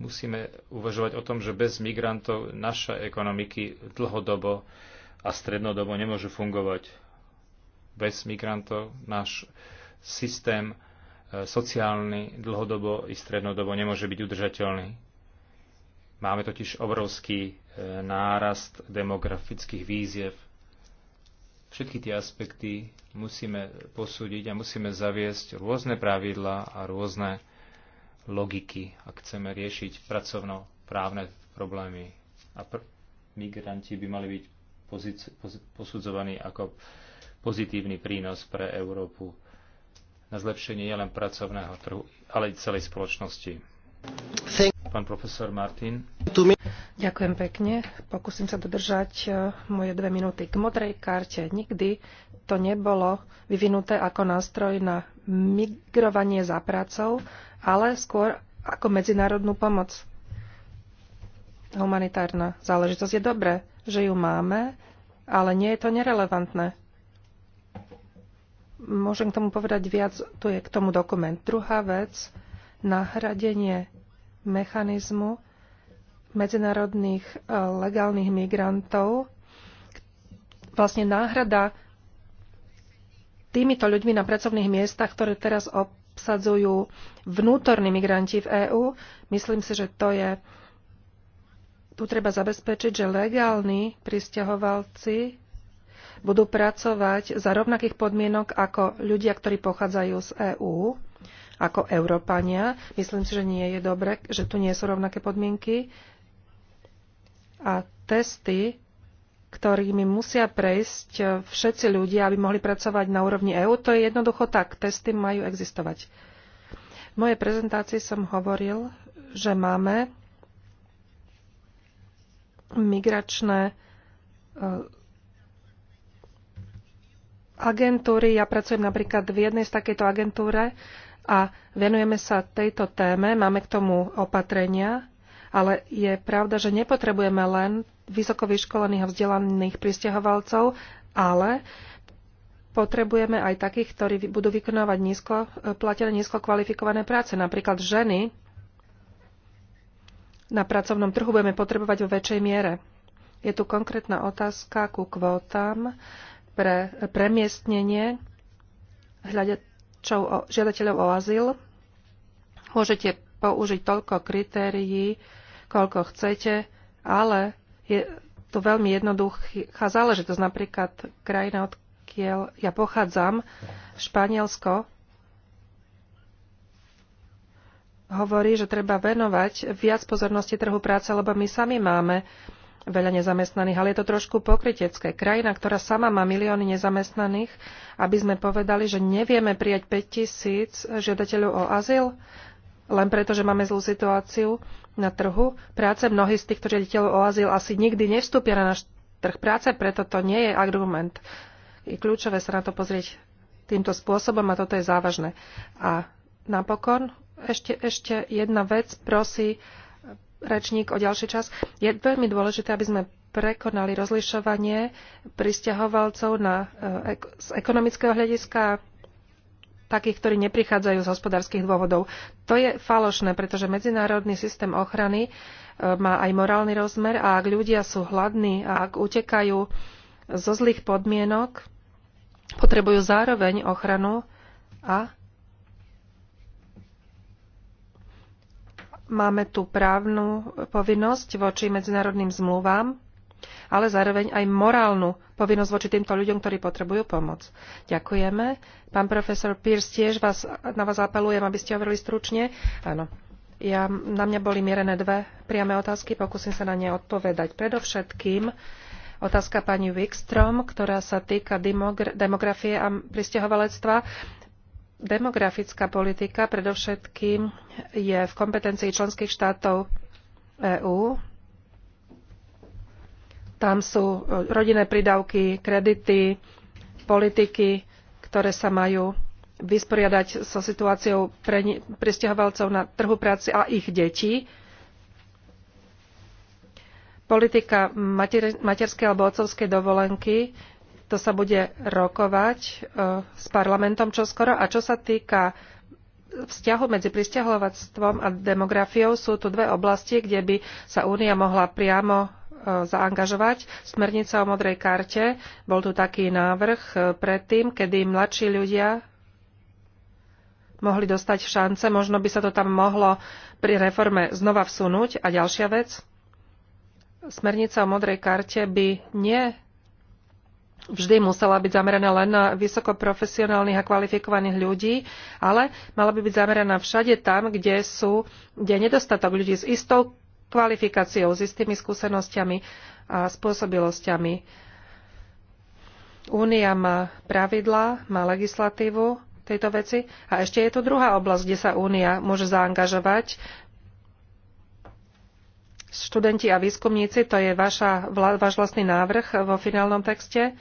Musíme uvažovať o tom, že bez migrantov naše ekonomiky dlhodobo a strednodobo nemôžu fungovať. Bez migrantov náš systém e, sociálny dlhodobo i strednodobo nemôže byť udržateľný. Máme totiž obrovský e, nárast demografických výziev. Všetky tie aspekty musíme posúdiť a musíme zaviesť rôzne pravidlá a rôzne logiky, ak chceme riešiť pracovno-právne problémy. A pr- migranti by mali byť pozic- poz- posudzovaní ako pozitívny prínos pre Európu na zlepšenie nielen pracovného trhu, ale i celej spoločnosti. Pán profesor Martin. Ďakujem pekne. Pokúsim sa dodržať e, moje dve minúty. K modrej karte nikdy to nebolo vyvinuté ako nástroj na migrovanie za prácou, ale skôr ako medzinárodnú pomoc. Humanitárna záležitosť je dobré, že ju máme, ale nie je to nerelevantné. Môžem k tomu povedať viac, tu je k tomu dokument. Druhá vec, nahradenie mechanizmu medzinárodných e, legálnych migrantov vlastne náhrada týmito ľuďmi na pracovných miestach, ktoré teraz obsadzujú vnútorní migranti v EÚ. Myslím si, že to je tu treba zabezpečiť, že legálni pristahovalci budú pracovať za rovnakých podmienok ako ľudia, ktorí pochádzajú z EÚ, ako Európania. Myslím si, že nie je dobre, že tu nie sú rovnaké podmienky a testy, ktorými musia prejsť všetci ľudia, aby mohli pracovať na úrovni EÚ. To je jednoducho tak. Testy majú existovať. V mojej prezentácii som hovoril, že máme migračné e, agentúry. Ja pracujem napríklad v jednej z takejto agentúre a venujeme sa tejto téme. Máme k tomu opatrenia ale je pravda, že nepotrebujeme len vysoko vyškolených a vzdelaných pristahovalcov, ale potrebujeme aj takých, ktorí budú vykonávať nízko e, platené, nízko kvalifikované práce. Napríklad ženy na pracovnom trhu budeme potrebovať vo väčšej miere. Je tu konkrétna otázka ku kvótam pre premiestnenie hľadačov, žiadateľov o azyl. Môžete použiť toľko kritérií, koľko chcete, ale je to veľmi jednoduchá záležitosť. Napríklad krajina, odkiaľ ja pochádzam, Španielsko, hovorí, že treba venovať viac pozornosti trhu práce, lebo my sami máme veľa nezamestnaných, ale je to trošku pokrytecké. Krajina, ktorá sama má milióny nezamestnaných, aby sme povedali, že nevieme prijať 5 tisíc žiadateľov o azyl, len preto, že máme zlú situáciu na trhu práce. Mnohí z týchto žiadateľov o azyl asi nikdy nevstúpia na náš trh práce, preto to nie je argument. Je kľúčové sa na to pozrieť týmto spôsobom a toto je závažné. A napokon ešte, ešte jedna vec, prosí rečník o ďalší čas. Je veľmi dôležité, aby sme prekonali rozlišovanie pristahovalcov na, e, z ekonomického hľadiska takých, ktorí neprichádzajú z hospodárskych dôvodov. To je falošné, pretože medzinárodný systém ochrany e, má aj morálny rozmer a ak ľudia sú hladní a ak utekajú zo zlých podmienok, potrebujú zároveň ochranu a máme tu právnu povinnosť voči medzinárodným zmluvám ale zároveň aj morálnu povinnosť voči týmto ľuďom, ktorí potrebujú pomoc. Ďakujeme. Pán profesor Pierce, tiež vás, na vás apelujem, aby ste hovorili stručne. Áno. Ja, na mňa boli mierené dve priame otázky, pokúsim sa na ne odpovedať. Predovšetkým otázka pani Wikstrom, ktorá sa týka demografie a pristahovalectva. Demografická politika predovšetkým je v kompetencii členských štátov EÚ, tam sú e, rodinné prídavky, kredity, politiky, ktoré sa majú vysporiadať so situáciou pre pristahovalcov na trhu práce a ich detí. Politika mater, materskej alebo otcovskej dovolenky, to sa bude rokovať e, s parlamentom čoskoro. A čo sa týka vzťahu medzi pristahovalstvom a demografiou, sú tu dve oblasti, kde by sa únia mohla priamo E, zaangažovať. Smernica o modrej karte, bol tu taký návrh e, predtým, kedy mladší ľudia mohli dostať šance. Možno by sa to tam mohlo pri reforme znova vsunúť. A ďalšia vec. Smernica o modrej karte by nie vždy musela byť zameraná len na vysokoprofesionálnych a kvalifikovaných ľudí, ale mala by byť zameraná všade tam, kde, sú, kde je nedostatok ľudí s istou kvalifikáciou, s istými skúsenostiami a spôsobilosťami. Únia má pravidlá, má legislatívu tejto veci a ešte je tu druhá oblasť, kde sa Únia môže zaangažovať. Študenti a výskumníci, to je vaša, váš vlastný návrh vo finálnom texte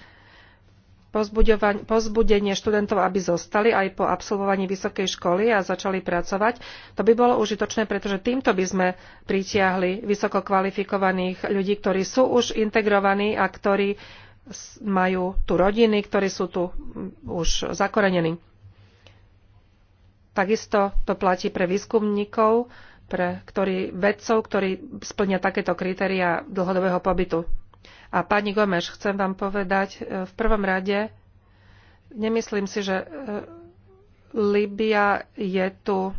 pozbudenie študentov, aby zostali aj po absolvovaní vysokej školy a začali pracovať. To by bolo užitočné, pretože týmto by sme pritiahli vysoko kvalifikovaných ľudí, ktorí sú už integrovaní a ktorí majú tu rodiny, ktorí sú tu mm, už zakorenení. Takisto to platí pre výskumníkov, pre ktorí, vedcov, ktorí splnia takéto kritéria dlhodobého pobytu. A pani Gomeš, chcem vám povedať e, v prvom rade, nemyslím si, že e, Libia je tu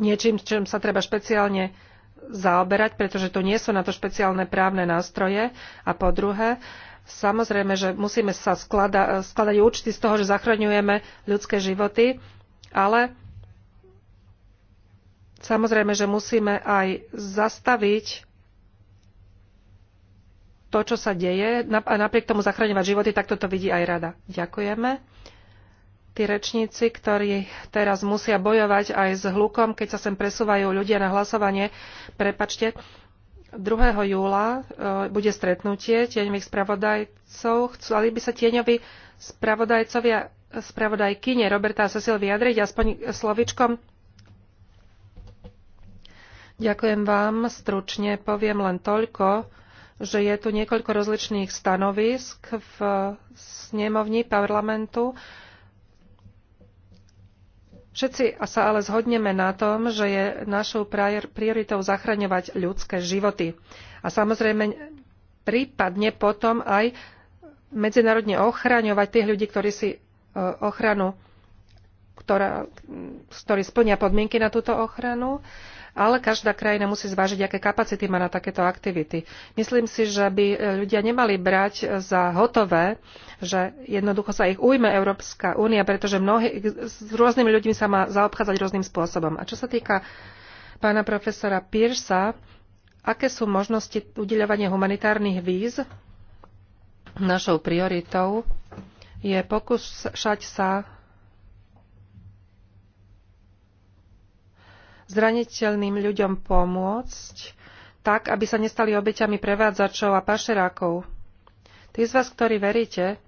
niečím, čím sa treba špeciálne zaoberať, pretože tu nie sú na to špeciálne právne nástroje. A po druhé, samozrejme, že musíme sa sklada, skladať účty z toho, že zachraňujeme ľudské životy, ale samozrejme, že musíme aj zastaviť to, čo sa deje a napriek tomu zachraňovať životy, tak toto vidí aj rada. Ďakujeme. Tí rečníci, ktorí teraz musia bojovať aj s hlukom, keď sa sem presúvajú ľudia na hlasovanie, prepačte, 2. júla e, bude stretnutie tieňových spravodajcov. Chceli by sa tieňoví spravodajcovia spravodajkyne Roberta a Cecil vyjadriť aspoň slovičkom. Ďakujem vám. Stručne poviem len toľko, že je tu niekoľko rozličných stanovisk v snemovni parlamentu. Všetci sa ale zhodneme na tom, že je našou prioritou zachraňovať ľudské životy. A samozrejme prípadne potom aj medzinárodne ochraňovať tých ľudí, ktorí si e, ochranu, ktorá, ktorí splnia podmienky na túto ochranu ale každá krajina musí zvážiť, aké kapacity má na takéto aktivity. Myslím si, že by e, ľudia nemali brať e, za hotové, že jednoducho sa ich ujme Európska únia, pretože mnohí, s rôznymi ľuďmi sa má zaobchádzať rôznym spôsobom. A čo sa týka pána profesora Piersa, aké sú možnosti udeľovania humanitárnych víz? Našou prioritou je pokúšať sa zraniteľným ľuďom pomôcť, tak, aby sa nestali obeťami prevádzačov a pašerákov. Tí z vás, ktorí veríte,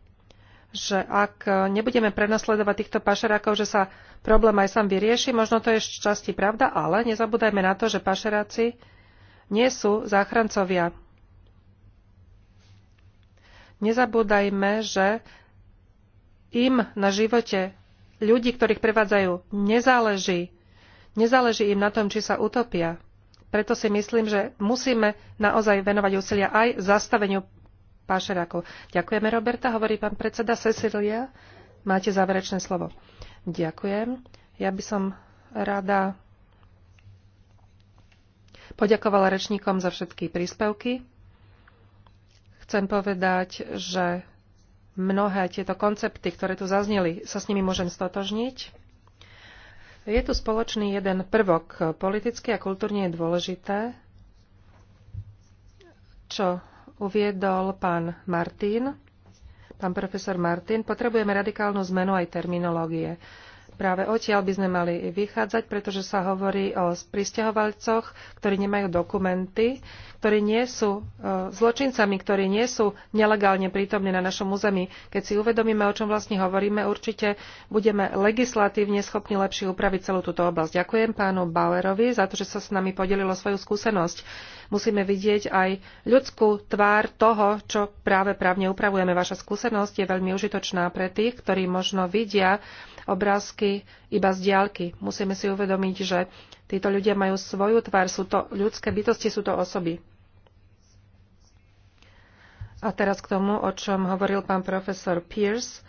že ak nebudeme prenasledovať týchto pašerákov, že sa problém aj sám vyrieši, možno to je časti pravda, ale nezabúdajme na to, že pašeráci nie sú záchrancovia. Nezabúdajme, že im na živote ľudí, ktorých prevádzajú, nezáleží. Nezáleží im na tom, či sa utopia. Preto si myslím, že musíme naozaj venovať úsilia aj zastaveniu pášerákov. Ďakujeme, Roberta, hovorí pán predseda Cecilia. Máte záverečné slovo. Ďakujem. Ja by som rada poďakovala rečníkom za všetky príspevky. Chcem povedať, že mnohé tieto koncepty, ktoré tu zazneli, sa s nimi môžem stotožniť. Je tu spoločný jeden prvok. Politicky a kultúrne je dôležité, čo uviedol pán Martin, pán profesor Martin. Potrebujeme radikálnu zmenu aj terminológie. Práve odtiaľ by sme mali vychádzať, pretože sa hovorí o pristahovalcoch, ktorí nemajú dokumenty, ktorí nie sú e, zločincami, ktorí nie sú nelegálne prítomní na našom území. Keď si uvedomíme, o čom vlastne hovoríme, určite budeme legislatívne schopní lepšie upraviť celú túto oblasť. Ďakujem pánu Bauerovi za to, že sa s nami podelilo svoju skúsenosť. Musíme vidieť aj ľudskú tvár toho, čo práve právne upravujeme. Vaša skúsenosť je veľmi užitočná pre tých, ktorí možno vidia, obrázky iba z diaľky. Musíme si uvedomiť, že títo ľudia majú svoju tvár, sú to ľudské bytosti, sú to osoby. A teraz k tomu, o čom hovoril pán profesor Pierce.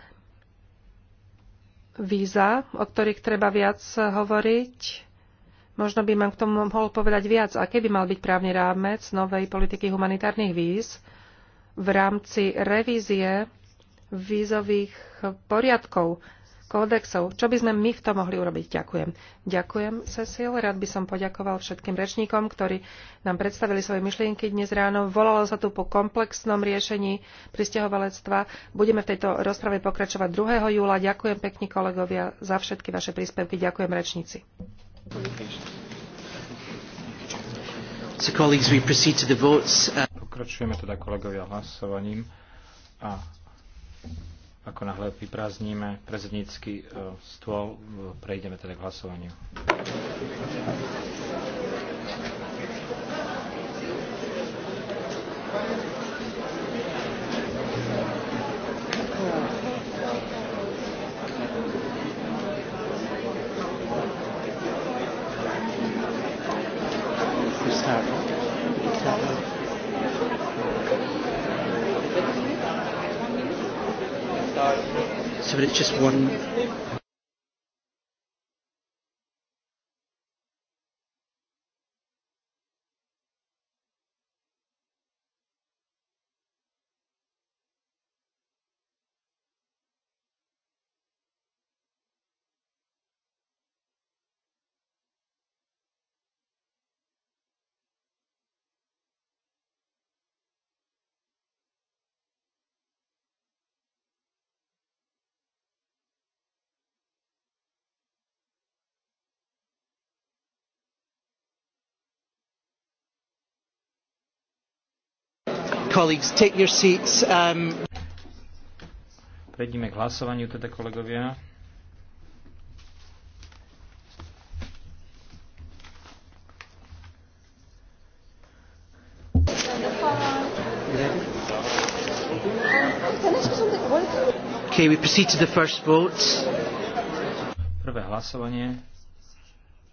Víza, o ktorých treba viac hovoriť. Možno by mám k tomu mohol povedať viac, aký by mal byť právny rámec novej politiky humanitárnych víz v rámci revízie vízových poriadkov kódexov. Čo by sme my v tom mohli urobiť? Ďakujem. Ďakujem, Cecil. Rád by som poďakoval všetkým rečníkom, ktorí nám predstavili svoje myšlienky dnes ráno. Volalo sa tu po komplexnom riešení pristahovalectva. Budeme v tejto rozprave pokračovať 2. júla. Ďakujem pekne kolegovia za všetky vaše príspevky. Ďakujem rečníci. Pokračujeme teda kolegovia hlasovaním a ako náhle vyprázdnime prezidentský e, stôl, e, prejdeme teda k hlasovaniu. minutes, but it's just one colleagues, take your seats. Um... Prejdime k hlasovaniu teda, kolegovia. Okay, we proceed to the first vote. Prvé hlasovanie,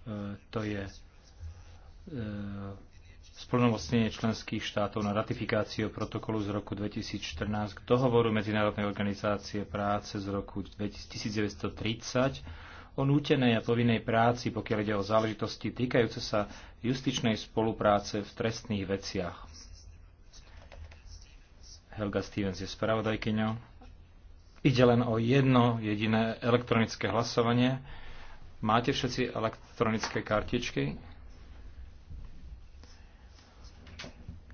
e, to je e, splnomocnenie členských štátov na ratifikáciu protokolu z roku 2014 k dohovoru Medzinárodnej organizácie práce z roku 1930 o nútenej a povinnej práci, pokiaľ ide o záležitosti týkajúce sa justičnej spolupráce v trestných veciach. Helga Stevens je spravodajkyňou. Ide len o jedno jediné elektronické hlasovanie. Máte všetci elektronické kartičky?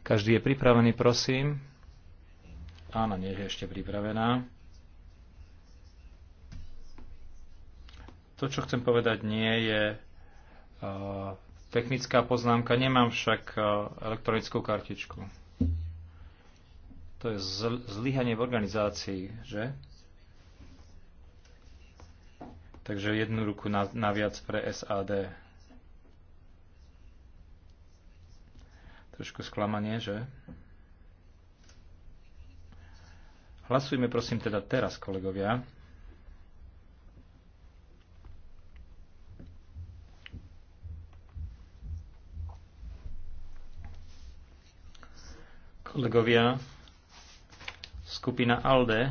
Každý je pripravený, prosím. Áno, nie je ešte pripravená. To, čo chcem povedať, nie je uh, technická poznámka. Nemám však uh, elektronickú kartičku. To je zl- zlyhanie v organizácii, že? Takže jednu ruku na, naviac pre SAD. Trošku sklamanie, že? Hlasujme prosím teda teraz, kolegovia. Kolegovia, skupina ALDE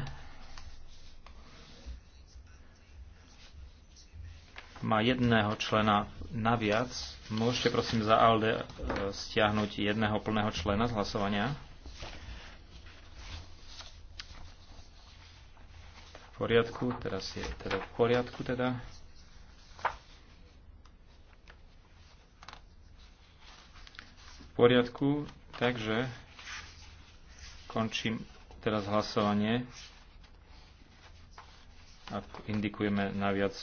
má jedného člena naviac Môžete prosím za ALDE e, stiahnuť jedného plného člena z hlasovania. V poriadku, teraz je teda v poriadku teda. V poriadku, takže končím teraz hlasovanie a indikujeme naviac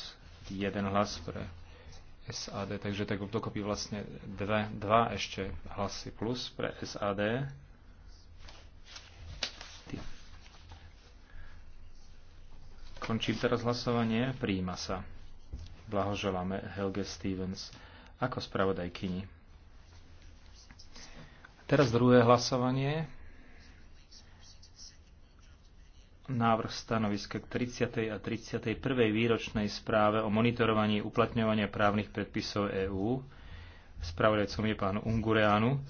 jeden hlas pre SAD, takže tak dokopy vlastne dve, dva ešte hlasy plus pre SAD. Končím teraz hlasovanie, príjima sa. Blahoželáme Helge Stevens ako spravodajkyni. Teraz druhé hlasovanie návrh stanoviska k 30. a 31. výročnej správe o monitorovaní uplatňovania právnych predpisov EÚ. Spravodajcom je pán Ungureanu.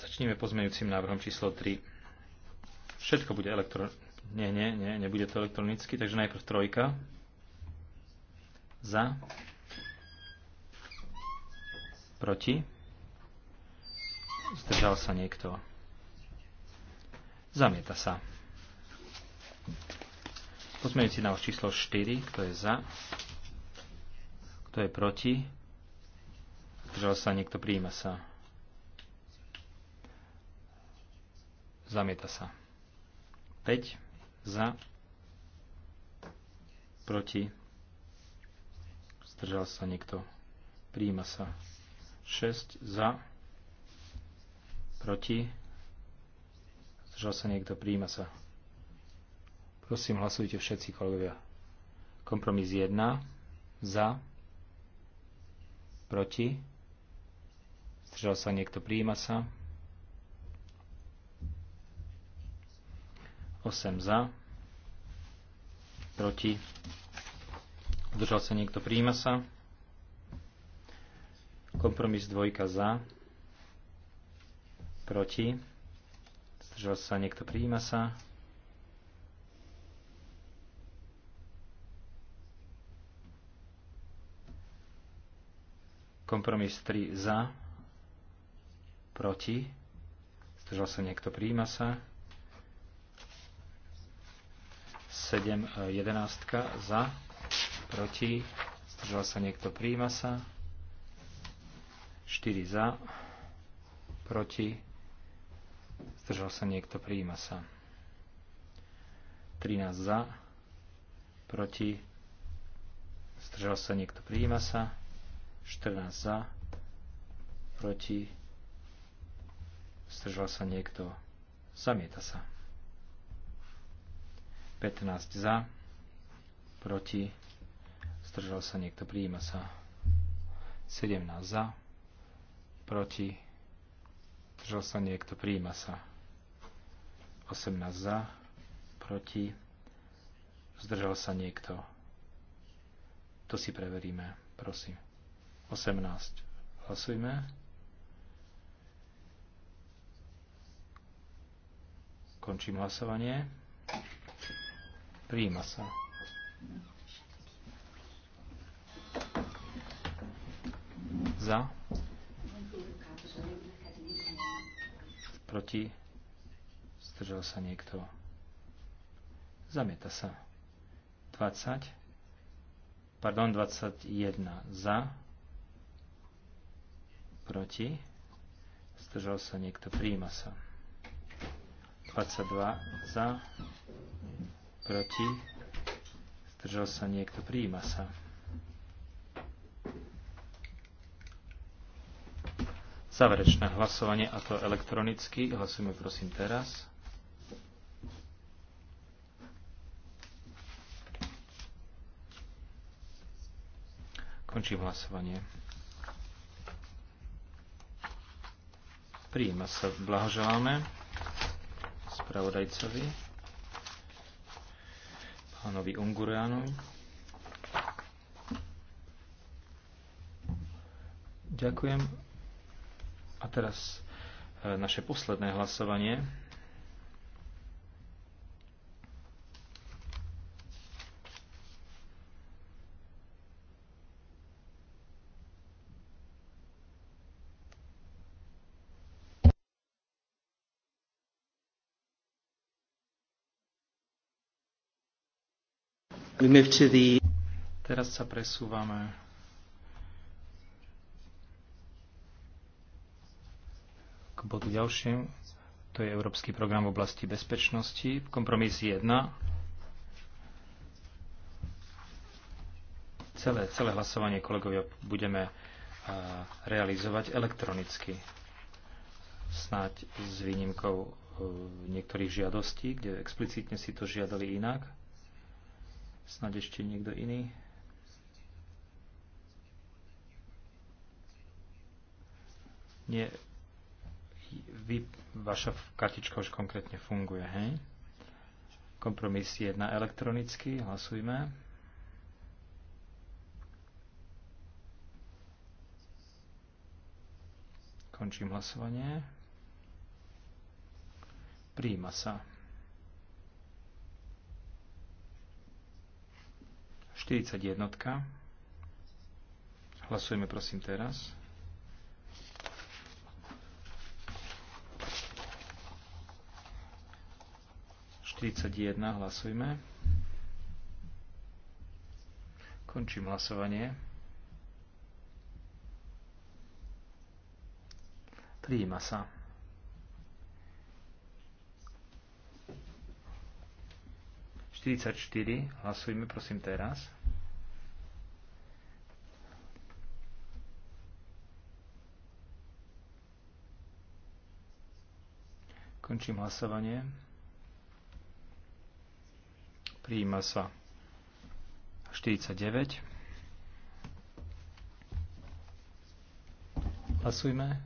Začneme pozmeňujúcim návrhom číslo 3. Všetko bude elektronické. Nie, nie, nie, nebude to elektronicky, takže najprv trojka. Za. Proti. Zdržal sa niekto. Zamieta sa. si na číslo 4, kto je za, kto je proti, zdržal sa, niekto prijíma sa. Zamieta sa. 5 za, proti, zdržal sa niekto, prijíma sa. 6 za, proti, Zdržal sa niekto? Príjima sa. Prosím, hlasujte všetci kolegovia. Kompromis 1. Za. Proti. Zdržal sa niekto? Príjima sa. 8 za, proti, zdržal sa niekto, príjma sa, kompromis 2 za, proti, Zdržal sa niekto? Prijíma sa. Kompromis 3 za. Proti. Zdržal sa niekto? Prijíma sa. 7, 11 e, za. Proti. Zdržal sa niekto? Prijíma sa. 4 za. Proti Zdržal sa niekto, prijíma sa. 13 za, proti, zdržal sa niekto, prijíma sa. 14 za, proti, zdržal sa niekto, zamieta sa. 15 za, proti, zdržal sa niekto, prijíma sa. 17 za, proti, zdržal sa niekto, prijíma sa. 18 za, proti, zdržal sa niekto. To si preveríme, prosím. 18. Hlasujme. Končím hlasovanie. Prijíma sa. Za. Proti? Zdržal sa niekto? Zamieta sa. 20. Pardon, 21 za. Proti? Zdržal sa niekto? Príjima sa. 22 za. Proti? Zdržal sa niekto? Príjima sa. Záverečné hlasovanie, a to elektronicky. Hlasujeme prosím teraz. Končím hlasovanie. Príjima sa. Blahoželáme spravodajcovi, pánovi Ungureanovi. Ďakujem. A teraz e, naše posledné hlasovanie. Teraz sa presúvame bodu ďalším. To je Európsky program v oblasti bezpečnosti. Kompromis 1. Celé, celé hlasovanie, kolegovia, budeme realizovať elektronicky. Snáď s výnimkou e, niektorých žiadostí, kde explicitne si to žiadali inak. Snáď ešte niekto iný. Nie, vy, vaša kartička už konkrétne funguje, hej? Kompromis 1 elektronicky, hlasujme. Končím hlasovanie. Príjima sa. 41. Hlasujeme prosím teraz. 31 hlasujme. Končím hlasovanie. Prijíma sa. Štyridsaťštyri. Hlasujme, prosím, teraz. Končím hlasovanie. Príjima sa 49. Hlasujme.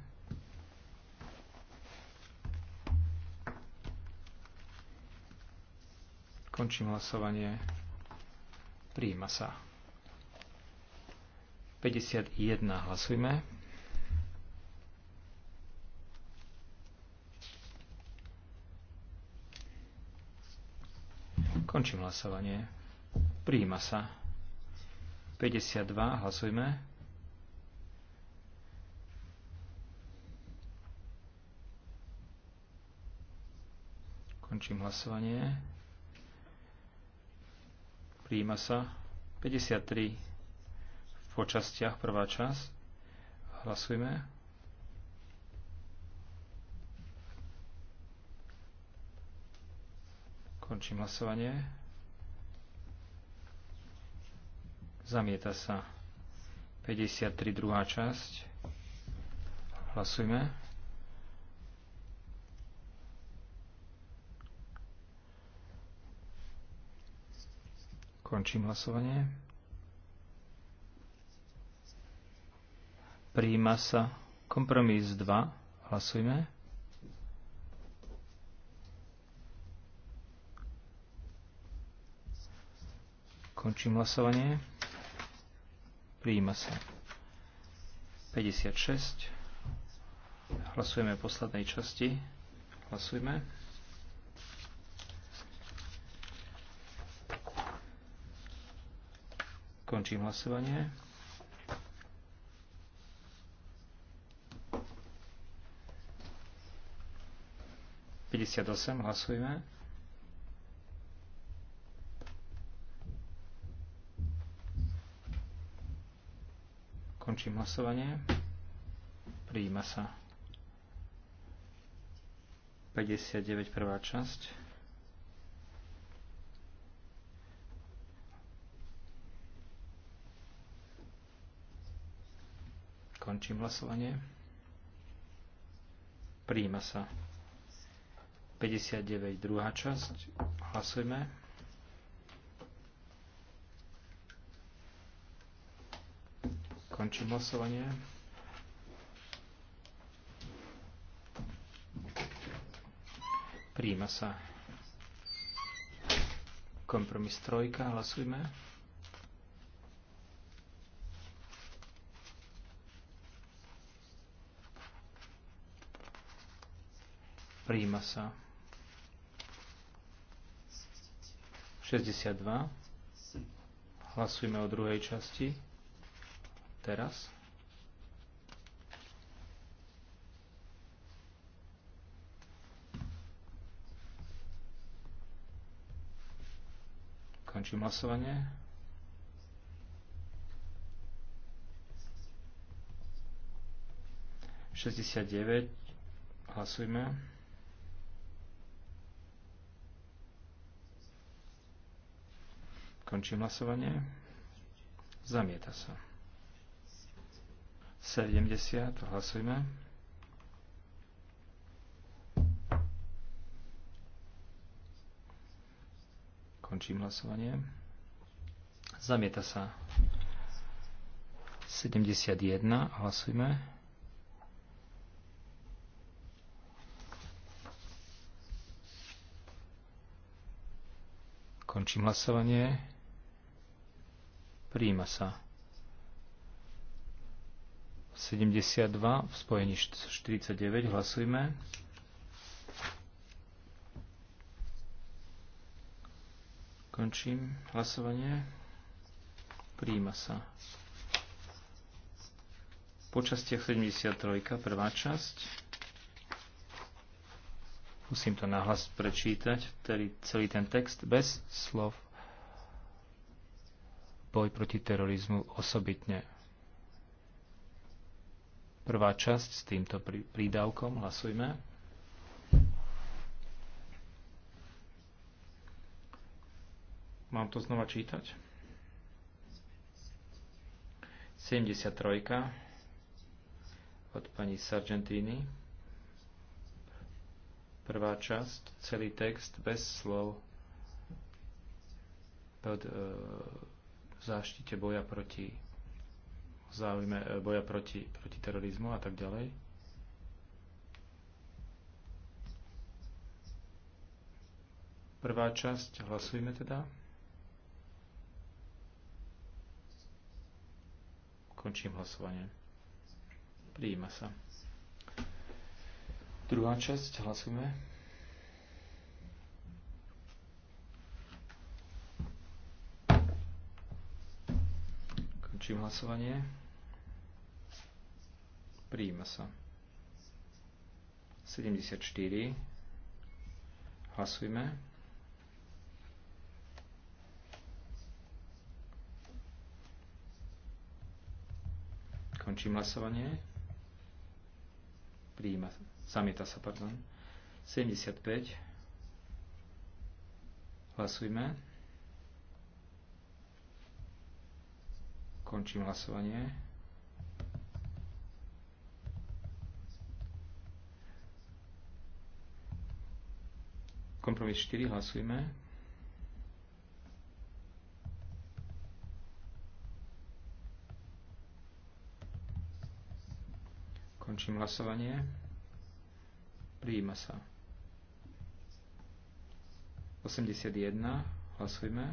Končím hlasovanie. Príjima sa. 51. Hlasujme. Končím hlasovanie. Prijíma sa. 52. Hlasujme. Končím hlasovanie. Prijíma sa. 53 po častiach, prvá časť. Hlasujme. Končím hlasovanie. Zamieta sa 53. druhá časť. Hlasujme. Končím hlasovanie. Príjima sa kompromis 2. Hlasujme. Končím hlasovanie. Prijíma sa. 56. Hlasujeme v poslednej časti. Hlasujeme. Končím hlasovanie. 58, osem hlasujeme. Končím hlasovanie. Prijíma sa. 59 prvá časť. Končím hlasovanie. Prijíma sa. 59. druhá časť. Hlasujme. Končím hlasovanie. Príjima sa kompromis trojka. Hlasujme. Príjima sa 62. Hlasujme o druhej časti teraz. Končím hlasovanie. Šesťdesiat deväť. Hlasujme. Končím hlasovanie. Zamieta sa. 70, hlasujme. Končím hlasovanie. Zamieta sa. 71, hlasujme. Končím hlasovanie. Príjima sa. 72 v spojení 49 hlasujme. Končím hlasovanie. Príjima sa. Po častiach 73, prvá časť. Musím to nahlas prečítať, tedy celý ten text bez slov. Boj proti terorizmu osobitne Prvá časť s týmto prídavkom. Hlasujme. Mám to znova čítať? 73 od pani Sargentini. Prvá časť, celý text bez slov pod e, záštite boja proti záujme e, boja proti, proti terorizmu a tak ďalej. Prvá časť, hlasujme teda. Končím hlasovanie. Prijíma sa. Druhá časť, hlasujme. Končím hlasovanie. Prijíma sa. 74. Hlasujme. Končím hlasovanie. Prijíma, zamieta sa, pardon. 75. Hlasujme. Končím hlasovanie. Kompromis 4 hlasujme. Končím hlasovanie. Prijíma sa. 81. Hlasujme.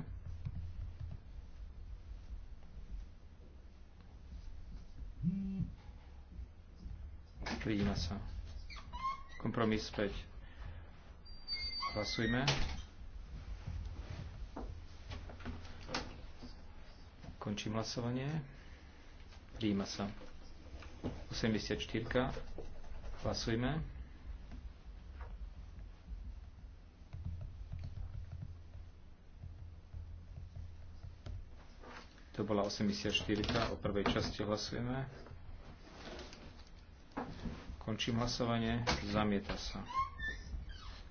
Prijíma sa. Kompromis 5. Hlasujme. Končím hlasovanie. Príjima sa. 84. Hlasujme. To bola 84. O prvej časti hlasujeme. Končím hlasovanie. Zamieta sa.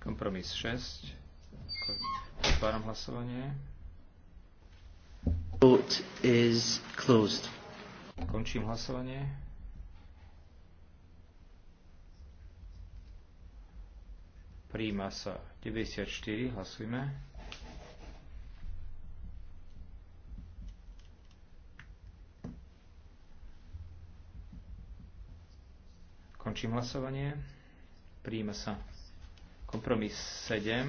Kompromis 6. Otváram hlasovanie. Vote is closed. Končím hlasovanie. Príjma sa 94, hlasujme. Končím hlasovanie. Príjma sa Kompromis 7.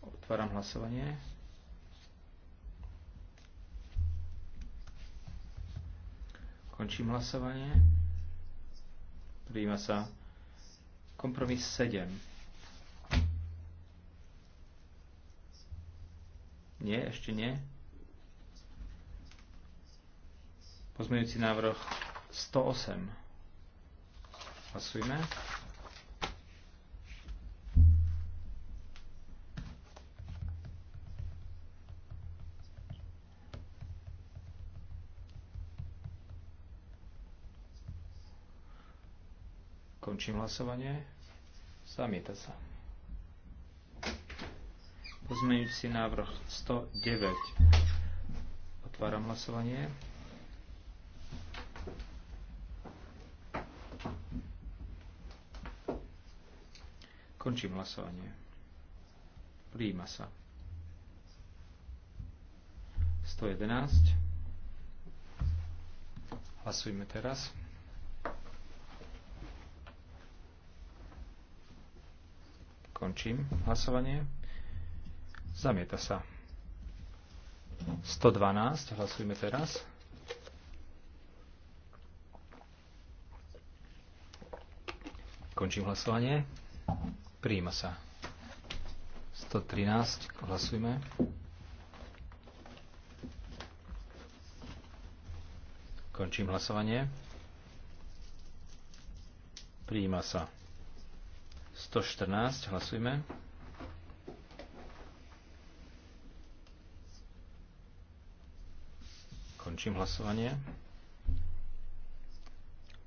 Otváram hlasovanie. Končím hlasovanie. Príjima sa kompromis 7. Nie, ešte nie. Pozmeňujúci návrh 108. Hlasujme. Končím hlasovanie. Zamieta sa. Pozmeňujúci návrh 109. Otváram hlasovanie. Končím hlasovanie. Príjima sa. 111. Hlasujme teraz. Končím hlasovanie. Zamieta sa. 112, hlasujme teraz. Končím hlasovanie. Prijíma sa. 113, hlasujme. Končím hlasovanie. Prijíma sa. 114, hlasujme. Končím hlasovanie.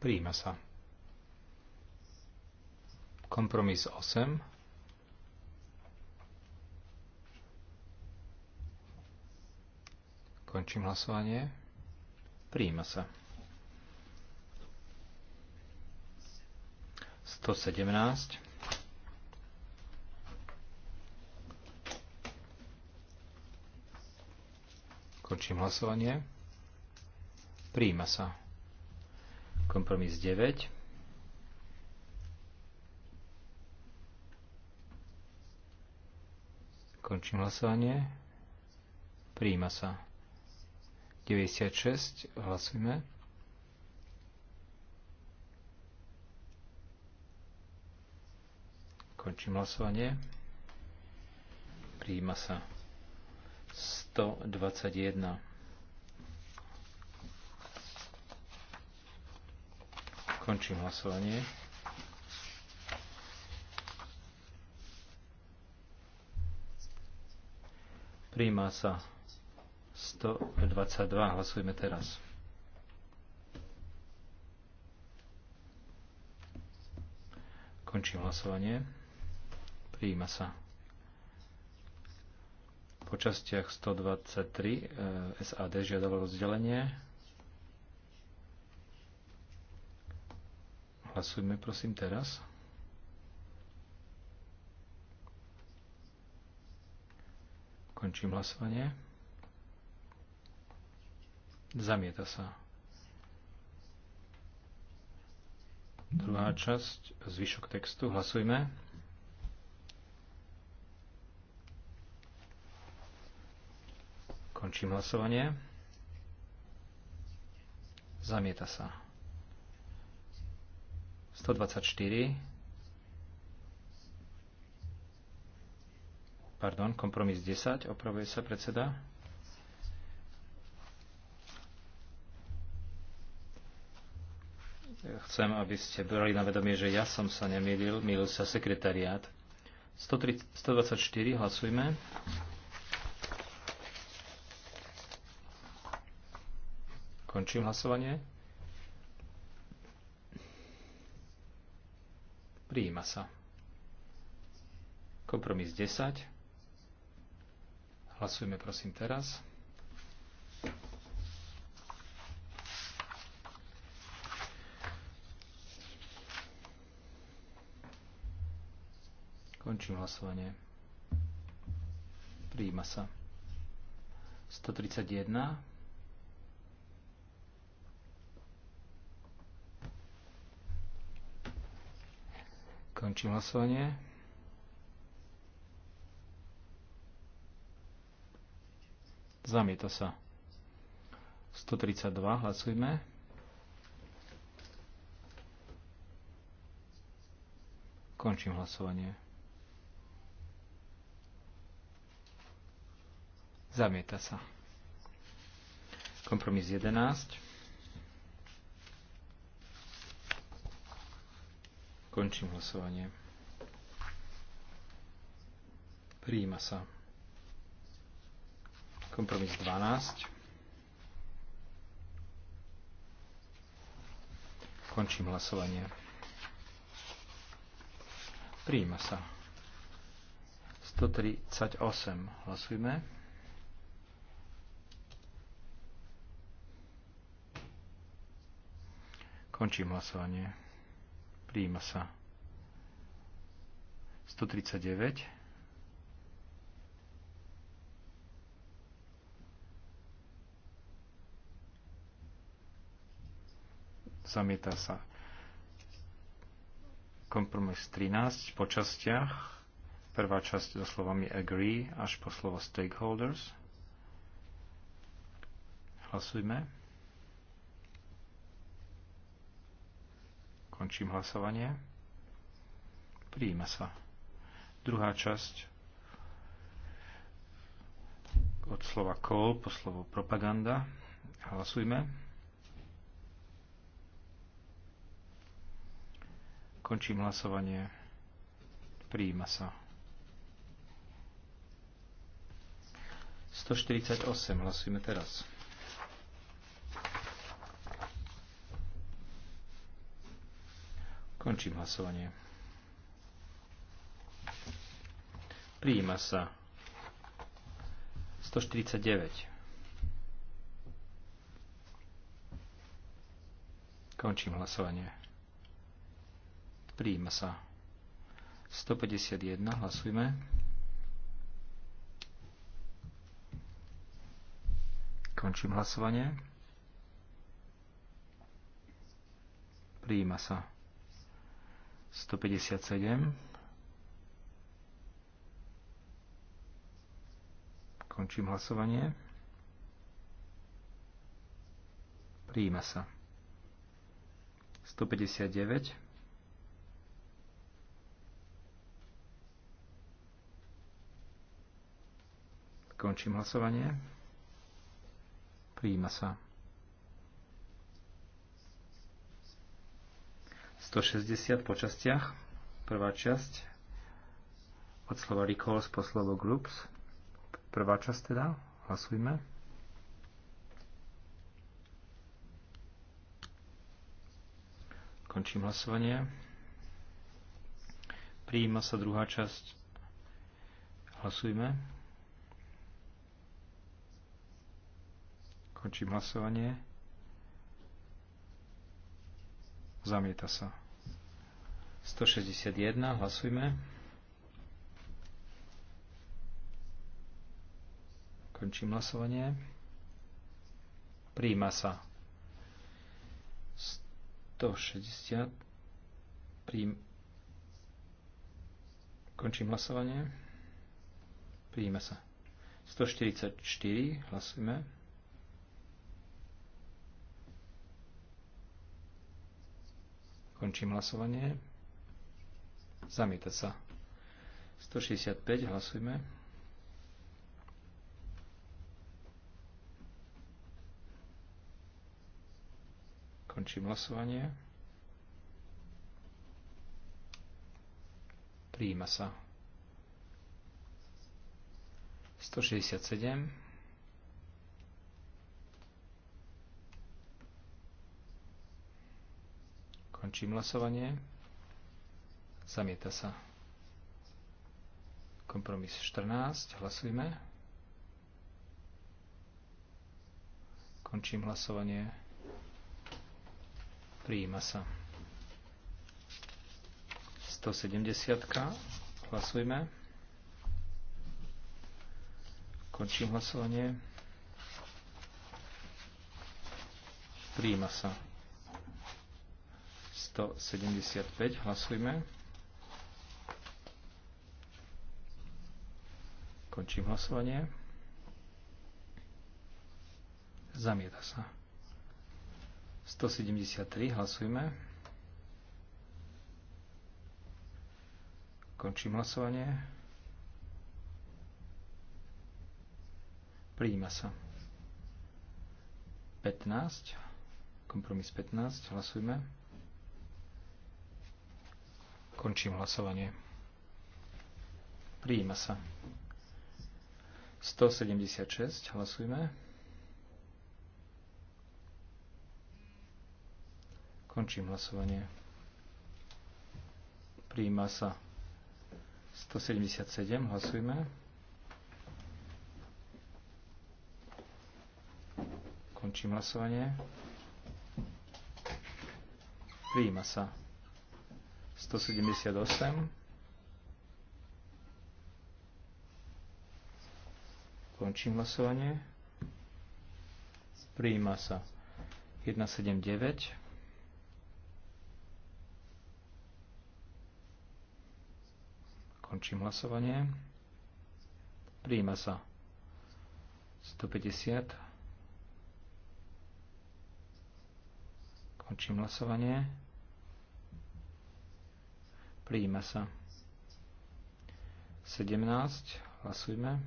Príjima sa. Kompromis 8. Končím hlasovanie. Príjima sa. 117. Končím hlasovanie. Príjima sa. Kompromis 9. Končím hlasovanie. Príjima sa. 96. Hlasujme. Končím hlasovanie. Príjima sa. 121. Končím hlasovanie. Príjma sa 122. Hlasujeme teraz. Končím hlasovanie. Príjma sa. 122. Po častiach 123 eh, SAD žiadalo rozdelenie. Hlasujme prosím teraz. Končím hlasovanie. Zamieta sa. Druhá časť, zvyšok textu, hlasujme. Končím hlasovanie. Zamieta sa. 124. Pardon, kompromis 10. Opravuje sa predseda. chcem, aby ste brali na vedomie, že ja som sa nemýlil, mýlil sa sekretariát. 124, hlasujme. Končím hlasovanie. Prijíma sa. Kompromis 10. Hlasujeme prosím teraz. Končím hlasovanie. Prijíma sa. 131. Končím hlasovanie. Zamieta sa. 132 hlasujme. Končím hlasovanie. Zamieta sa. Kompromis 11. Končím hlasovanie. Príjima sa. Kompromis 12. Končím hlasovanie. Príjima sa. 138. Hlasujme. Končím hlasovanie. Príjima sa. 139. Zamieta sa. Kompromis 13 po častiach. Prvá časť so slovami agree až po slovo stakeholders. Hlasujme. Končím hlasovanie. Prijíma sa. Druhá časť od slova call po slovo propaganda. Hlasujme. Končím hlasovanie. Prijíma sa. 148. Hlasujme teraz. Končím hlasovanie. Prijíma sa 149. Končím hlasovanie. Prijíma sa. 151. Hlasujme. Končím hlasovanie. Prijíma sa. 157. Končím hlasovanie. Príjima sa. 159. Končím hlasovanie. Príjima sa. 160 po častiach. Prvá časť od slova recalls po slovo groups. Prvá časť teda. Hlasujme. Končím hlasovanie. Prijíma sa druhá časť. Hlasujme. Končím hlasovanie. Zamieta sa. 161. Hlasujme. Končím hlasovanie. Príjma sa. 160. Príjma. Končím hlasovanie. Príjme sa. 144. Hlasujme. Končím hlasovanie. Zamieta sa. 165, hlasujme. Končím hlasovanie. Prijíma sa. 167. Končím hlasovanie. Zamieta sa. Kompromis 14. Hlasujme. Končím hlasovanie. Prijíma sa. 170. Hlasujme. Končím hlasovanie. Prijíma sa. 175. Hlasujme. Končím hlasovanie. Zamieta sa. 173. Hlasujme. Končím hlasovanie. Prijíma sa. 15. Kompromis 15. Hlasujme. Končím hlasovanie. Prijíma sa. 176. Hlasujme. Končím hlasovanie. Prijíma sa. 177. Hlasujme. Končím hlasovanie. Prijíma sa. 178. Končím hlasovanie. Prijíma sa 179. Končím hlasovanie. Prijíma sa 150. Končím hlasovanie. Príjme sa. 17. Hlasujme.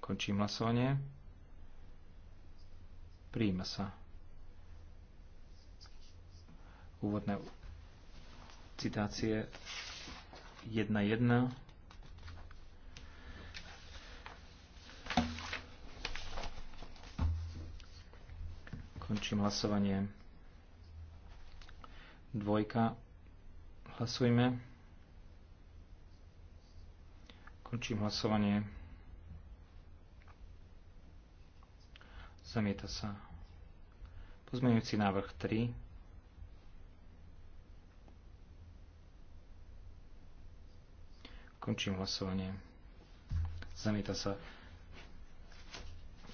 Končím hlasovanie. Príjme sa. Úvodné citácie 1.1. Končím hlasovanie. Dvojka. Hlasujme. Končím hlasovanie. Zamieta sa. Pozmeňujúci návrh 3. Končím hlasovanie. Zamieta sa.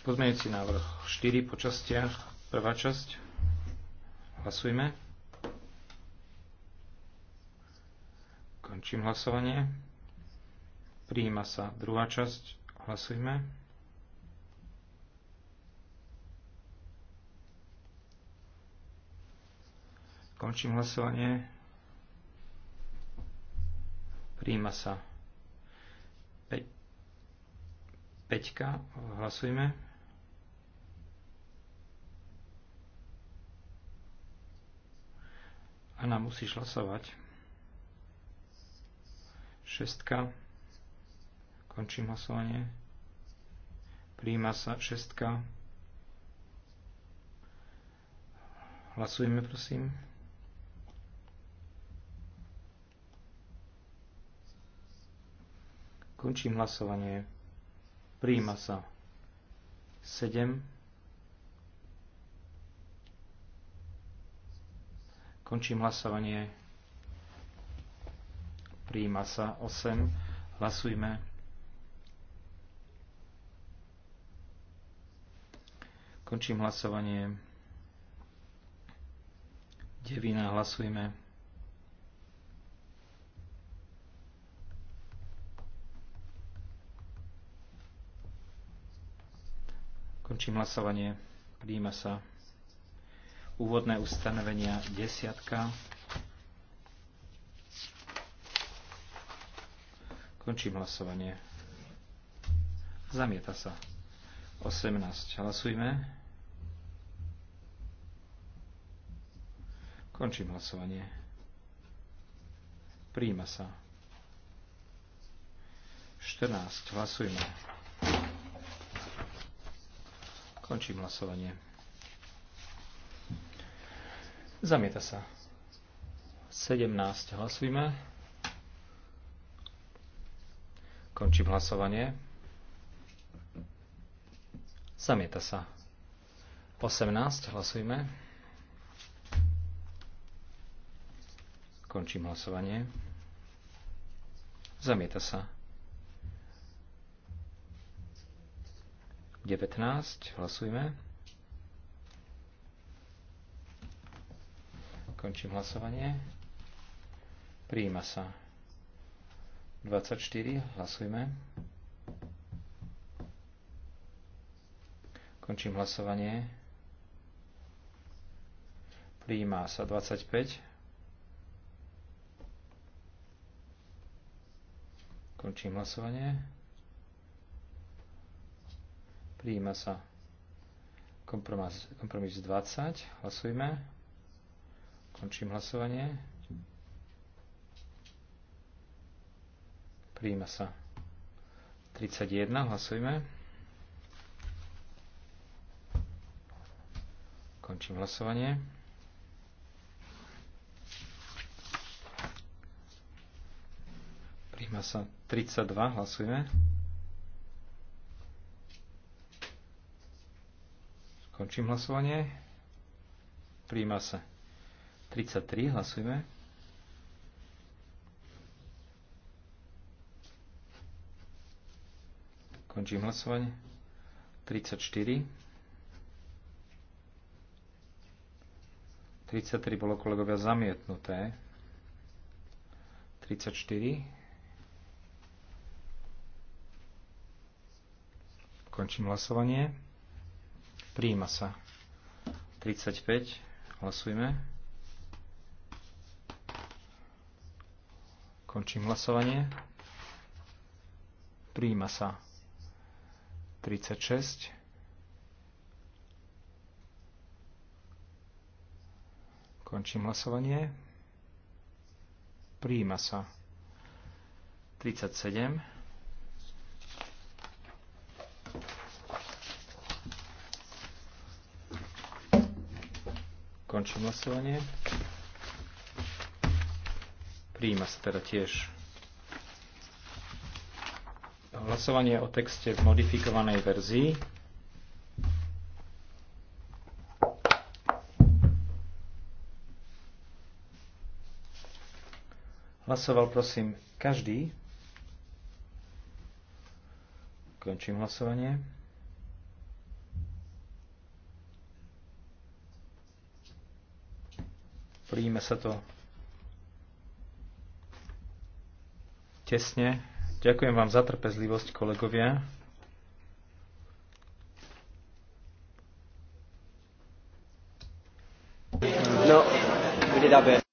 Pozmeňujúci návrh 4 po častiach. Prvá časť. Hlasujme. Končím hlasovanie. Prijíma sa druhá časť. Hlasujme. Končím hlasovanie. Prijíma sa 5. Peťka. Hlasujme. Anna, musíš hlasovať. Šestka. Končím hlasovanie. Príjima sa šestka. Hlasujeme, prosím. Končím hlasovanie. Príjima sa. 7. Končím hlasovanie. Príjima sa 8. Hlasujme. Končím hlasovanie. 9. hlasujme. Končím hlasovanie. Príjima sa úvodné ustanovenia desiatka. Končím hlasovanie. Zamieta sa. 18. Hlasujme. Končím hlasovanie. Príjima sa. 14. Hlasujme. Končím hlasovanie. Zamieta sa. 17. Hlasujme. Končím hlasovanie. Zamieta sa. 18. Hlasujme. Končím hlasovanie. Zamieta sa. 19. Hlasujme. Končím hlasovanie. Prijíma sa. 24. Hlasujme. Končím hlasovanie. Prijíma sa 25. Končím hlasovanie. Prijíma sa kompromis, kompromis 20. Hlasujme. Končím hlasovanie. Príjma sa. 31, hlasujme. Končím hlasovanie. Príjma sa 32, hlasujme. Končím hlasovanie. Príjma sa 33, hlasujme. Končím hlasovanie. 34. 33 bolo kolegovia zamietnuté. 34. Končím hlasovanie. Príjima sa. 35. Hlasujme. Končím hlasovanie. Príjima sa. 36. Končím hlasovanie. Prijíma sa. 37. Končím hlasovanie. Prijíma sa teda tiež hlasovanie o texte v modifikovanej verzii. Hlasoval prosím každý. Končím hlasovanie. Príjme sa to tesne. Ďakujem vám za trpezlivosť, kolegovia. No, bude dobre.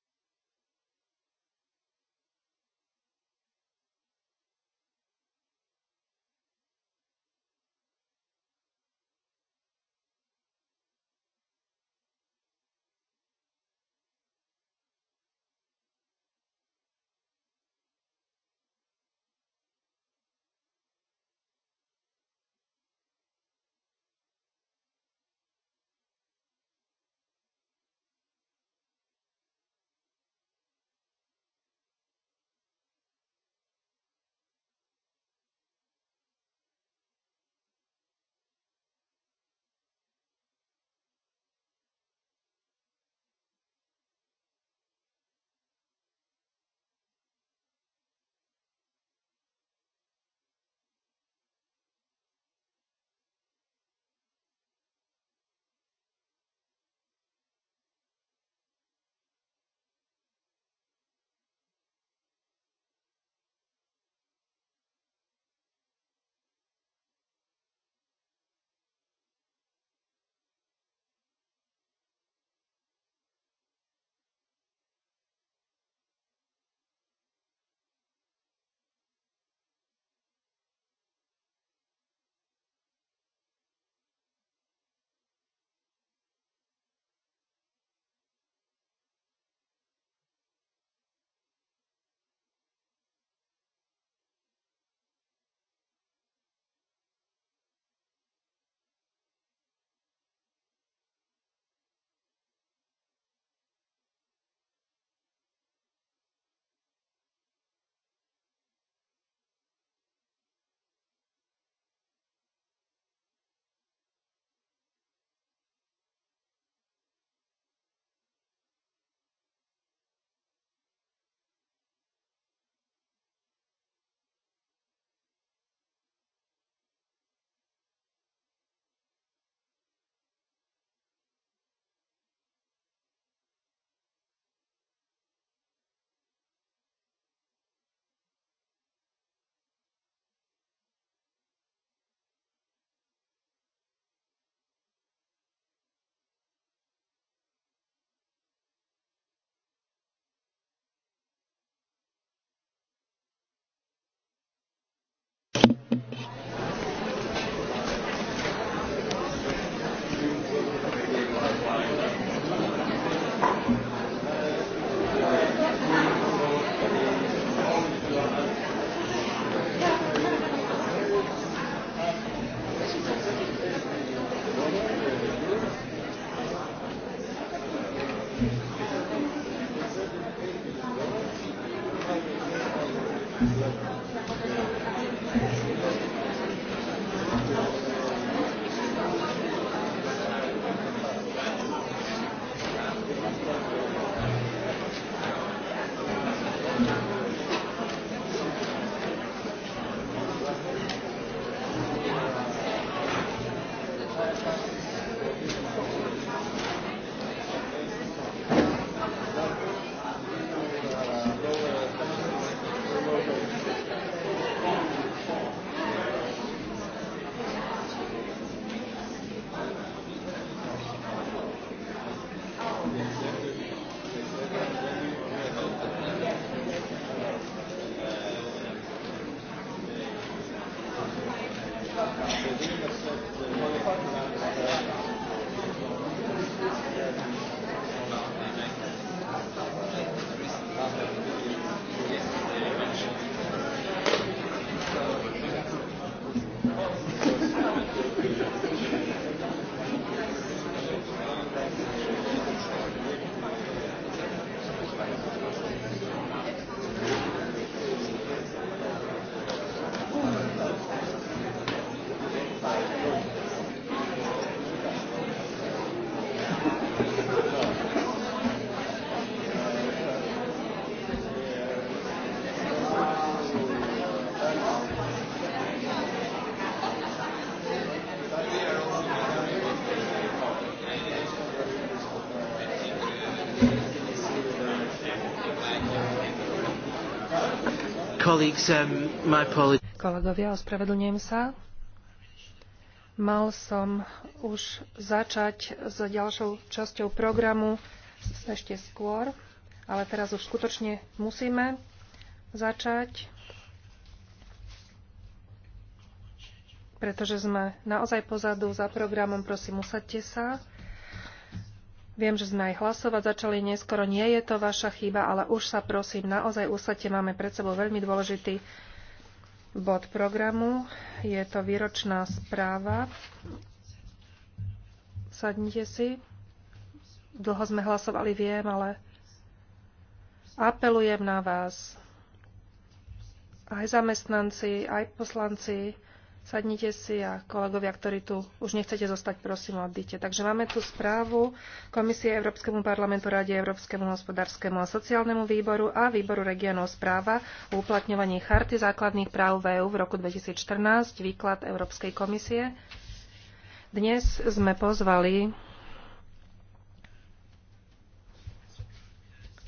Um, Kolegovia, ospravedlňujem sa. Mal som už začať s ďalšou časťou programu ešte skôr, ale teraz už skutočne musíme začať, pretože sme naozaj pozadu za programom. Prosím, usadte sa. Viem, že sme aj hlasovať začali neskoro. Nie je to vaša chyba, ale už sa prosím, naozaj usadte. Máme pred sebou veľmi dôležitý bod programu. Je to výročná správa. Sadnite si. Dlho sme hlasovali, viem, ale apelujem na vás. Aj zamestnanci, aj poslanci, Sadnite si a kolegovia, ktorí tu už nechcete zostať, prosím, odíte. Takže máme tu správu Komisie Európskemu parlamentu, Rade Európskemu hospodárskému a sociálnemu výboru a Výboru regionov správa o uplatňovaní Charty základných práv v EU v roku 2014, výklad Európskej komisie. Dnes sme pozvali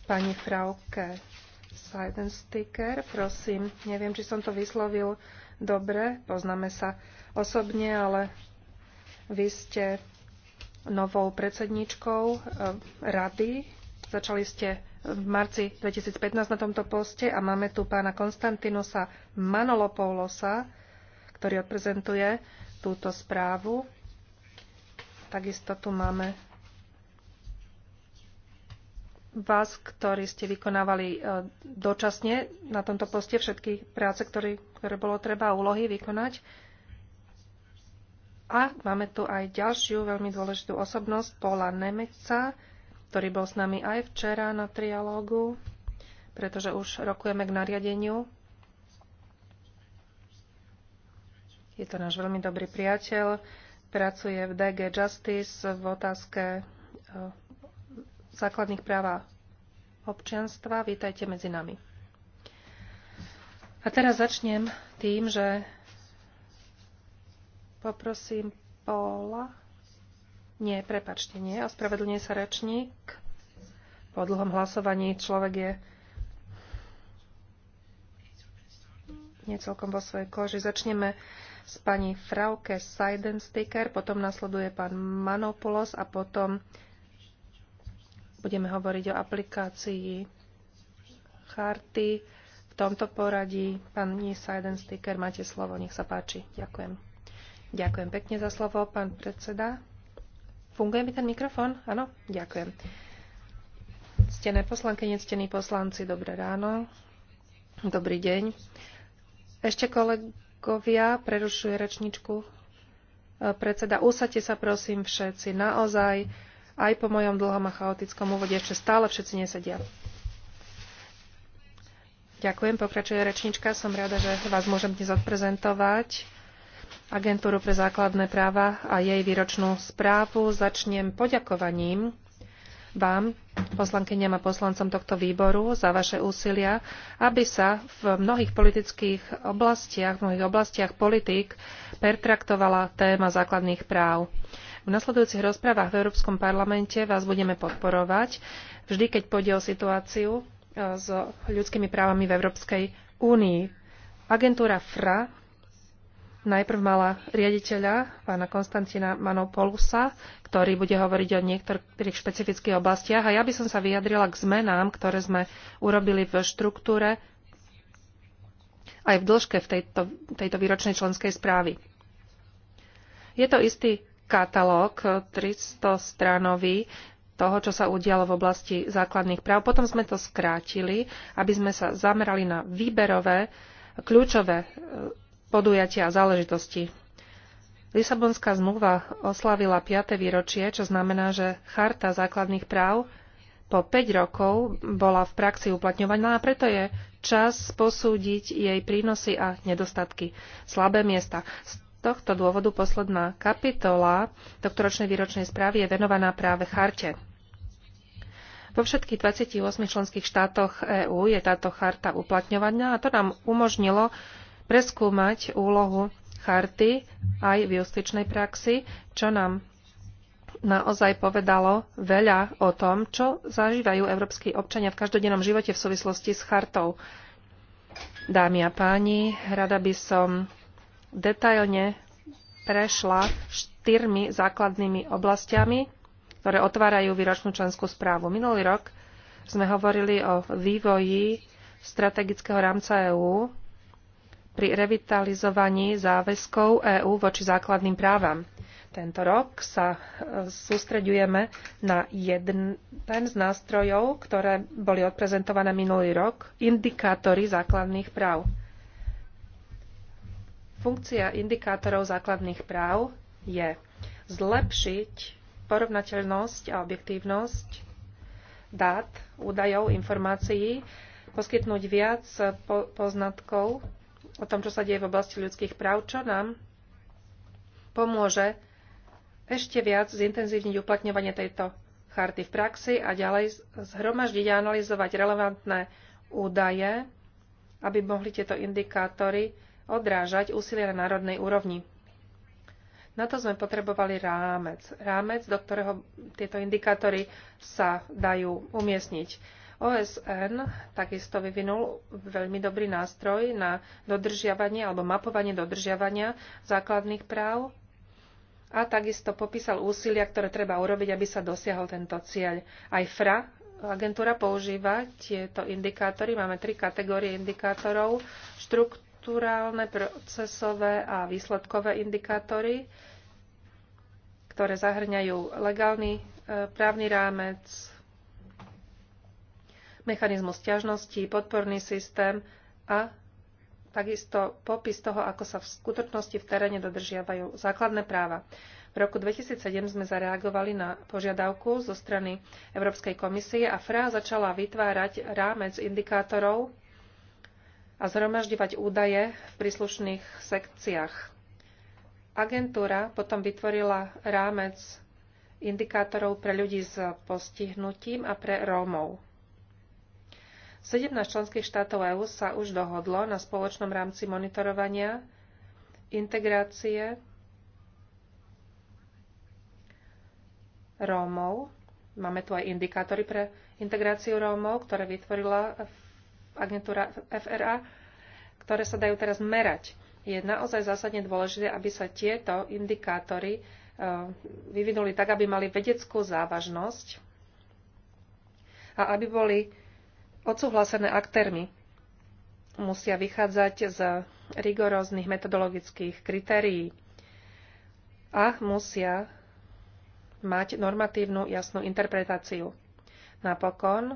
pani Frauke Seidensticker. Prosím, neviem, či som to vyslovil dobre, poznáme sa osobne, ale vy ste novou predsedničkou eh, rady. Začali ste v marci 2015 na tomto poste a máme tu pána Konstantinosa Manolopoulosa, ktorý odprezentuje túto správu. Takisto tu máme vás, ktorí ste vykonávali e, dočasne na tomto poste všetky práce, ktoré, ktoré bolo treba úlohy vykonať. A máme tu aj ďalšiu veľmi dôležitú osobnosť, Paula Nemeca, ktorý bol s nami aj včera na trialógu, pretože už rokujeme k nariadeniu Je to náš veľmi dobrý priateľ, pracuje v DG Justice v otázke e, základných práv občianstva. Vítajte medzi nami. A teraz začnem tým, že poprosím Paula. Nie, prepačte, nie. Ospravedlňuje sa rečník. Po dlhom hlasovaní človek je niecelkom vo svojej koži. Začneme s pani Frauke Seidensticker, potom nasleduje pán Manopoulos a potom Budeme hovoriť o aplikácii charty. V tomto poradí pán jeden Sticker, máte slovo, nech sa páči. Ďakujem. Ďakujem pekne za slovo, pán predseda. Funguje mi ten mikrofón? Áno? Ďakujem. Ctené poslanky, nectení poslanci, dobré ráno. Dobrý deň. Ešte kolegovia, prerušuje rečničku predseda. Usadte sa prosím všetci. Naozaj aj po mojom dlhom a chaotickom úvode ešte stále všetci nesedia. Ďakujem, pokračuje rečnička. Som rada, že vás môžem dnes odprezentovať agentúru pre základné práva a jej výročnú správu. Začnem poďakovaním vám, poslankyňam a poslancom tohto výboru, za vaše úsilia, aby sa v mnohých politických oblastiach, v mnohých oblastiach politík pertraktovala téma základných práv. V nasledujúcich rozprávach v Európskom parlamente vás budeme podporovať, vždy keď pôjde o situáciu e, s ľudskými právami v Európskej únii. Agentúra FRA najprv mala riaditeľa, pána Konstantina Manopolusa, ktorý bude hovoriť o niektorých špecifických oblastiach. A ja by som sa vyjadrila k zmenám, ktoré sme urobili v štruktúre aj v dĺžke v tejto, tejto výročnej členskej správy. Je to istý katalóg 300-stranový toho, čo sa udialo v oblasti základných práv. Potom sme to skrátili, aby sme sa zamerali na výberové kľúčové podujatia a záležitosti. Lisabonská zmluva oslavila 5. výročie, čo znamená, že Charta základných práv po 5 rokov bola v praxi uplatňovaná a preto je čas posúdiť jej prínosy a nedostatky, slabé miesta. Z tohto dôvodu posledná kapitola tohtoročnej výročnej správy je venovaná práve charte. Vo všetkých 28 členských štátoch EÚ je táto charta uplatňovaná a to nám umožnilo preskúmať úlohu charty aj v justičnej praxi, čo nám naozaj povedalo veľa o tom, čo zažívajú európsky občania v každodennom živote v súvislosti s chartou. Dámy a páni, rada by som detailne prešla štyrmi základnými oblastiami, ktoré otvárajú výročnú členskú správu. Minulý rok sme hovorili o vývoji strategického rámca EÚ pri revitalizovaní záväzkov EÚ voči základným právam. Tento rok sa e, sústreďujeme na jeden z nástrojov, ktoré boli odprezentované minulý rok, indikátory základných práv. Funkcia indikátorov základných práv je zlepšiť porovnateľnosť a objektívnosť dát, údajov, informácií, poskytnúť viac poznatkov o tom, čo sa deje v oblasti ľudských práv, čo nám pomôže ešte viac zintenzívniť uplatňovanie tejto charty v praxi a ďalej zhromaždiť a analyzovať relevantné údaje, aby mohli tieto indikátory odrážať úsilie na národnej úrovni. Na to sme potrebovali rámec. Rámec, do ktorého tieto indikátory sa dajú umiestniť. OSN takisto vyvinul veľmi dobrý nástroj na dodržiavanie alebo mapovanie dodržiavania základných práv a takisto popísal úsilia, ktoré treba urobiť, aby sa dosiahol tento cieľ. Aj FRA agentúra používa tieto indikátory. Máme tri kategórie indikátorov. Štruktúrálne, procesové a výsledkové indikátory, ktoré zahrňajú legálny e, právny rámec, mechanizmus ťažnosti, podporný systém a takisto popis toho, ako sa v skutočnosti v teréne dodržiavajú základné práva. V roku 2007 sme zareagovali na požiadavku zo strany Európskej komisie a FRA začala vytvárať rámec indikátorov a zhromažďovať údaje v príslušných sekciách. Agentúra potom vytvorila rámec indikátorov pre ľudí s postihnutím a pre Rómov. 17 členských štátov EÚ sa už dohodlo na spoločnom rámci monitorovania, integrácie Rómov. Máme tu aj indikátory pre integráciu Rómov, ktoré vytvorila agentúra FRA, ktoré sa dajú teraz merať. Je naozaj zásadne dôležité, aby sa tieto indikátory e, vyvinuli tak, aby mali vedeckú závažnosť a aby boli odsúhlasené aktérmi. Musia vychádzať z rigoróznych metodologických kritérií a musia mať normatívnu jasnú interpretáciu. Napokon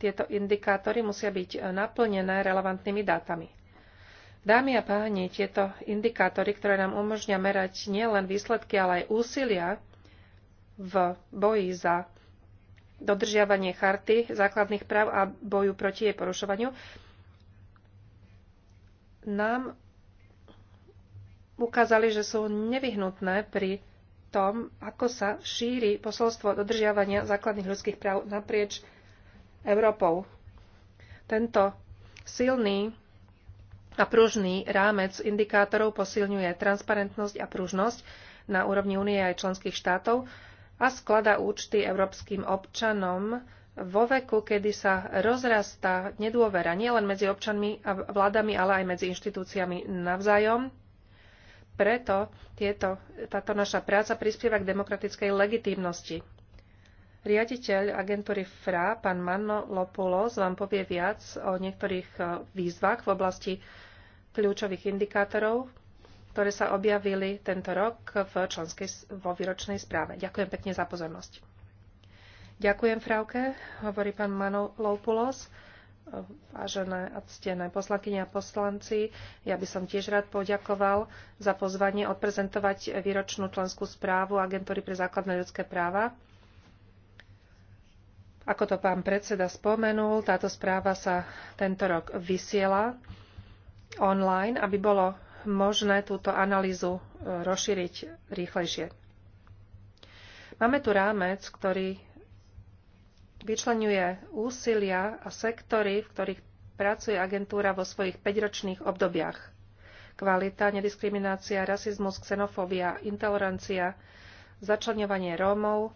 tieto indikátory musia byť naplnené relevantnými dátami. Dámy a páni, tieto indikátory, ktoré nám umožňa merať nielen výsledky, ale aj úsilia v boji za dodržiavanie charty základných práv a boju proti jej porušovaniu, nám ukázali, že sú nevyhnutné pri tom, ako sa šíri posolstvo dodržiavania základných ľudských práv naprieč Európou. Tento silný a pružný rámec indikátorov posilňuje transparentnosť a pružnosť na úrovni únie aj členských štátov, a sklada účty európskym občanom vo veku, kedy sa rozrastá nedôvera nielen medzi občanmi a vládami, ale aj medzi inštitúciami navzájom. Preto tieto, táto naša práca prispieva k demokratickej legitímnosti. Riaditeľ agentúry FRA, pán Manno Lopulos, vám povie viac o niektorých eh, výzvach v oblasti kľúčových indikátorov ktoré sa objavili tento rok v členskej, vo výročnej správe. Ďakujem pekne za pozornosť. Ďakujem, Frauke, hovorí pán Loupulos. Vážené a ctené poslankyne a poslanci, ja by som tiež rád poďakoval za pozvanie odprezentovať výročnú členskú správu Agentúry pre základné ľudské práva. Ako to pán predseda spomenul, táto správa sa tento rok vysiela online, aby bolo možné túto analýzu e, rozšíriť rýchlejšie. Máme tu rámec, ktorý vyčlenuje úsilia a sektory, v ktorých pracuje agentúra vo svojich 5-ročných obdobiach. Kvalita, nediskriminácia, rasizmus, xenofóbia, intolerancia, začlenovanie Rómov,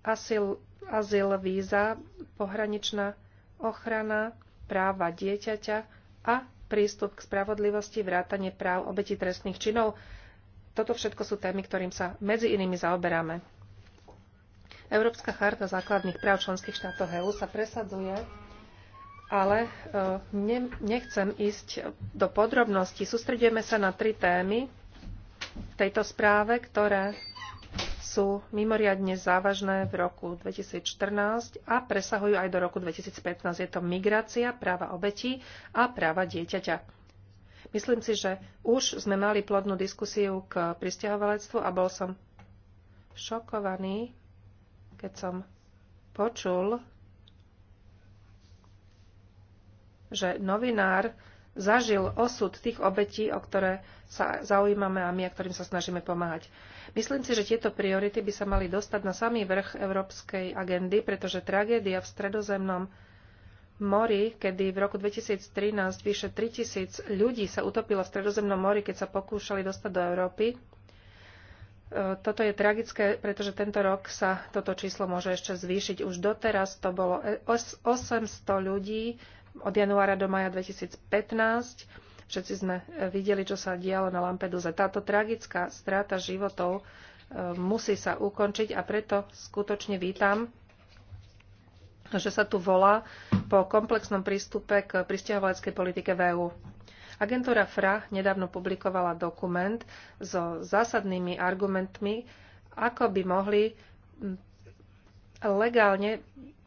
asyl, azyl, víza, pohraničná ochrana, práva dieťaťa a prístup k spravodlivosti, vrátanie práv obetí trestných činov. Toto všetko sú témy, ktorým sa medzi inými zaoberáme. Európska charta základných práv členských štátov EÚ sa presadzuje, ale e, ne, nechcem ísť do podrobností. Sústredujeme sa na tri témy v tejto správe, ktoré sú mimoriadne závažné v roku 2014 a presahujú aj do roku 2015. Je to migrácia, práva obetí a práva dieťaťa. Myslím si, že už sme mali plodnú diskusiu k pristahovalectvu a bol som šokovaný, keď som počul, že novinár zažil osud tých obetí, o ktoré sa zaujímame a my, a ktorým sa snažíme pomáhať. Myslím si, že tieto priority by sa mali dostať na samý vrch európskej agendy, pretože tragédia v stredozemnom mori, kedy v roku 2013 vyše 3000 ľudí sa utopilo v stredozemnom mori, keď sa pokúšali dostať do Európy, e, toto je tragické, pretože tento rok sa toto číslo môže ešte zvýšiť. Už doteraz to bolo 800 e, ľudí od januára do maja 2015. Všetci sme eh, videli, čo sa dialo na Lampeduze. Táto tragická strata životov eh, musí sa ukončiť a preto skutočne vítam, že sa tu volá po komplexnom prístupe k pristahovaleckej politike VÚ. E Agentúra FRA nedávno publikovala dokument so zásadnými argumentmi, ako by mohli mm, legálne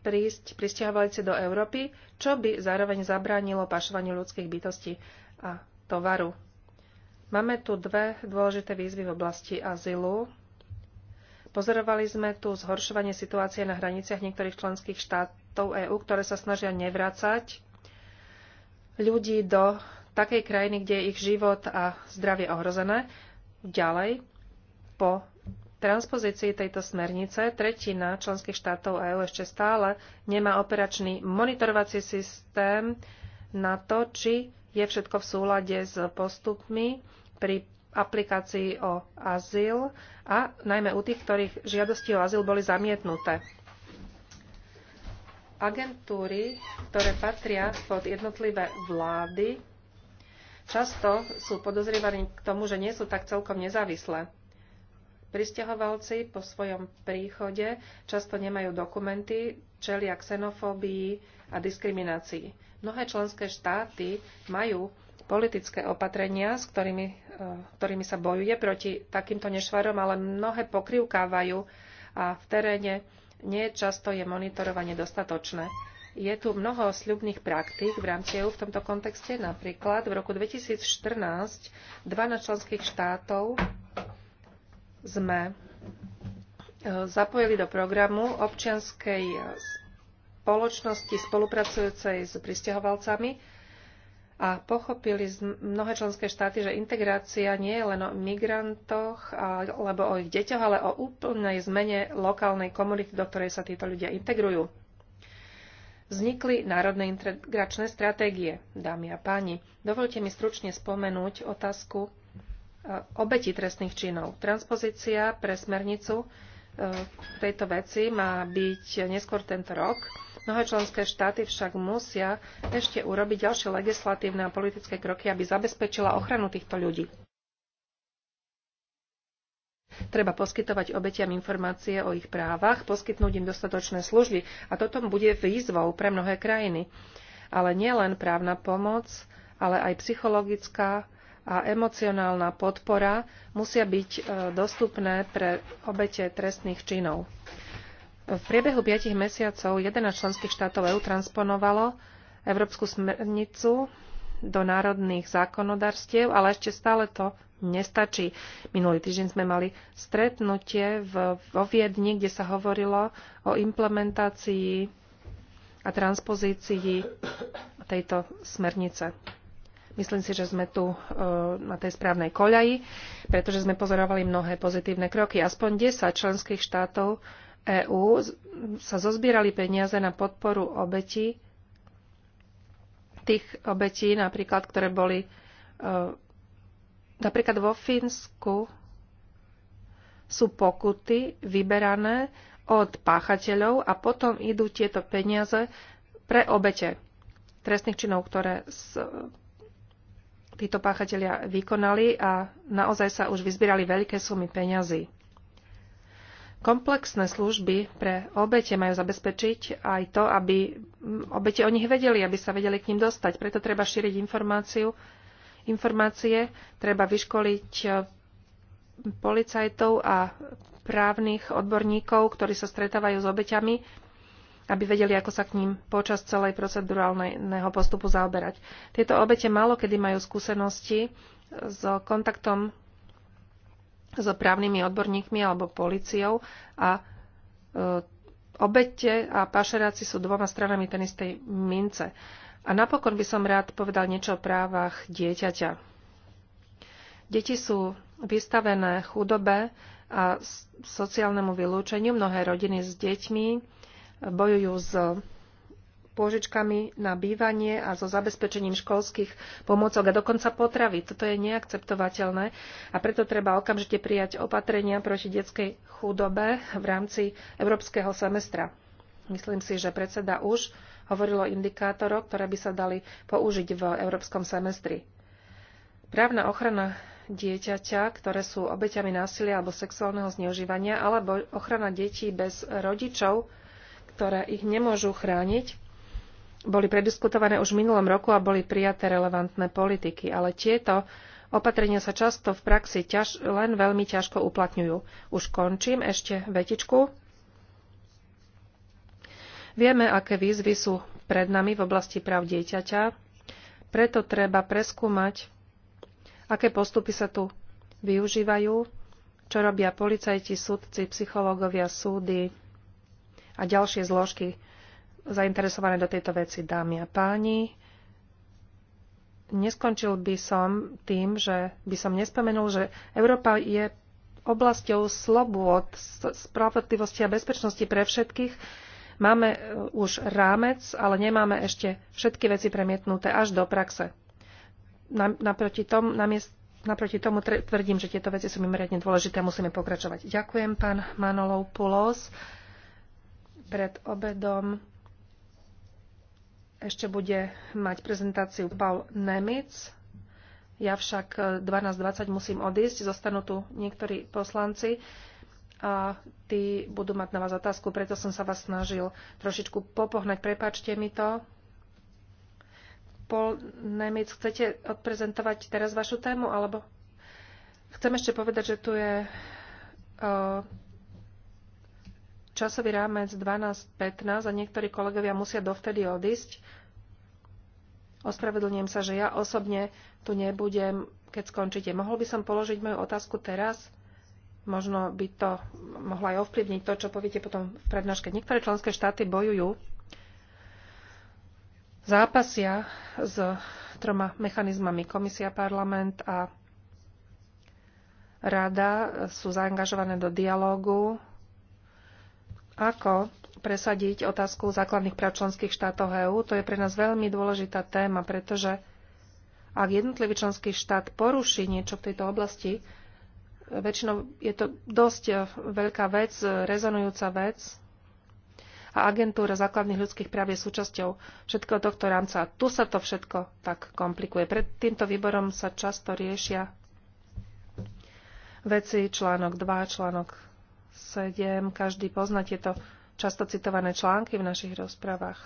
prísť pristahovalci do Európy, čo by zároveň zabránilo pašovaniu ľudských bytostí a tovaru. Máme tu dve dôležité výzvy v oblasti azylu. Pozorovali sme tu zhoršovanie situácie na hraniciach niektorých členských štátov EÚ, ktoré sa snažia nevrácať ľudí do takej krajiny, kde je ich život a zdravie ohrozené. Ďalej, po transpozícii tejto smernice tretina členských štátov EÚ ešte stále nemá operačný monitorovací systém na to, či je všetko v súlade s postupmi pri aplikácii o azyl a najmä u tých, ktorých žiadosti o azyl boli zamietnuté. Agentúry, ktoré patria pod jednotlivé vlády, často sú podozrievaní k tomu, že nie sú tak celkom nezávislé. Pristahovalci po svojom príchode často nemajú dokumenty, čelia xenofóbii a diskriminácii. Mnohé členské štáty majú politické opatrenia, s ktorými, e, ktorými sa bojuje proti takýmto nešvarom, ale mnohé pokrivkávajú a v teréne nie často je monitorovanie dostatočné. Je tu mnoho sľubných praktík v rámci EU v tomto kontexte. Napríklad v roku 2014 12 členských štátov sme e, zapojili do programu občianskej spoločnosti spolupracujúcej s pristahovalcami a pochopili mnohé členské štáty, že integrácia nie je len o migrantoch alebo o ich deťoch, ale o úplnej zmene lokálnej komunity, do ktorej sa títo ľudia integrujú. Vznikli národné integračné stratégie, dámy a páni. Dovolte mi stručne spomenúť otázku E, obeti trestných činov. Transpozícia pre smernicu e, v tejto veci má byť neskôr tento rok. Mnohé členské štáty však musia ešte urobiť ďalšie legislatívne a politické kroky, aby zabezpečila ochranu týchto ľudí. Treba poskytovať obetiam informácie o ich právach, poskytnúť im dostatočné služby a toto bude výzvou pre mnohé krajiny. Ale nielen právna pomoc, ale aj psychologická a emocionálna podpora musia byť e, dostupné pre obete trestných činov. V priebehu 5 mesiacov 11 členských štátov EU transponovalo Európsku smernicu do národných zákonodarstiev, ale ešte stále to nestačí. Minulý týždeň sme mali stretnutie vo Viedni, kde sa hovorilo o implementácii a transpozícii tejto smernice. Myslím si, že sme tu e, na tej správnej koľaji, pretože sme pozorovali mnohé pozitívne kroky. Aspoň 10 členských štátov EÚ sa zozbierali peniaze na podporu obetí, tých obetí napríklad, ktoré boli e, napríklad vo Fínsku sú pokuty vyberané od páchateľov a potom idú tieto peniaze pre obete trestných činov, ktoré títo páchatelia vykonali a naozaj sa už vyzbierali veľké sumy peňazí. Komplexné služby pre obete majú zabezpečiť aj to, aby obete o nich vedeli, aby sa vedeli k ním dostať. Preto treba šíriť informáciu, informácie, treba vyškoliť eh, policajtov a právnych odborníkov, ktorí sa stretávajú s obeťami aby vedeli, ako sa k ním počas celej procedurálneho postupu zaoberať. Tieto obete málo kedy majú skúsenosti s kontaktom s právnymi odborníkmi alebo policiou a e, obete a pašeráci sú dvoma stranami ten istej mince. A napokon by som rád povedal niečo o právach dieťaťa. Deti sú vystavené chudobe a sociálnemu vylúčeniu. Mnohé rodiny s deťmi bojujú s pôžičkami na bývanie a so zabezpečením školských pomôcok a dokonca potravy. Toto je neakceptovateľné a preto treba okamžite prijať opatrenia proti detskej chudobe v rámci európskeho semestra. Myslím si, že predseda už hovoril o indikátoroch, ktoré by sa dali použiť v európskom semestri. Právna ochrana dieťaťa, ktoré sú obeťami násilia alebo sexuálneho zneužívania, alebo ochrana detí bez rodičov, ktoré ich nemôžu chrániť, boli prediskutované už v minulom roku a boli prijaté relevantné politiky, ale tieto opatrenia sa často v praxi ťaž, len veľmi ťažko uplatňujú. Už končím ešte vetičku. Vieme, aké výzvy sú pred nami v oblasti práv dieťaťa, preto treba preskúmať, aké postupy sa tu využívajú, čo robia policajti, sudci, psychológovia, súdy, a ďalšie zložky zainteresované do tejto veci, dámy a páni. Neskončil by som tým, že by som nespomenul, že Európa je oblasťou slobôd, spravodlivosti a bezpečnosti pre všetkých. Máme e, už rámec, ale nemáme ešte všetky veci premietnuté až do praxe. Naproti, tom, naproti tomu tvrdím, že tieto veci sú mimoriadne dôležité a musíme pokračovať. Ďakujem, pán Manolov Pulos. Pred obedom ešte bude mať prezentáciu Paul Nemitz. Ja však 12.20 musím odísť, zostanú tu niektorí poslanci a tí budú mať na vás otázku, preto som sa vás snažil trošičku popohnať. Prepačte mi to. Paul Nemec, chcete odprezentovať teraz vašu tému, alebo chcem ešte povedať, že tu je uh, časový rámec 12.15 a niektorí kolegovia musia dovtedy odísť. Ospravedlňujem sa, že ja osobne tu nebudem, keď skončíte. Mohol by som položiť moju otázku teraz? Možno by to mohlo aj ovplyvniť to, čo poviete potom v prednáške. Niektoré členské štáty bojujú, zápasia s troma mechanizmami. Komisia, parlament a rada sú zaangažované do dialógu ako presadiť otázku základných práv členských štátov EÚ? To je pre nás veľmi dôležitá téma, pretože ak jednotlivý členský štát poruší niečo v tejto oblasti, väčšinou je to dosť veľká vec, rezonujúca vec a agentúra základných ľudských práv je súčasťou všetkého tohto rámca. A tu sa to všetko tak komplikuje. Pred týmto výborom sa často riešia veci článok 2, článok 7. Každý pozná tieto často citované články v našich rozprávach.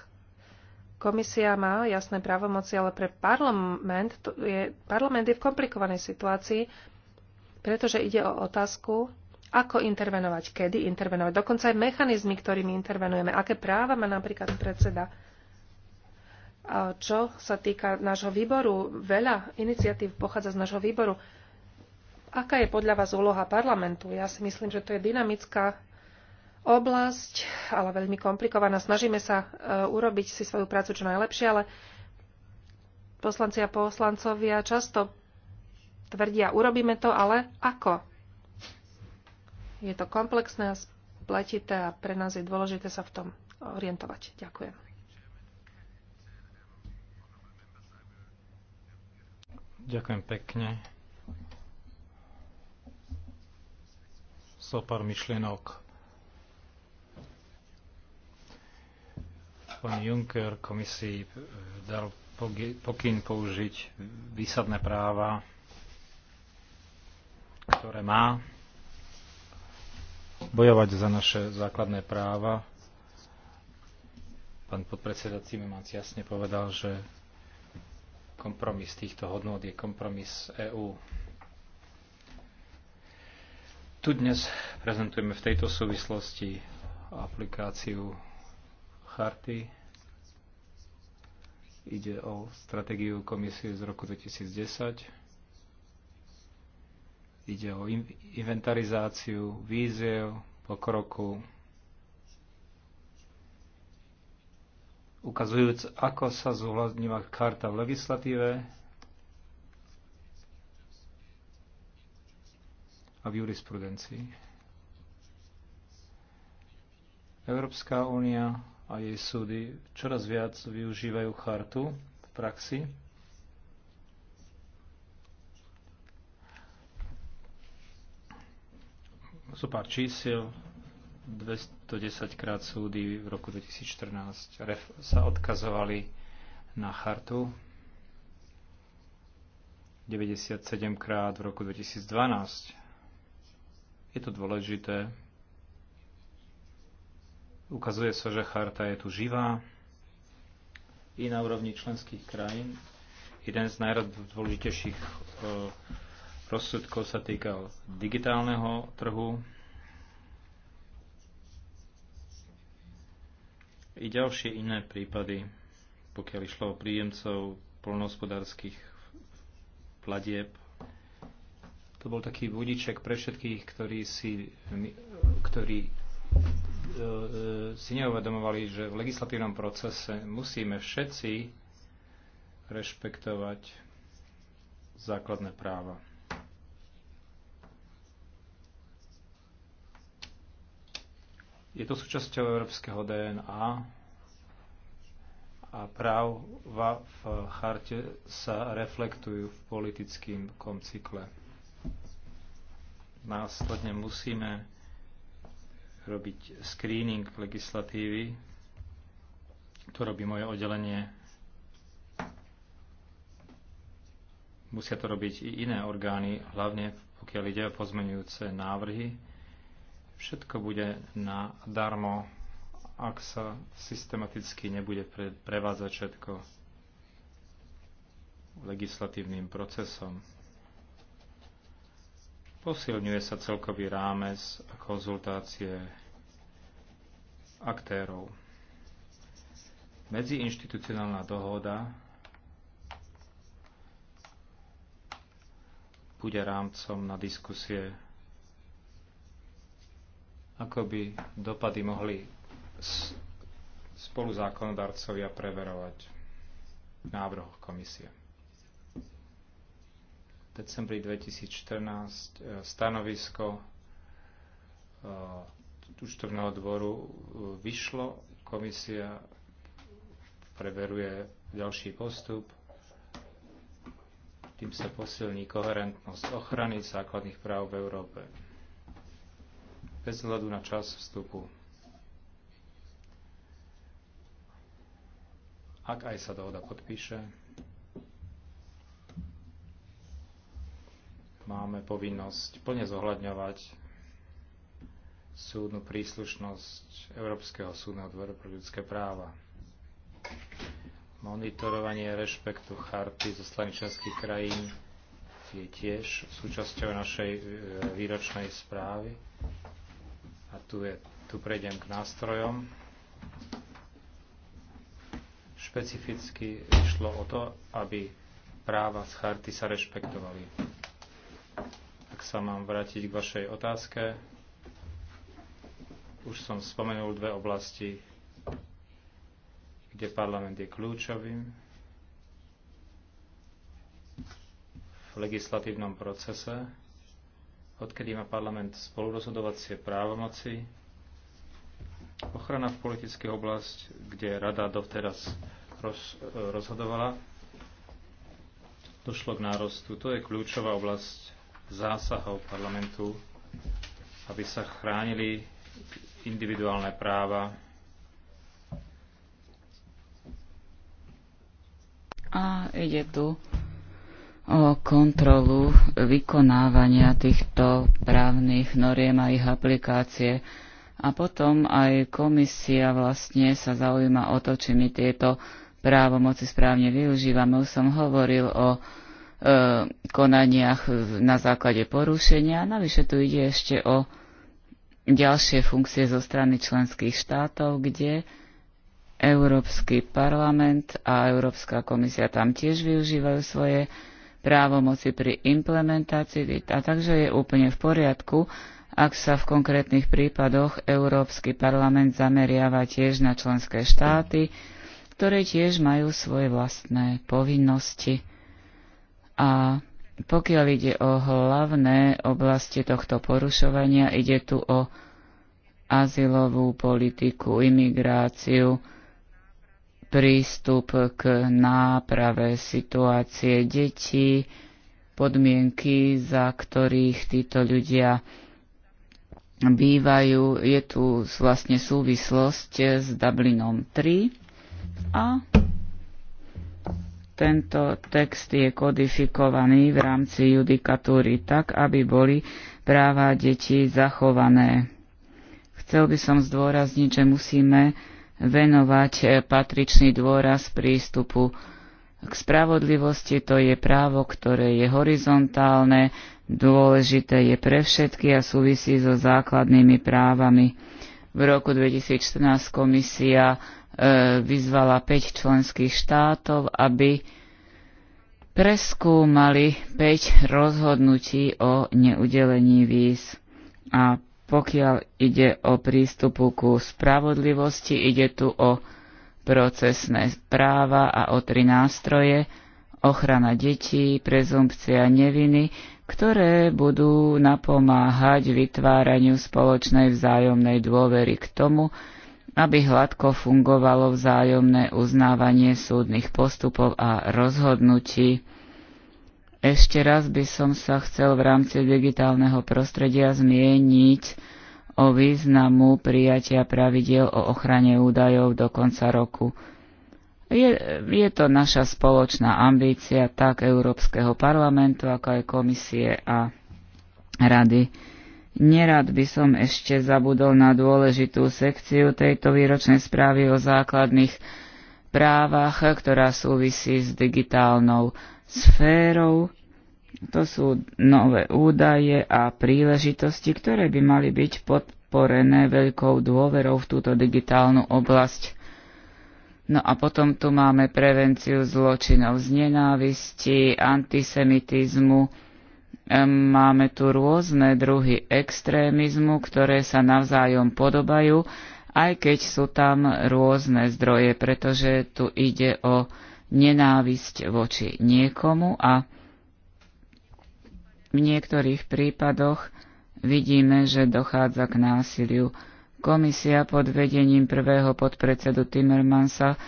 Komisia má jasné právomoci, ale pre parlament je, parlament je v komplikovanej situácii, pretože ide o otázku, ako intervenovať, kedy intervenovať, dokonca aj mechanizmy, ktorými intervenujeme, aké práva má napríklad predseda. A čo sa týka nášho výboru, veľa iniciatív pochádza z nášho výboru. Aká je podľa vás úloha parlamentu? Ja si myslím, že to je dynamická oblasť, ale veľmi komplikovaná. Snažíme sa e, urobiť si svoju prácu čo najlepšie, ale poslanci a poslancovia často tvrdia, urobíme to, ale ako? Je to komplexné a spletité a pre nás je dôležité sa v tom orientovať. Ďakujem. Ďakujem pekne. so pár myšlienok. Pán Juncker komisii eh, dal pokyn použiť výsadné práva, ktoré má bojovať za naše základné práva. Pán podpredseda Cimemans jasne povedal, že kompromis týchto hodnot je kompromis EÚ. Tu dnes prezentujeme v tejto súvislosti aplikáciu charty. Ide o stratégiu komisie z roku 2010. Ide o inventarizáciu víziev, pokroku, ukazujúc, ako sa zohľadňuje karta v legislatíve, a v jurisprudencii. Európska únia a jej súdy čoraz viac využívajú chartu v praxi. Sú pár čísiel. 210 krát súdy v roku 2014 sa odkazovali na chartu 97 krát v roku 2012 je to dôležité. Ukazuje sa, že charta je tu živá i na úrovni členských krajín. Jeden z najdôležitejších e, rozsudkov sa týkal digitálneho trhu. I ďalšie iné prípady, pokiaľ išlo o príjemcov polnohospodárskych platieb to bol taký budiček pre všetkých, ktorí si, ktorí e, e, si neuvedomovali, že v legislatívnom procese musíme všetci rešpektovať základné práva. Je to súčasťou európskeho DNA a práva v charte sa reflektujú v politickom cykle. Následne musíme robiť screening legislatívy. To robí moje oddelenie. Musia to robiť i iné orgány, hlavne pokiaľ ide o pozmenujúce návrhy. Všetko bude na darmo, ak sa systematicky nebude prevádzať všetko legislatívnym procesom. Posilňuje sa celkový rámec a konzultácie aktérov. Medziinstitucionálna dohoda bude rámcom na diskusie, ako by dopady mohli spoluzákonodarcovia preverovať návrh komisie decembri 2014 e, stanovisko e, účtovného dvoru e, vyšlo. Komisia preveruje ďalší postup. Tým sa posilní koherentnosť ochrany základných práv v Európe. Bez hľadu na čas vstupu. Ak aj sa dohoda podpíše, máme povinnosť plne zohľadňovať súdnu príslušnosť Európskeho súdneho dvoru pre ľudské práva. Monitorovanie rešpektu charty zo strany členských krajín je tiež súčasťou našej e, výročnej správy. A tu, je, tu prejdem k nástrojom. Špecificky išlo o to, aby práva z charty sa rešpektovali ak sa mám vrátiť k vašej otázke, už som spomenul dve oblasti, kde parlament je kľúčovým v legislatívnom procese, odkedy má parlament spolurozhodovacie právomoci, ochrana v politických oblasti, kde rada dovteraz roz, rozhodovala, došlo k nárostu. To je kľúčová oblasť zásahov parlamentu, aby sa chránili individuálne práva. A ide tu o kontrolu vykonávania týchto právnych noriem a ich aplikácie. A potom aj komisia vlastne sa zaujíma o to, či my tieto právomoci správne využívame. Už som hovoril o E, konaniach na základe porušenia. Navyše tu ide ešte o ďalšie funkcie zo strany členských štátov, kde Európsky parlament a Európska komisia tam tiež využívajú svoje právomoci pri implementácii a takže je úplne v poriadku, ak sa v konkrétnych prípadoch Európsky parlament zameriava tiež na členské štáty, ktoré tiež majú svoje vlastné povinnosti. A pokiaľ ide o hlavné oblasti tohto porušovania, ide tu o azylovú politiku, imigráciu, prístup k náprave situácie detí, podmienky, za ktorých títo ľudia bývajú. Je tu vlastne súvislosť s Dublinom 3 a tento text je kodifikovaný v rámci judikatúry tak, aby boli práva detí zachované. Chcel by som zdôrazniť, že musíme venovať eh, patričný dôraz prístupu k spravodlivosti. To je právo, ktoré je horizontálne, dôležité je pre všetky a súvisí so základnými právami. V roku 2014 komisia vyzvala 5 členských štátov, aby preskúmali 5 rozhodnutí o neudelení víz. A pokiaľ ide o prístupu ku spravodlivosti, ide tu o procesné práva a o tri nástroje, ochrana detí, prezumpcia neviny, ktoré budú napomáhať vytváraniu spoločnej vzájomnej dôvery k tomu, aby hladko fungovalo vzájomné uznávanie súdnych postupov a rozhodnutí. Ešte raz by som sa chcel v rámci digitálneho prostredia zmieniť o významu prijatia pravidiel o ochrane údajov do konca roku. Je, je to naša spoločná ambícia tak Európskeho parlamentu, ako aj komisie a rady. Nerad by som ešte zabudol na dôležitú sekciu tejto výročnej správy o základných právach, ktorá súvisí s digitálnou sférou. To sú nové údaje a príležitosti, ktoré by mali byť podporené veľkou dôverou v túto digitálnu oblasť. No a potom tu máme prevenciu zločinov z nenávisti, antisemitizmu, Máme tu rôzne druhy extrémizmu, ktoré sa navzájom podobajú, aj keď sú tam rôzne zdroje, pretože tu ide o nenávisť voči niekomu a v niektorých prípadoch vidíme, že dochádza k násiliu. Komisia pod vedením prvého podpredsedu Timmermansa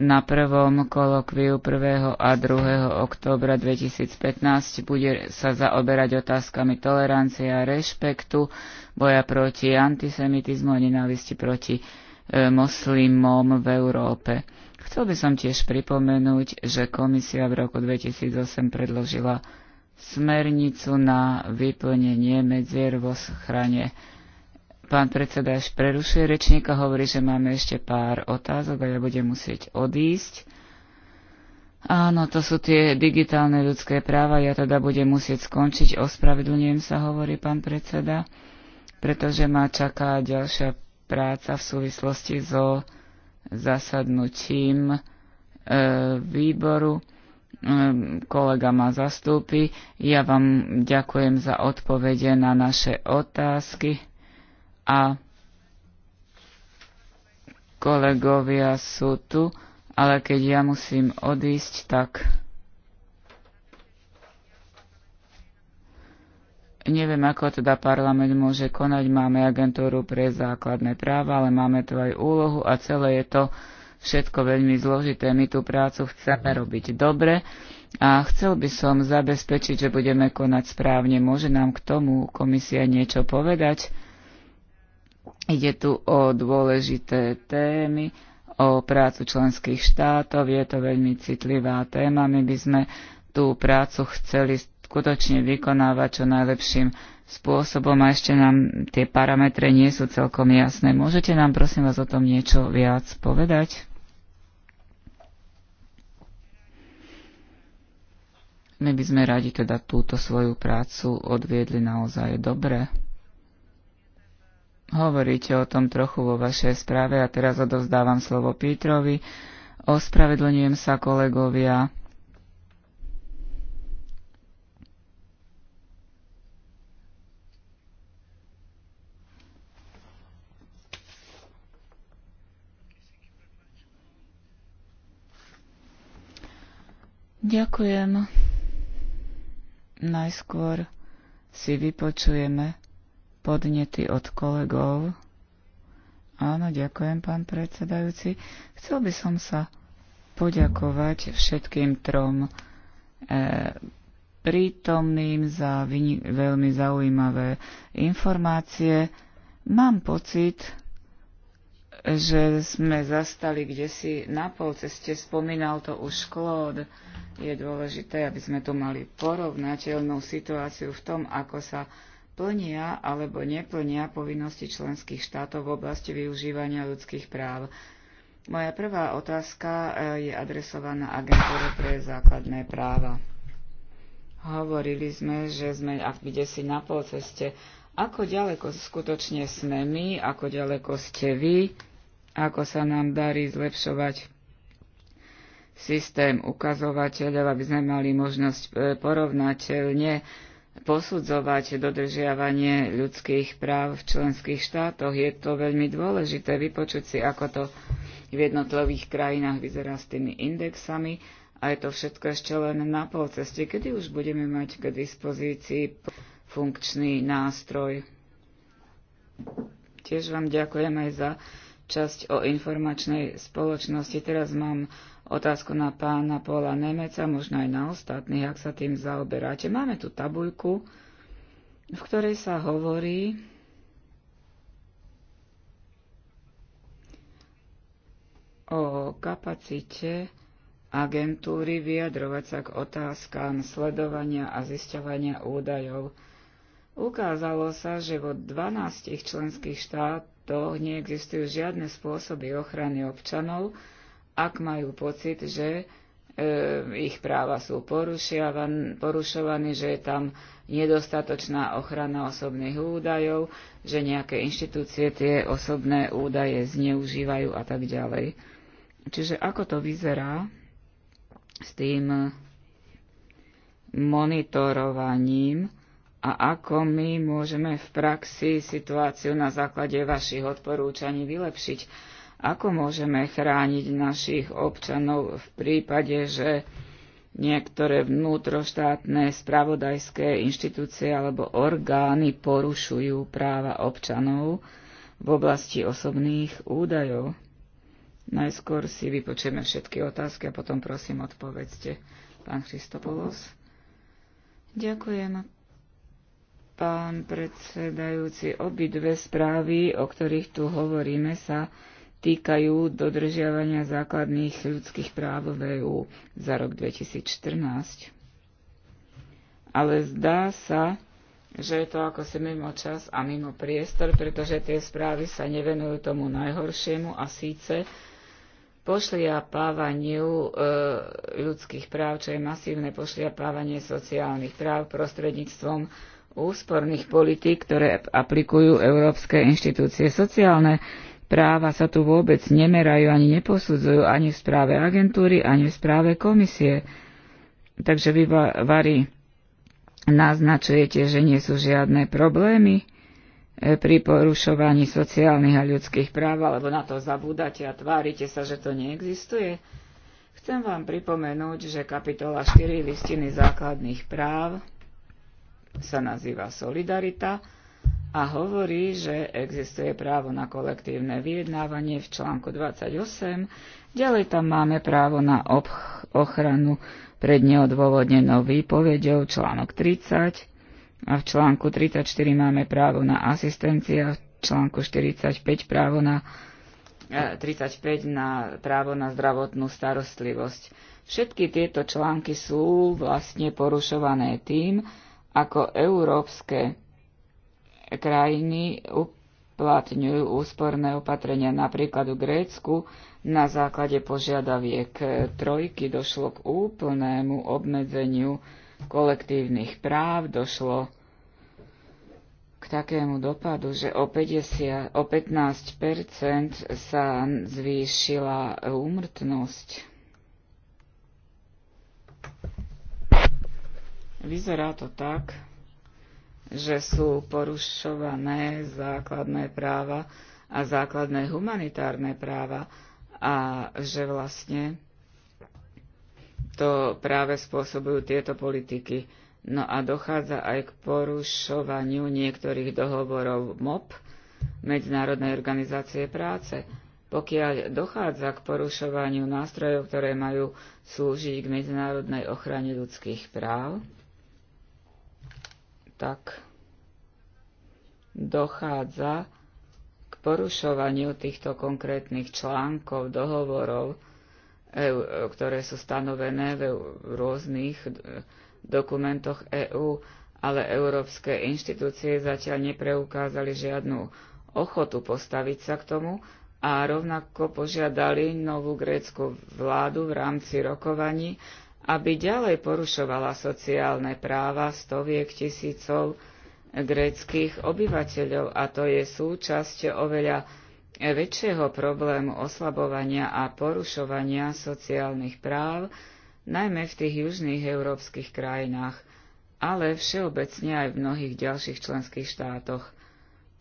na prvom kolokviu 1. a 2. októbra 2015 bude sa zaoberať otázkami tolerancie a rešpektu, boja proti antisemitizmu a nenávisti proti e, moslimom v Európe. Chcel by som tiež pripomenúť, že komisia v roku 2008 predložila smernicu na vyplnenie medzier vo schrane Pán predseda až prerušuje rečníka, hovorí, že máme ešte pár otázok a ja budem musieť odísť. Áno, to sú tie digitálne ľudské práva, ja teda budem musieť skončiť, ospravedlňujem sa, hovorí pán predseda, pretože ma čaká ďalšia práca v súvislosti so zasadnutím e, výboru. E, kolega ma zastúpi. Ja vám ďakujem za odpovede na naše otázky a kolegovia sú tu, ale keď ja musím odísť, tak neviem, ako teda parlament môže konať. Máme agentúru pre základné práva, ale máme tu aj úlohu a celé je to všetko veľmi zložité. My tú prácu chceme robiť dobre a chcel by som zabezpečiť, že budeme konať správne. Môže nám k tomu komisia niečo povedať? Ide tu o dôležité témy, o prácu členských štátov. Je to veľmi citlivá téma. My by sme tú prácu chceli skutočne vykonávať čo najlepším spôsobom a ešte nám tie parametre nie sú celkom jasné. Môžete nám prosím vás o tom niečo viac povedať? My by sme radi teda túto svoju prácu odviedli naozaj dobre. Hovoríte o tom trochu vo vašej správe a teraz odovzdávam slovo Pítrovi. Ospravedlňujem sa kolegovia. Ďakujem. Najskôr si vypočujeme podnety od kolegov. Áno, ďakujem, pán predsedajúci. Chcel by som sa poďakovať všetkým trom e, prítomným za veľmi zaujímavé informácie. Mám pocit, že sme zastali kde si na polceste. Spomínal to už Claude. Je dôležité, aby sme tu mali porovnateľnú situáciu v tom, ako sa plnia alebo neplnia povinnosti členských štátov v oblasti využívania ľudských práv. Moja prvá otázka e, je adresovaná agentúre pre základné práva. Hovorili sme, že sme ak kde si na polceste. Ako ďaleko skutočne sme my, ako ďaleko ste vy, ako sa nám darí zlepšovať systém ukazovateľov, aby sme mali možnosť e, porovnateľne posudzovať dodržiavanie ľudských práv v členských štátoch. Je to veľmi dôležité vypočuť si, ako to v jednotlivých krajinách vyzerá s tými indexami a je to všetko ešte len na polceste, kedy už budeme mať k dispozícii funkčný nástroj. Tiež vám ďakujem aj za časť o informačnej spoločnosti. Teraz mám otázku na pána Pola Nemeca, možno aj na ostatných, ak sa tým zaoberáte. Máme tu tabuľku, v ktorej sa hovorí o kapacite agentúry vyjadrovať sa k otázkam sledovania a zisťovania údajov. Ukázalo sa, že vo 12 členských štátoch neexistujú žiadne spôsoby ochrany občanov, ak majú pocit, že e, ich práva sú porušované, že je tam nedostatočná ochrana osobných údajov, že nejaké inštitúcie tie osobné údaje zneužívajú a tak ďalej. Čiže ako to vyzerá s tým monitorovaním a ako my môžeme v praxi situáciu na základe vašich odporúčaní vylepšiť? Ako môžeme chrániť našich občanov v prípade, že niektoré vnútroštátne spravodajské inštitúcie alebo orgány porušujú práva občanov v oblasti osobných údajov? Najskôr si vypočujeme všetky otázky a potom prosím odpovedzte, pán Christopoulos. Ďakujem, pán predsedajúci. Obidve správy, o ktorých tu hovoríme, sa týkajú dodržiavania základných ľudských práv v EÚ za rok 2014. Ale zdá sa, že je to ako si mimo čas a mimo priestor, pretože tie správy sa nevenujú tomu najhoršiemu a síce pošliapávaniu e, ľudských práv, čo je masívne pošliapávanie sociálnych práv prostredníctvom úsporných politík, ktoré aplikujú európske inštitúcie. Sociálne Práva sa tu vôbec nemerajú ani neposudzujú ani v správe agentúry, ani v správe komisie. Takže vy, Vary, naznačujete, že nie sú žiadne problémy e, pri porušovaní sociálnych a ľudských práv, alebo na to zabúdate a tvárite sa, že to neexistuje. Chcem vám pripomenúť, že kapitola 4 listiny základných práv sa nazýva Solidarita a hovorí, že existuje právo na kolektívne vyjednávanie v článku 28, ďalej tam máme právo na ochranu pred neodôvodnenou výpovedou, článok 30, a v článku 34 máme právo na asistencia, v článku 45 právo na 35 e, na právo na zdravotnú starostlivosť. Všetky tieto články sú vlastne porušované tým, ako európske krajiny uplatňujú úsporné opatrenia. Napríklad v Grécku na základe požiadaviek trojky došlo k úplnému obmedzeniu kolektívnych práv, došlo k takému dopadu, že o, 50, o 15 sa zvýšila úmrtnosť. Vyzerá to tak, že sú porušované základné práva a základné humanitárne práva a že vlastne to práve spôsobujú tieto politiky. No a dochádza aj k porušovaniu niektorých dohovorov MOP, Medzinárodnej organizácie práce. Pokiaľ dochádza k porušovaniu nástrojov, ktoré majú slúžiť k medzinárodnej ochrane ľudských práv, tak dochádza k porušovaniu týchto konkrétnych článkov, dohovorov, ktoré sú stanovené v rôznych e, dokumentoch EÚ, ale európske inštitúcie zatiaľ nepreukázali žiadnu ochotu postaviť sa k tomu a rovnako požiadali novú grécku vládu v rámci rokovaní, aby ďalej porušovala sociálne práva stoviek tisícov gréckých obyvateľov a to je súčasť oveľa väčšieho problému oslabovania a porušovania sociálnych práv, najmä v tých južných európskych krajinách, ale všeobecne aj v mnohých ďalších členských štátoch.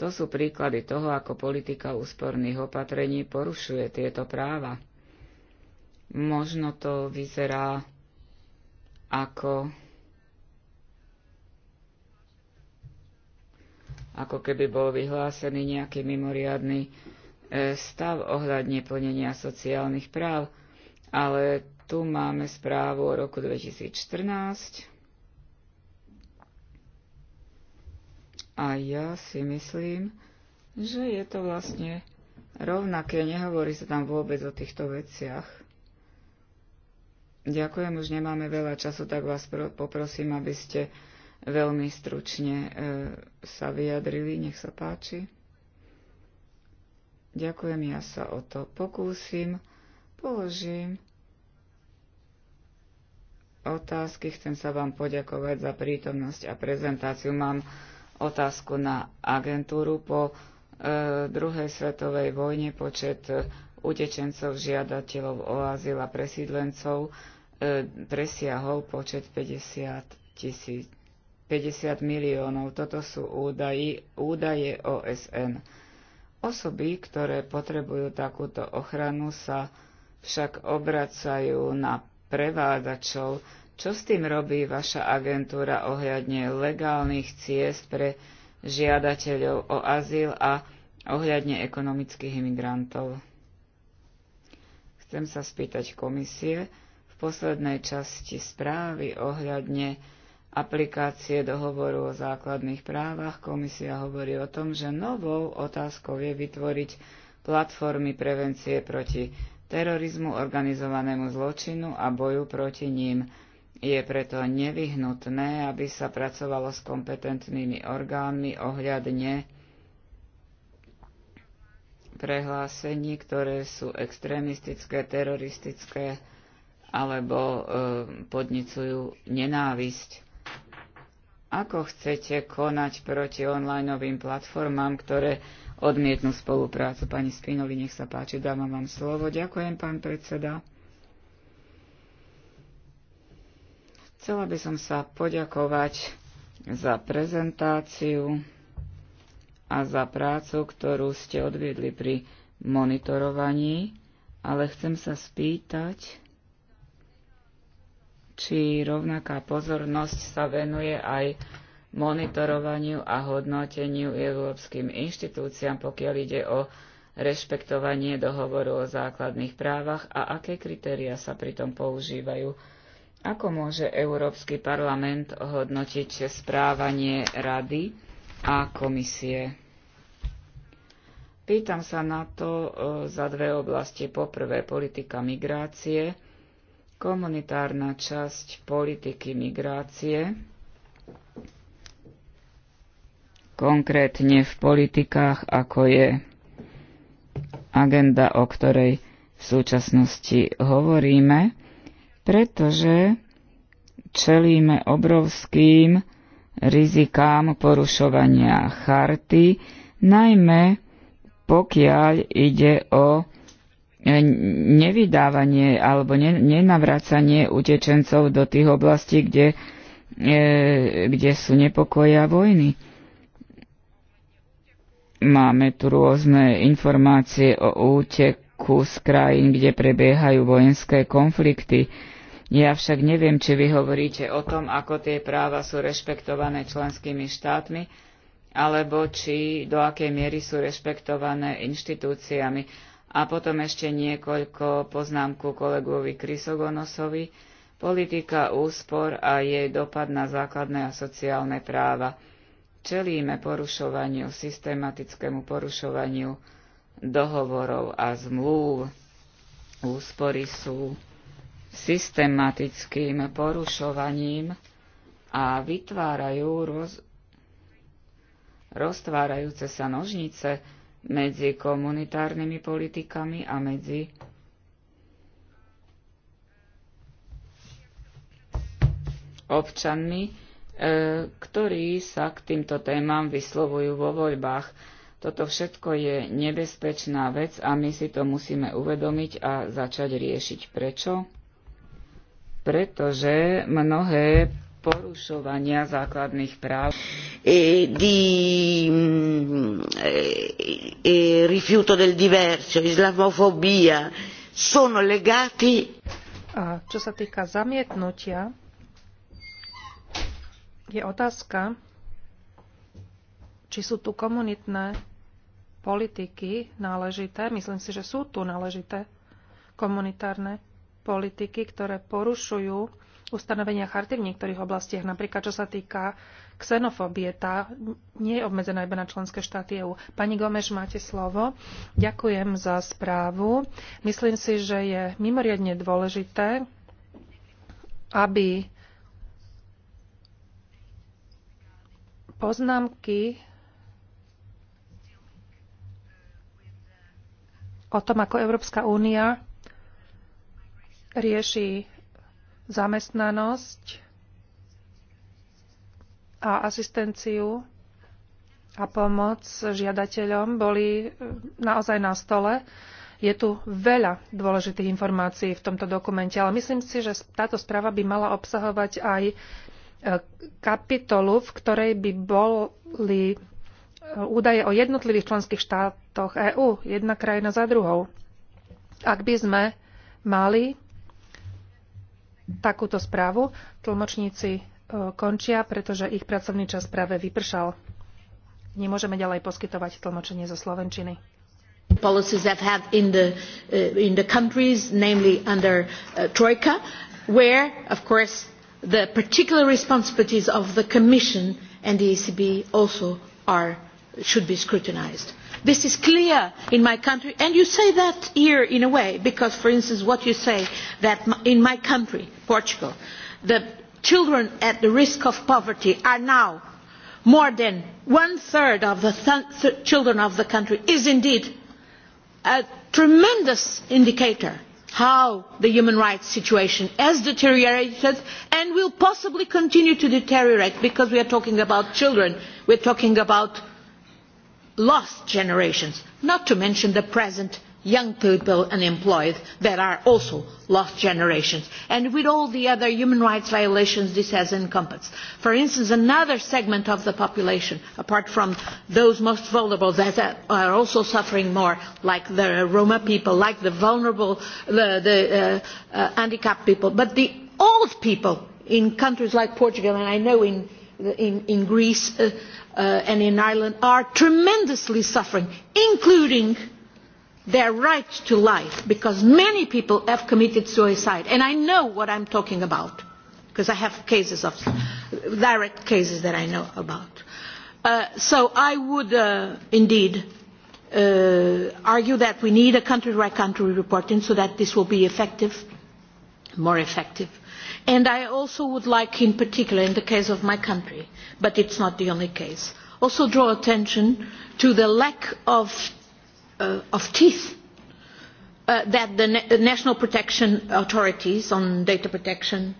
To sú príklady toho, ako politika úsporných opatrení porušuje tieto práva. Možno to vyzerá ako ako keby bol vyhlásený nejaký mimoriadný e, stav ohľadne plnenia sociálnych práv, ale tu máme správu o roku 2014 a ja si myslím, že je to vlastne rovnaké, nehovorí sa tam vôbec o týchto veciach. Ďakujem, už nemáme veľa času, tak vás poprosím, aby ste veľmi stručne e, sa vyjadrili. Nech sa páči. Ďakujem, ja sa o to pokúsim, položím otázky. Chcem sa vám poďakovať za prítomnosť a prezentáciu. Mám otázku na agentúru. Po e, druhej svetovej vojne počet utečencov, žiadateľov o azyl a presídlencov E, presiahol počet 50 tisíc. 50 miliónov. Toto sú údaje, údaje OSN. Osoby, ktoré potrebujú takúto ochranu, sa však obracajú na prevádzačov. Čo s tým robí vaša agentúra ohľadne legálnych ciest pre žiadateľov o azyl a ohľadne ekonomických imigrantov? Chcem sa spýtať komisie, v poslednej časti správy ohľadne aplikácie dohovoru o základných právach komisia hovorí o tom, že novou otázkou je vytvoriť platformy prevencie proti terorizmu, organizovanému zločinu a boju proti ním. Je preto nevyhnutné, aby sa pracovalo s kompetentnými orgánmi ohľadne prehlásení, ktoré sú extrémistické, teroristické, alebo e, podnicujú nenávisť. Ako chcete konať proti onlineovým platformám, ktoré odmietnú spoluprácu? Pani Spinovi, nech sa páči, dávam vám slovo. Ďakujem, pán predseda. Chcela by som sa poďakovať za prezentáciu a za prácu, ktorú ste odviedli pri monitorovaní, ale chcem sa spýtať, či rovnaká pozornosť sa venuje aj monitorovaniu a hodnoteniu európskym inštitúciám, pokiaľ ide o rešpektovanie dohovoru o základných právach a aké kritéria sa pritom používajú. Ako môže Európsky parlament hodnotiť správanie Rady a komisie? Pýtam sa na to e, za dve oblasti. Poprvé politika migrácie komunitárna časť politiky migrácie, konkrétne v politikách, ako je agenda, o ktorej v súčasnosti hovoríme, pretože čelíme obrovským rizikám porušovania charty, najmä pokiaľ ide o nevydávanie alebo nenavracanie utečencov do tých oblastí, kde, e, kde sú nepokoje a vojny. Máme tu rôzne informácie o úteku z krajín, kde prebiehajú vojenské konflikty. Ja však neviem, či vy hovoríte o tom, ako tie práva sú rešpektované členskými štátmi, alebo či do akej miery sú rešpektované inštitúciami a potom ešte niekoľko poznámku kolegovi Krysogonosovi. Politika úspor a jej dopad na základné a sociálne práva. Čelíme porušovaniu, systematickému porušovaniu dohovorov a zmluv. Úspory sú systematickým porušovaním a vytvárajú roz, roztvárajúce sa nožnice medzi komunitárnymi politikami a medzi občanmi, e, ktorí sa k týmto témam vyslovujú vo voľbách. Toto všetko je nebezpečná vec a my si to musíme uvedomiť a začať riešiť. Prečo? Pretože mnohé porušovania základných práv. E di mm, e, e, rifiuto del diverso, islamofobia, sono legati... A čo sa týka zamietnutia, je otázka, či sú tu komunitné politiky náležité. Myslím si, že sú tu náležité komunitárne politiky, ktoré porušujú ustanovenia charty v niektorých oblastiach, napríklad čo sa týka xenofóbie, tá nie je obmedzená iba na členské štáty EÚ. Pani Gomeš, máte slovo. Ďakujem za správu. Myslím si, že je mimoriadne dôležité, aby poznámky o tom, ako Európska únia rieši zamestnanosť a asistenciu a pomoc žiadateľom boli naozaj na stole. Je tu veľa dôležitých informácií v tomto dokumente, ale myslím si, že táto správa by mala obsahovať aj e, kapitolu, v ktorej by boli e, údaje o jednotlivých členských štátoch EÚ, jedna krajina za druhou. Ak by sme mali takúto správu. Tlmočníci e, končia, pretože ich pracovný čas práve vypršal. Nemôžeme ďalej poskytovať tlmočenie zo slovenčiny. Policies have in the, uh, in the countries, namely under uh, Troika, where, of course, the particular responsibilities of the Commission and the ECB also are, should be scrutinized this is clear in my country and you say that here in a way because for instance what you say that in my country portugal the children at the risk of poverty are now more than one third of the th children of the country is indeed a tremendous indicator of how the human rights situation has deteriorated and will possibly continue to deteriorate because we are talking about children we are talking about lost generations not to mention the present young people unemployed that are also lost generations and with all the other human rights violations this has encompassed. For instance, another segment of the population, apart from those most vulnerable that are also suffering more, like the Roma people, like the vulnerable, the, the uh, uh, handicapped people, but the old people in countries like Portugal and I know in, in, in Greece uh, Uh, and in Ireland are tremendously suffering, including their right to life, because many people have committed suicide. And I know what I'm talking about, because I have cases of direct cases that I know about. Uh, so I would uh, indeed uh, argue that we need a country by country reporting so that this will be effective, more effective and i also would like in particular in the case of my country but it is not the only case also draw attention to the lack of, uh, teeth uh, that the national protection authorities on data protection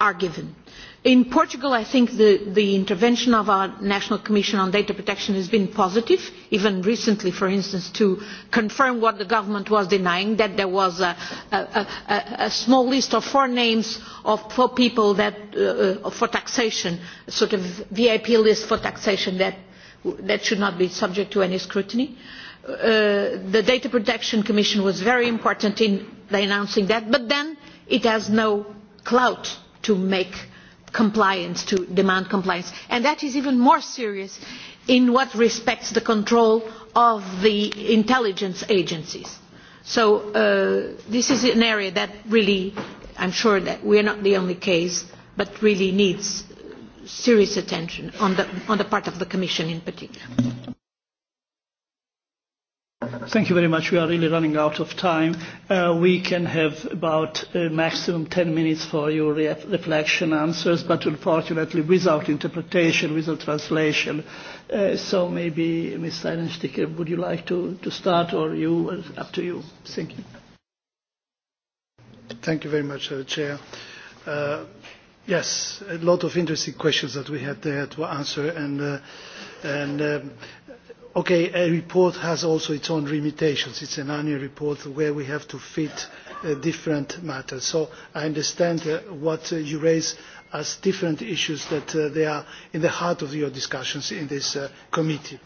are given in portugal i think the, intervention of our national commission on data protection has been positive even recently for instance to confirm what the government was denying that there was a, small list of four names of four people uh, uh, for taxation a sort of vip list for taxation that, should not be subject to any scrutiny. Uh, the data protection commission was very important in announcing that but then it has no clout to make compliance, to demand compliance. And that is even more serious in what respects the control of the intelligence agencies. So uh, this is an area that really, I'm sure that we are not the only case, but really needs serious attention on the, on the part of the Commission in particular. Thank you very much. We are really running out of time. Uh, we can have about uh, maximum 10 minutes for your re reflection answers, but unfortunately without interpretation, without translation. Uh, so maybe, Ms. Seidensticker, would you like to, to start, or you? Uh, up to you. Thank you. Thank you very much, uh, Chair. Uh, yes, a lot of interesting questions that we had there to answer, and, uh, and um, Okay, a report has also its own limitations. It's an annual report where we have to fit uh, different matters. So I understand uh, what uh, you raise as different issues that uh, they are in the heart of your discussions in this uh, committee.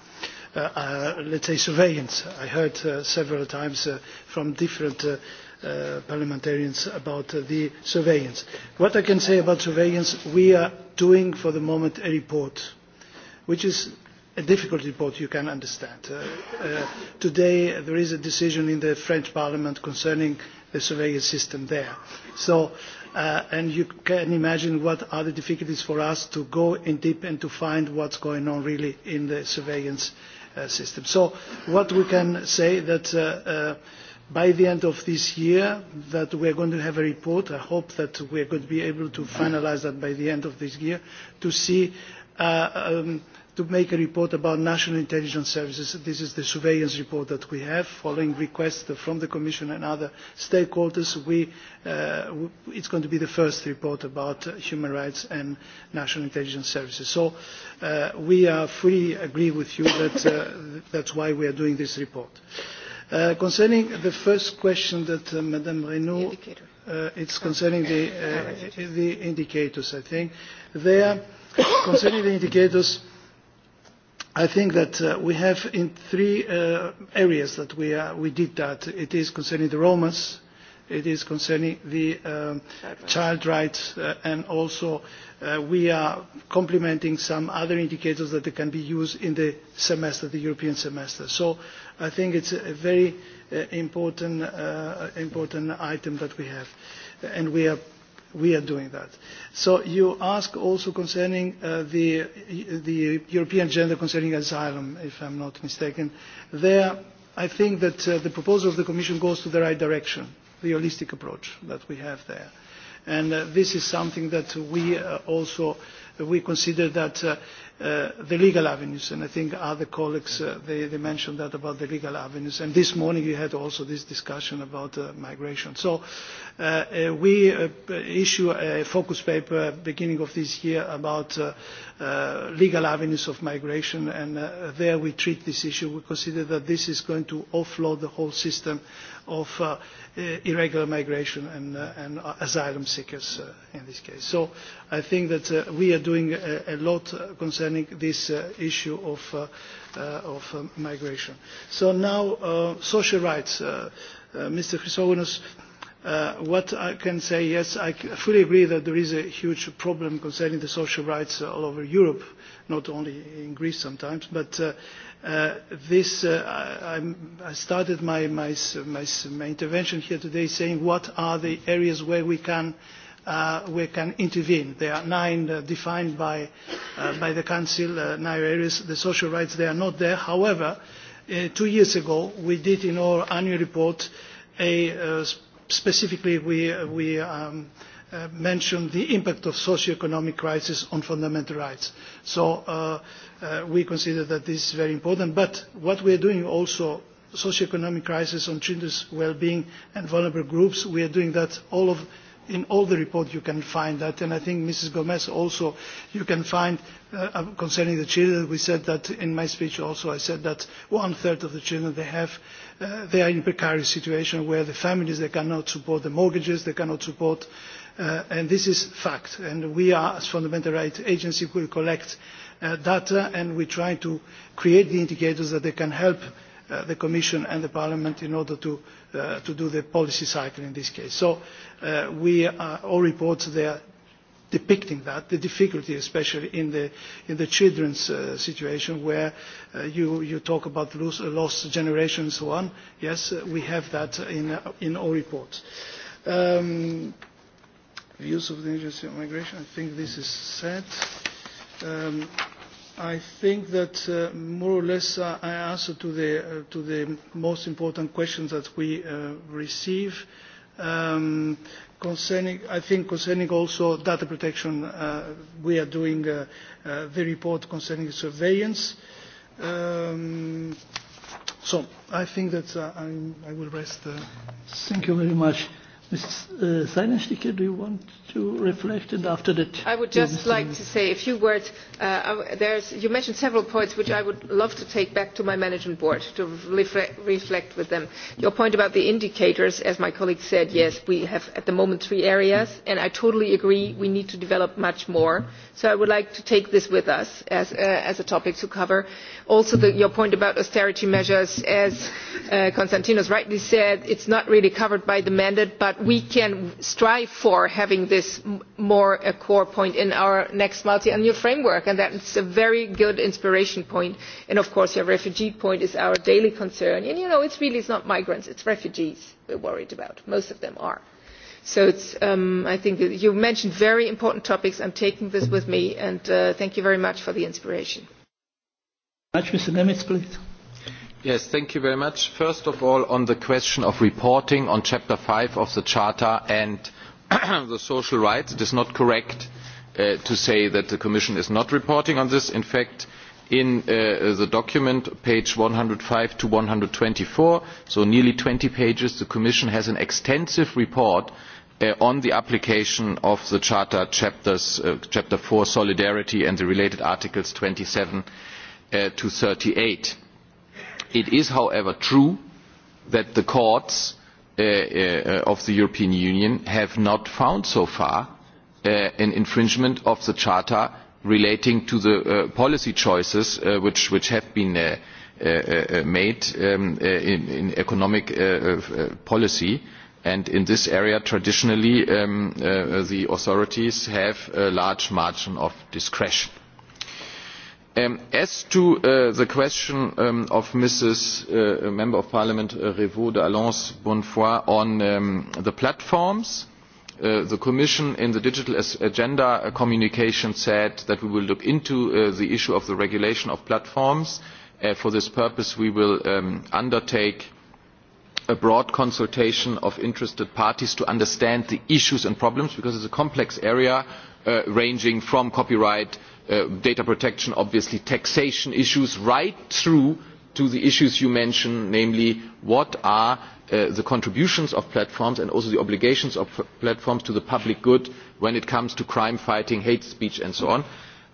Uh, uh, let's say surveillance. I heard uh, several times uh, from different uh, uh, parliamentarians about uh, the surveillance. What I can say about surveillance, we are doing for the moment a report, which is a difficult report you can understand. Uh, uh, today there is a decision in the French Parliament concerning the surveillance system there. So, uh, and you can imagine what are the difficulties for us to go in deep and to find what's going on really in the surveillance uh, system. So what we can say that uh, uh, by the end of this year that we are going to have a report. I hope that we are going to be able to finalise that by the end of this year to see uh, um, to make a report about national intelligence services. This is the surveillance report that we have, following requests from the Commission and other stakeholders. We, uh, it's going to be the first report about uh, human rights and national intelligence services. So uh, we are fully agree with you that uh, that's why we are doing this report. Uh, concerning the first question that uh, Madame Renault, uh, it's concerning the, uh, the indicators, I think. There, concerning the indicators, i think that uh, we have in three uh, areas that we, uh, we did that. It is concerning the Romans, it is concerning the um, child rights, uh, and also uh, we are complementing some other indicators that can be used in the semester, the European semester. So I think it's a very uh, important, uh, important item that we have, and we are we are doing that. So you ask also concerning uh, the, the European agenda concerning asylum, if I'm not mistaken. There, I think that uh, the proposal of the Commission goes to the right direction, the holistic approach that we have there. And uh, this is something that we uh, also we consider that uh, Uh, the legal avenues, and I think other colleagues, uh, they, they mentioned that about the legal avenues. And this morning we had also this discussion about uh, migration. So uh, uh, we uh, issue a focus paper beginning of this year about uh, uh, legal avenues of migration, and uh, there we treat this issue. We consider that this is going to offload the whole system of uh, uh, irregular migration and, uh, and uh, asylum seekers uh, in this case. So I think that uh, we are doing a, a lot uh, concerning this uh, issue of, uh, uh, of um, migration. So now, uh, social rights. Uh, uh, Mr. Chrysogonos, Uh, what I can say, yes, I fully agree that there is a huge problem concerning the social rights all over Europe, not only in Greece sometimes, but uh, Uh, this, uh, I started my, my, my, my intervention here today saying what are the areas where we can, uh, we can intervene. There are nine uh, defined by, uh, by the Council, uh, nine areas. The social rights, they are not there. However, uh, two years ago, we did in our annual report a, uh, specifically we, uh, we um, uh, mentioned the impact of socio-economic crisis on fundamental rights. So uh, Uh, we consider that this is very important. But what we are doing also, socio economic crisis on children's well-being and vulnerable groups, we are doing that all of, in all the reports you can find that. And I think Mrs. Gomez also, you can find uh, uh, concerning the children, we said that in my speech also, I said that one-third of the children they have Uh, they are in a precarious situation where the families they cannot support the mortgages they cannot support uh, and this is a fact and we are as fundamental rights agency will collect uh, data and we try to create the indicators that they can help uh, the Commission and the Parliament in order to, uh, to do the policy cycle in this case. So uh, we uh, all reports there depicting that, the difficulty especially in the, in the children's uh, situation where uh, you, you talk about lose, uh, lost generation and so on. Yes, uh, we have that in, in all reports. Um, views of the agency of migration, I think this is said. Um, I think that uh, more or less uh, I answered to the, uh, to the most important questions that we uh, receive. Um, concerning, I think concerning also data protection, uh, we are doing uh, uh, the report concerning surveillance. Um, so I think that uh, I, I will rest. Uh, Thank you very much. Mrs. Uh, Seinensticker, do you want to reflect? And after that, I would just like to say a few words. Uh, there's, you mentioned several points which I would love to take back to my management board to reflect, reflect with them. Your point about the indicators, as my colleague said, yes, we have at the moment three areas, and I totally agree we need to develop much more. So I would like to take this with us as, uh, as a topic to cover. Also, the, your point about austerity measures, as uh, Konstantinos rightly said, it's not really covered by the mandate, but we can strive for having this more a core point in our next multiannual framework and that is a very good inspiration point and of course your refugee point is our daily concern and you know is really not migrants is refugees are worried about most of them are so it's um, I think you mentioned very important topics I'm taking this with me and uh, thank you very much for the inspiration Mr. Nemitz please thank you very much. First of all, on the question of reporting on Chapter five of the Charter and the social rights, it is not correct uh, to say that the Commission is not reporting on this. In fact, in uh, the document, pages one hundred and five to one hundred and twenty four, so nearly twenty pages, the Commission has an extensive report uh, on the application of the charter chapters chapter four solidarity and the related articles twenty seven to thirty eight It is, however, true that the courts uh, uh, uh, of the European Union have not found so far an infringement of the Charter relating to the policy choices which, have been made um, in, economic policy. And in this area, traditionally, um, the authorities have a large margin of discretion. Um, as to uh, the question um, of Ms uh, Member of Parliament uh, Revaux d'Alence Bonnefoy on um, the platforms, uh, the Commission in the Digital Agenda communication said that we will look into the issue of the regulation of platforms. for this purpose, we will undertake a broad consultation of interested parties to understand the issues and problems because it is a complex area ranging from copyright Uh, data protection obviously taxation issues right through to the issues you mentioned namely what are uh, the contributions of platforms and also the obligations of platforms to the public good when it comes to crime fighting hate speech and so on.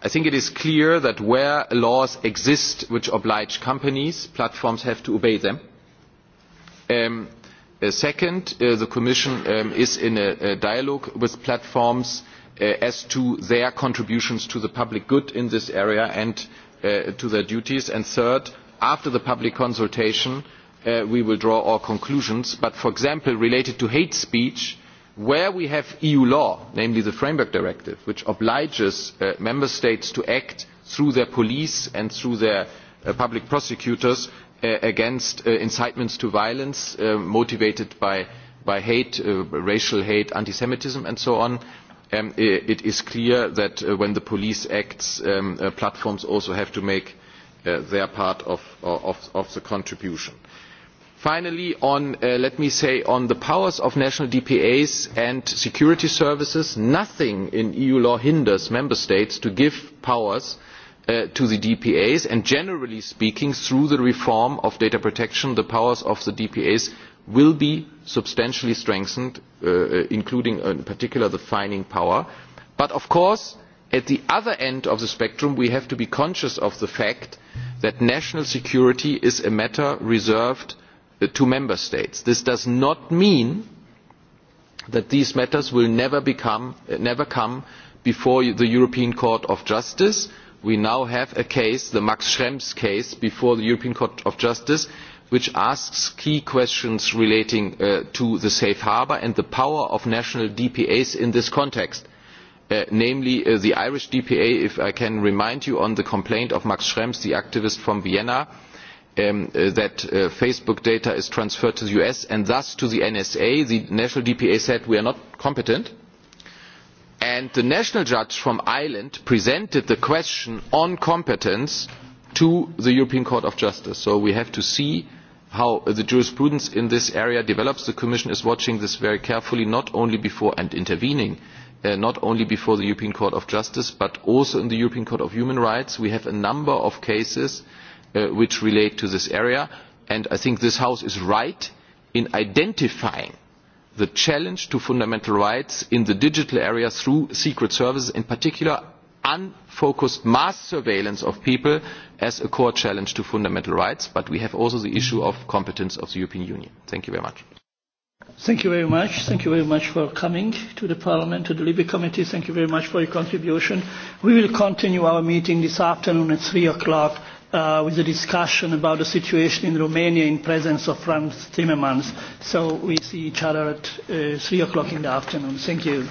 i think it is clear that where laws exist which oblige companies platforms have to obey them. Um, uh, second the commission um, is in a dialogue with platforms Uh, as to their contributions to the public good in this area and uh, to their duties. And third, after the public consultation, uh, we will draw our conclusions. But, for example, related to hate speech, where we have EU law, namely the Framework Directive, which obliges member states to act through their police and through their public prosecutors against incitements to violence motivated by hate, racial hate, anti-Semitism, and so on, Um, it, is clear that uh, when the police acts, um, uh, platforms also have to make uh, their part of, the contribution. Finally, let me say on the powers of national DPAs and security services, nothing in EU law hinders member states from giving powers to the dpas and generally speaking through the reform of data protection the powers of the dpas will be substantially strengthened, uh, uh including uh, in particular the fining power. But of course, at the other end of the spectrum, we have to be conscious of the fact that national security is a matter reserved uh, to member states. This does not mean that these matters will never, become, never come before the European Court of Justice. We now have a case, the Max Schrems case, before the European Court of Justice, which asks key questions relating uh, to the safe harbour and the power of national dpas in this context uh, namely uh, the irish dpa if i can remind you on the complaint of max schrems the activist from vienna um, that facebook data is transferred to the us and thus to the nsa the national dpa said we are not competent and the national judge from ireland presented the question on competence to the european court of justice so we have to see how the jurisprudence in this area develops. The Commission is watching this very carefully, not only before and intervening, uh, not only before the European Court of Justice, but also in the European Court of Human Rights. We have a number of cases uh, which relate to this area, and I think this House is right in identifying the challenge to fundamental rights in the digital area through secret services in particular unfocused mass surveillance of people as a core challenge to fundamental rights but we have also the issue of competence of the european union. thank you very much. Thank you very much. Thank you very much for coming to the Parliament, to the Libe Committee. Thank you very much for your contribution. We will continue our meeting this afternoon at three o'clock uh, with a discussion about the situation in Romania in presence of Franz Timmermans. So we see each other at uh, 3 o'clock in the afternoon. Thank you.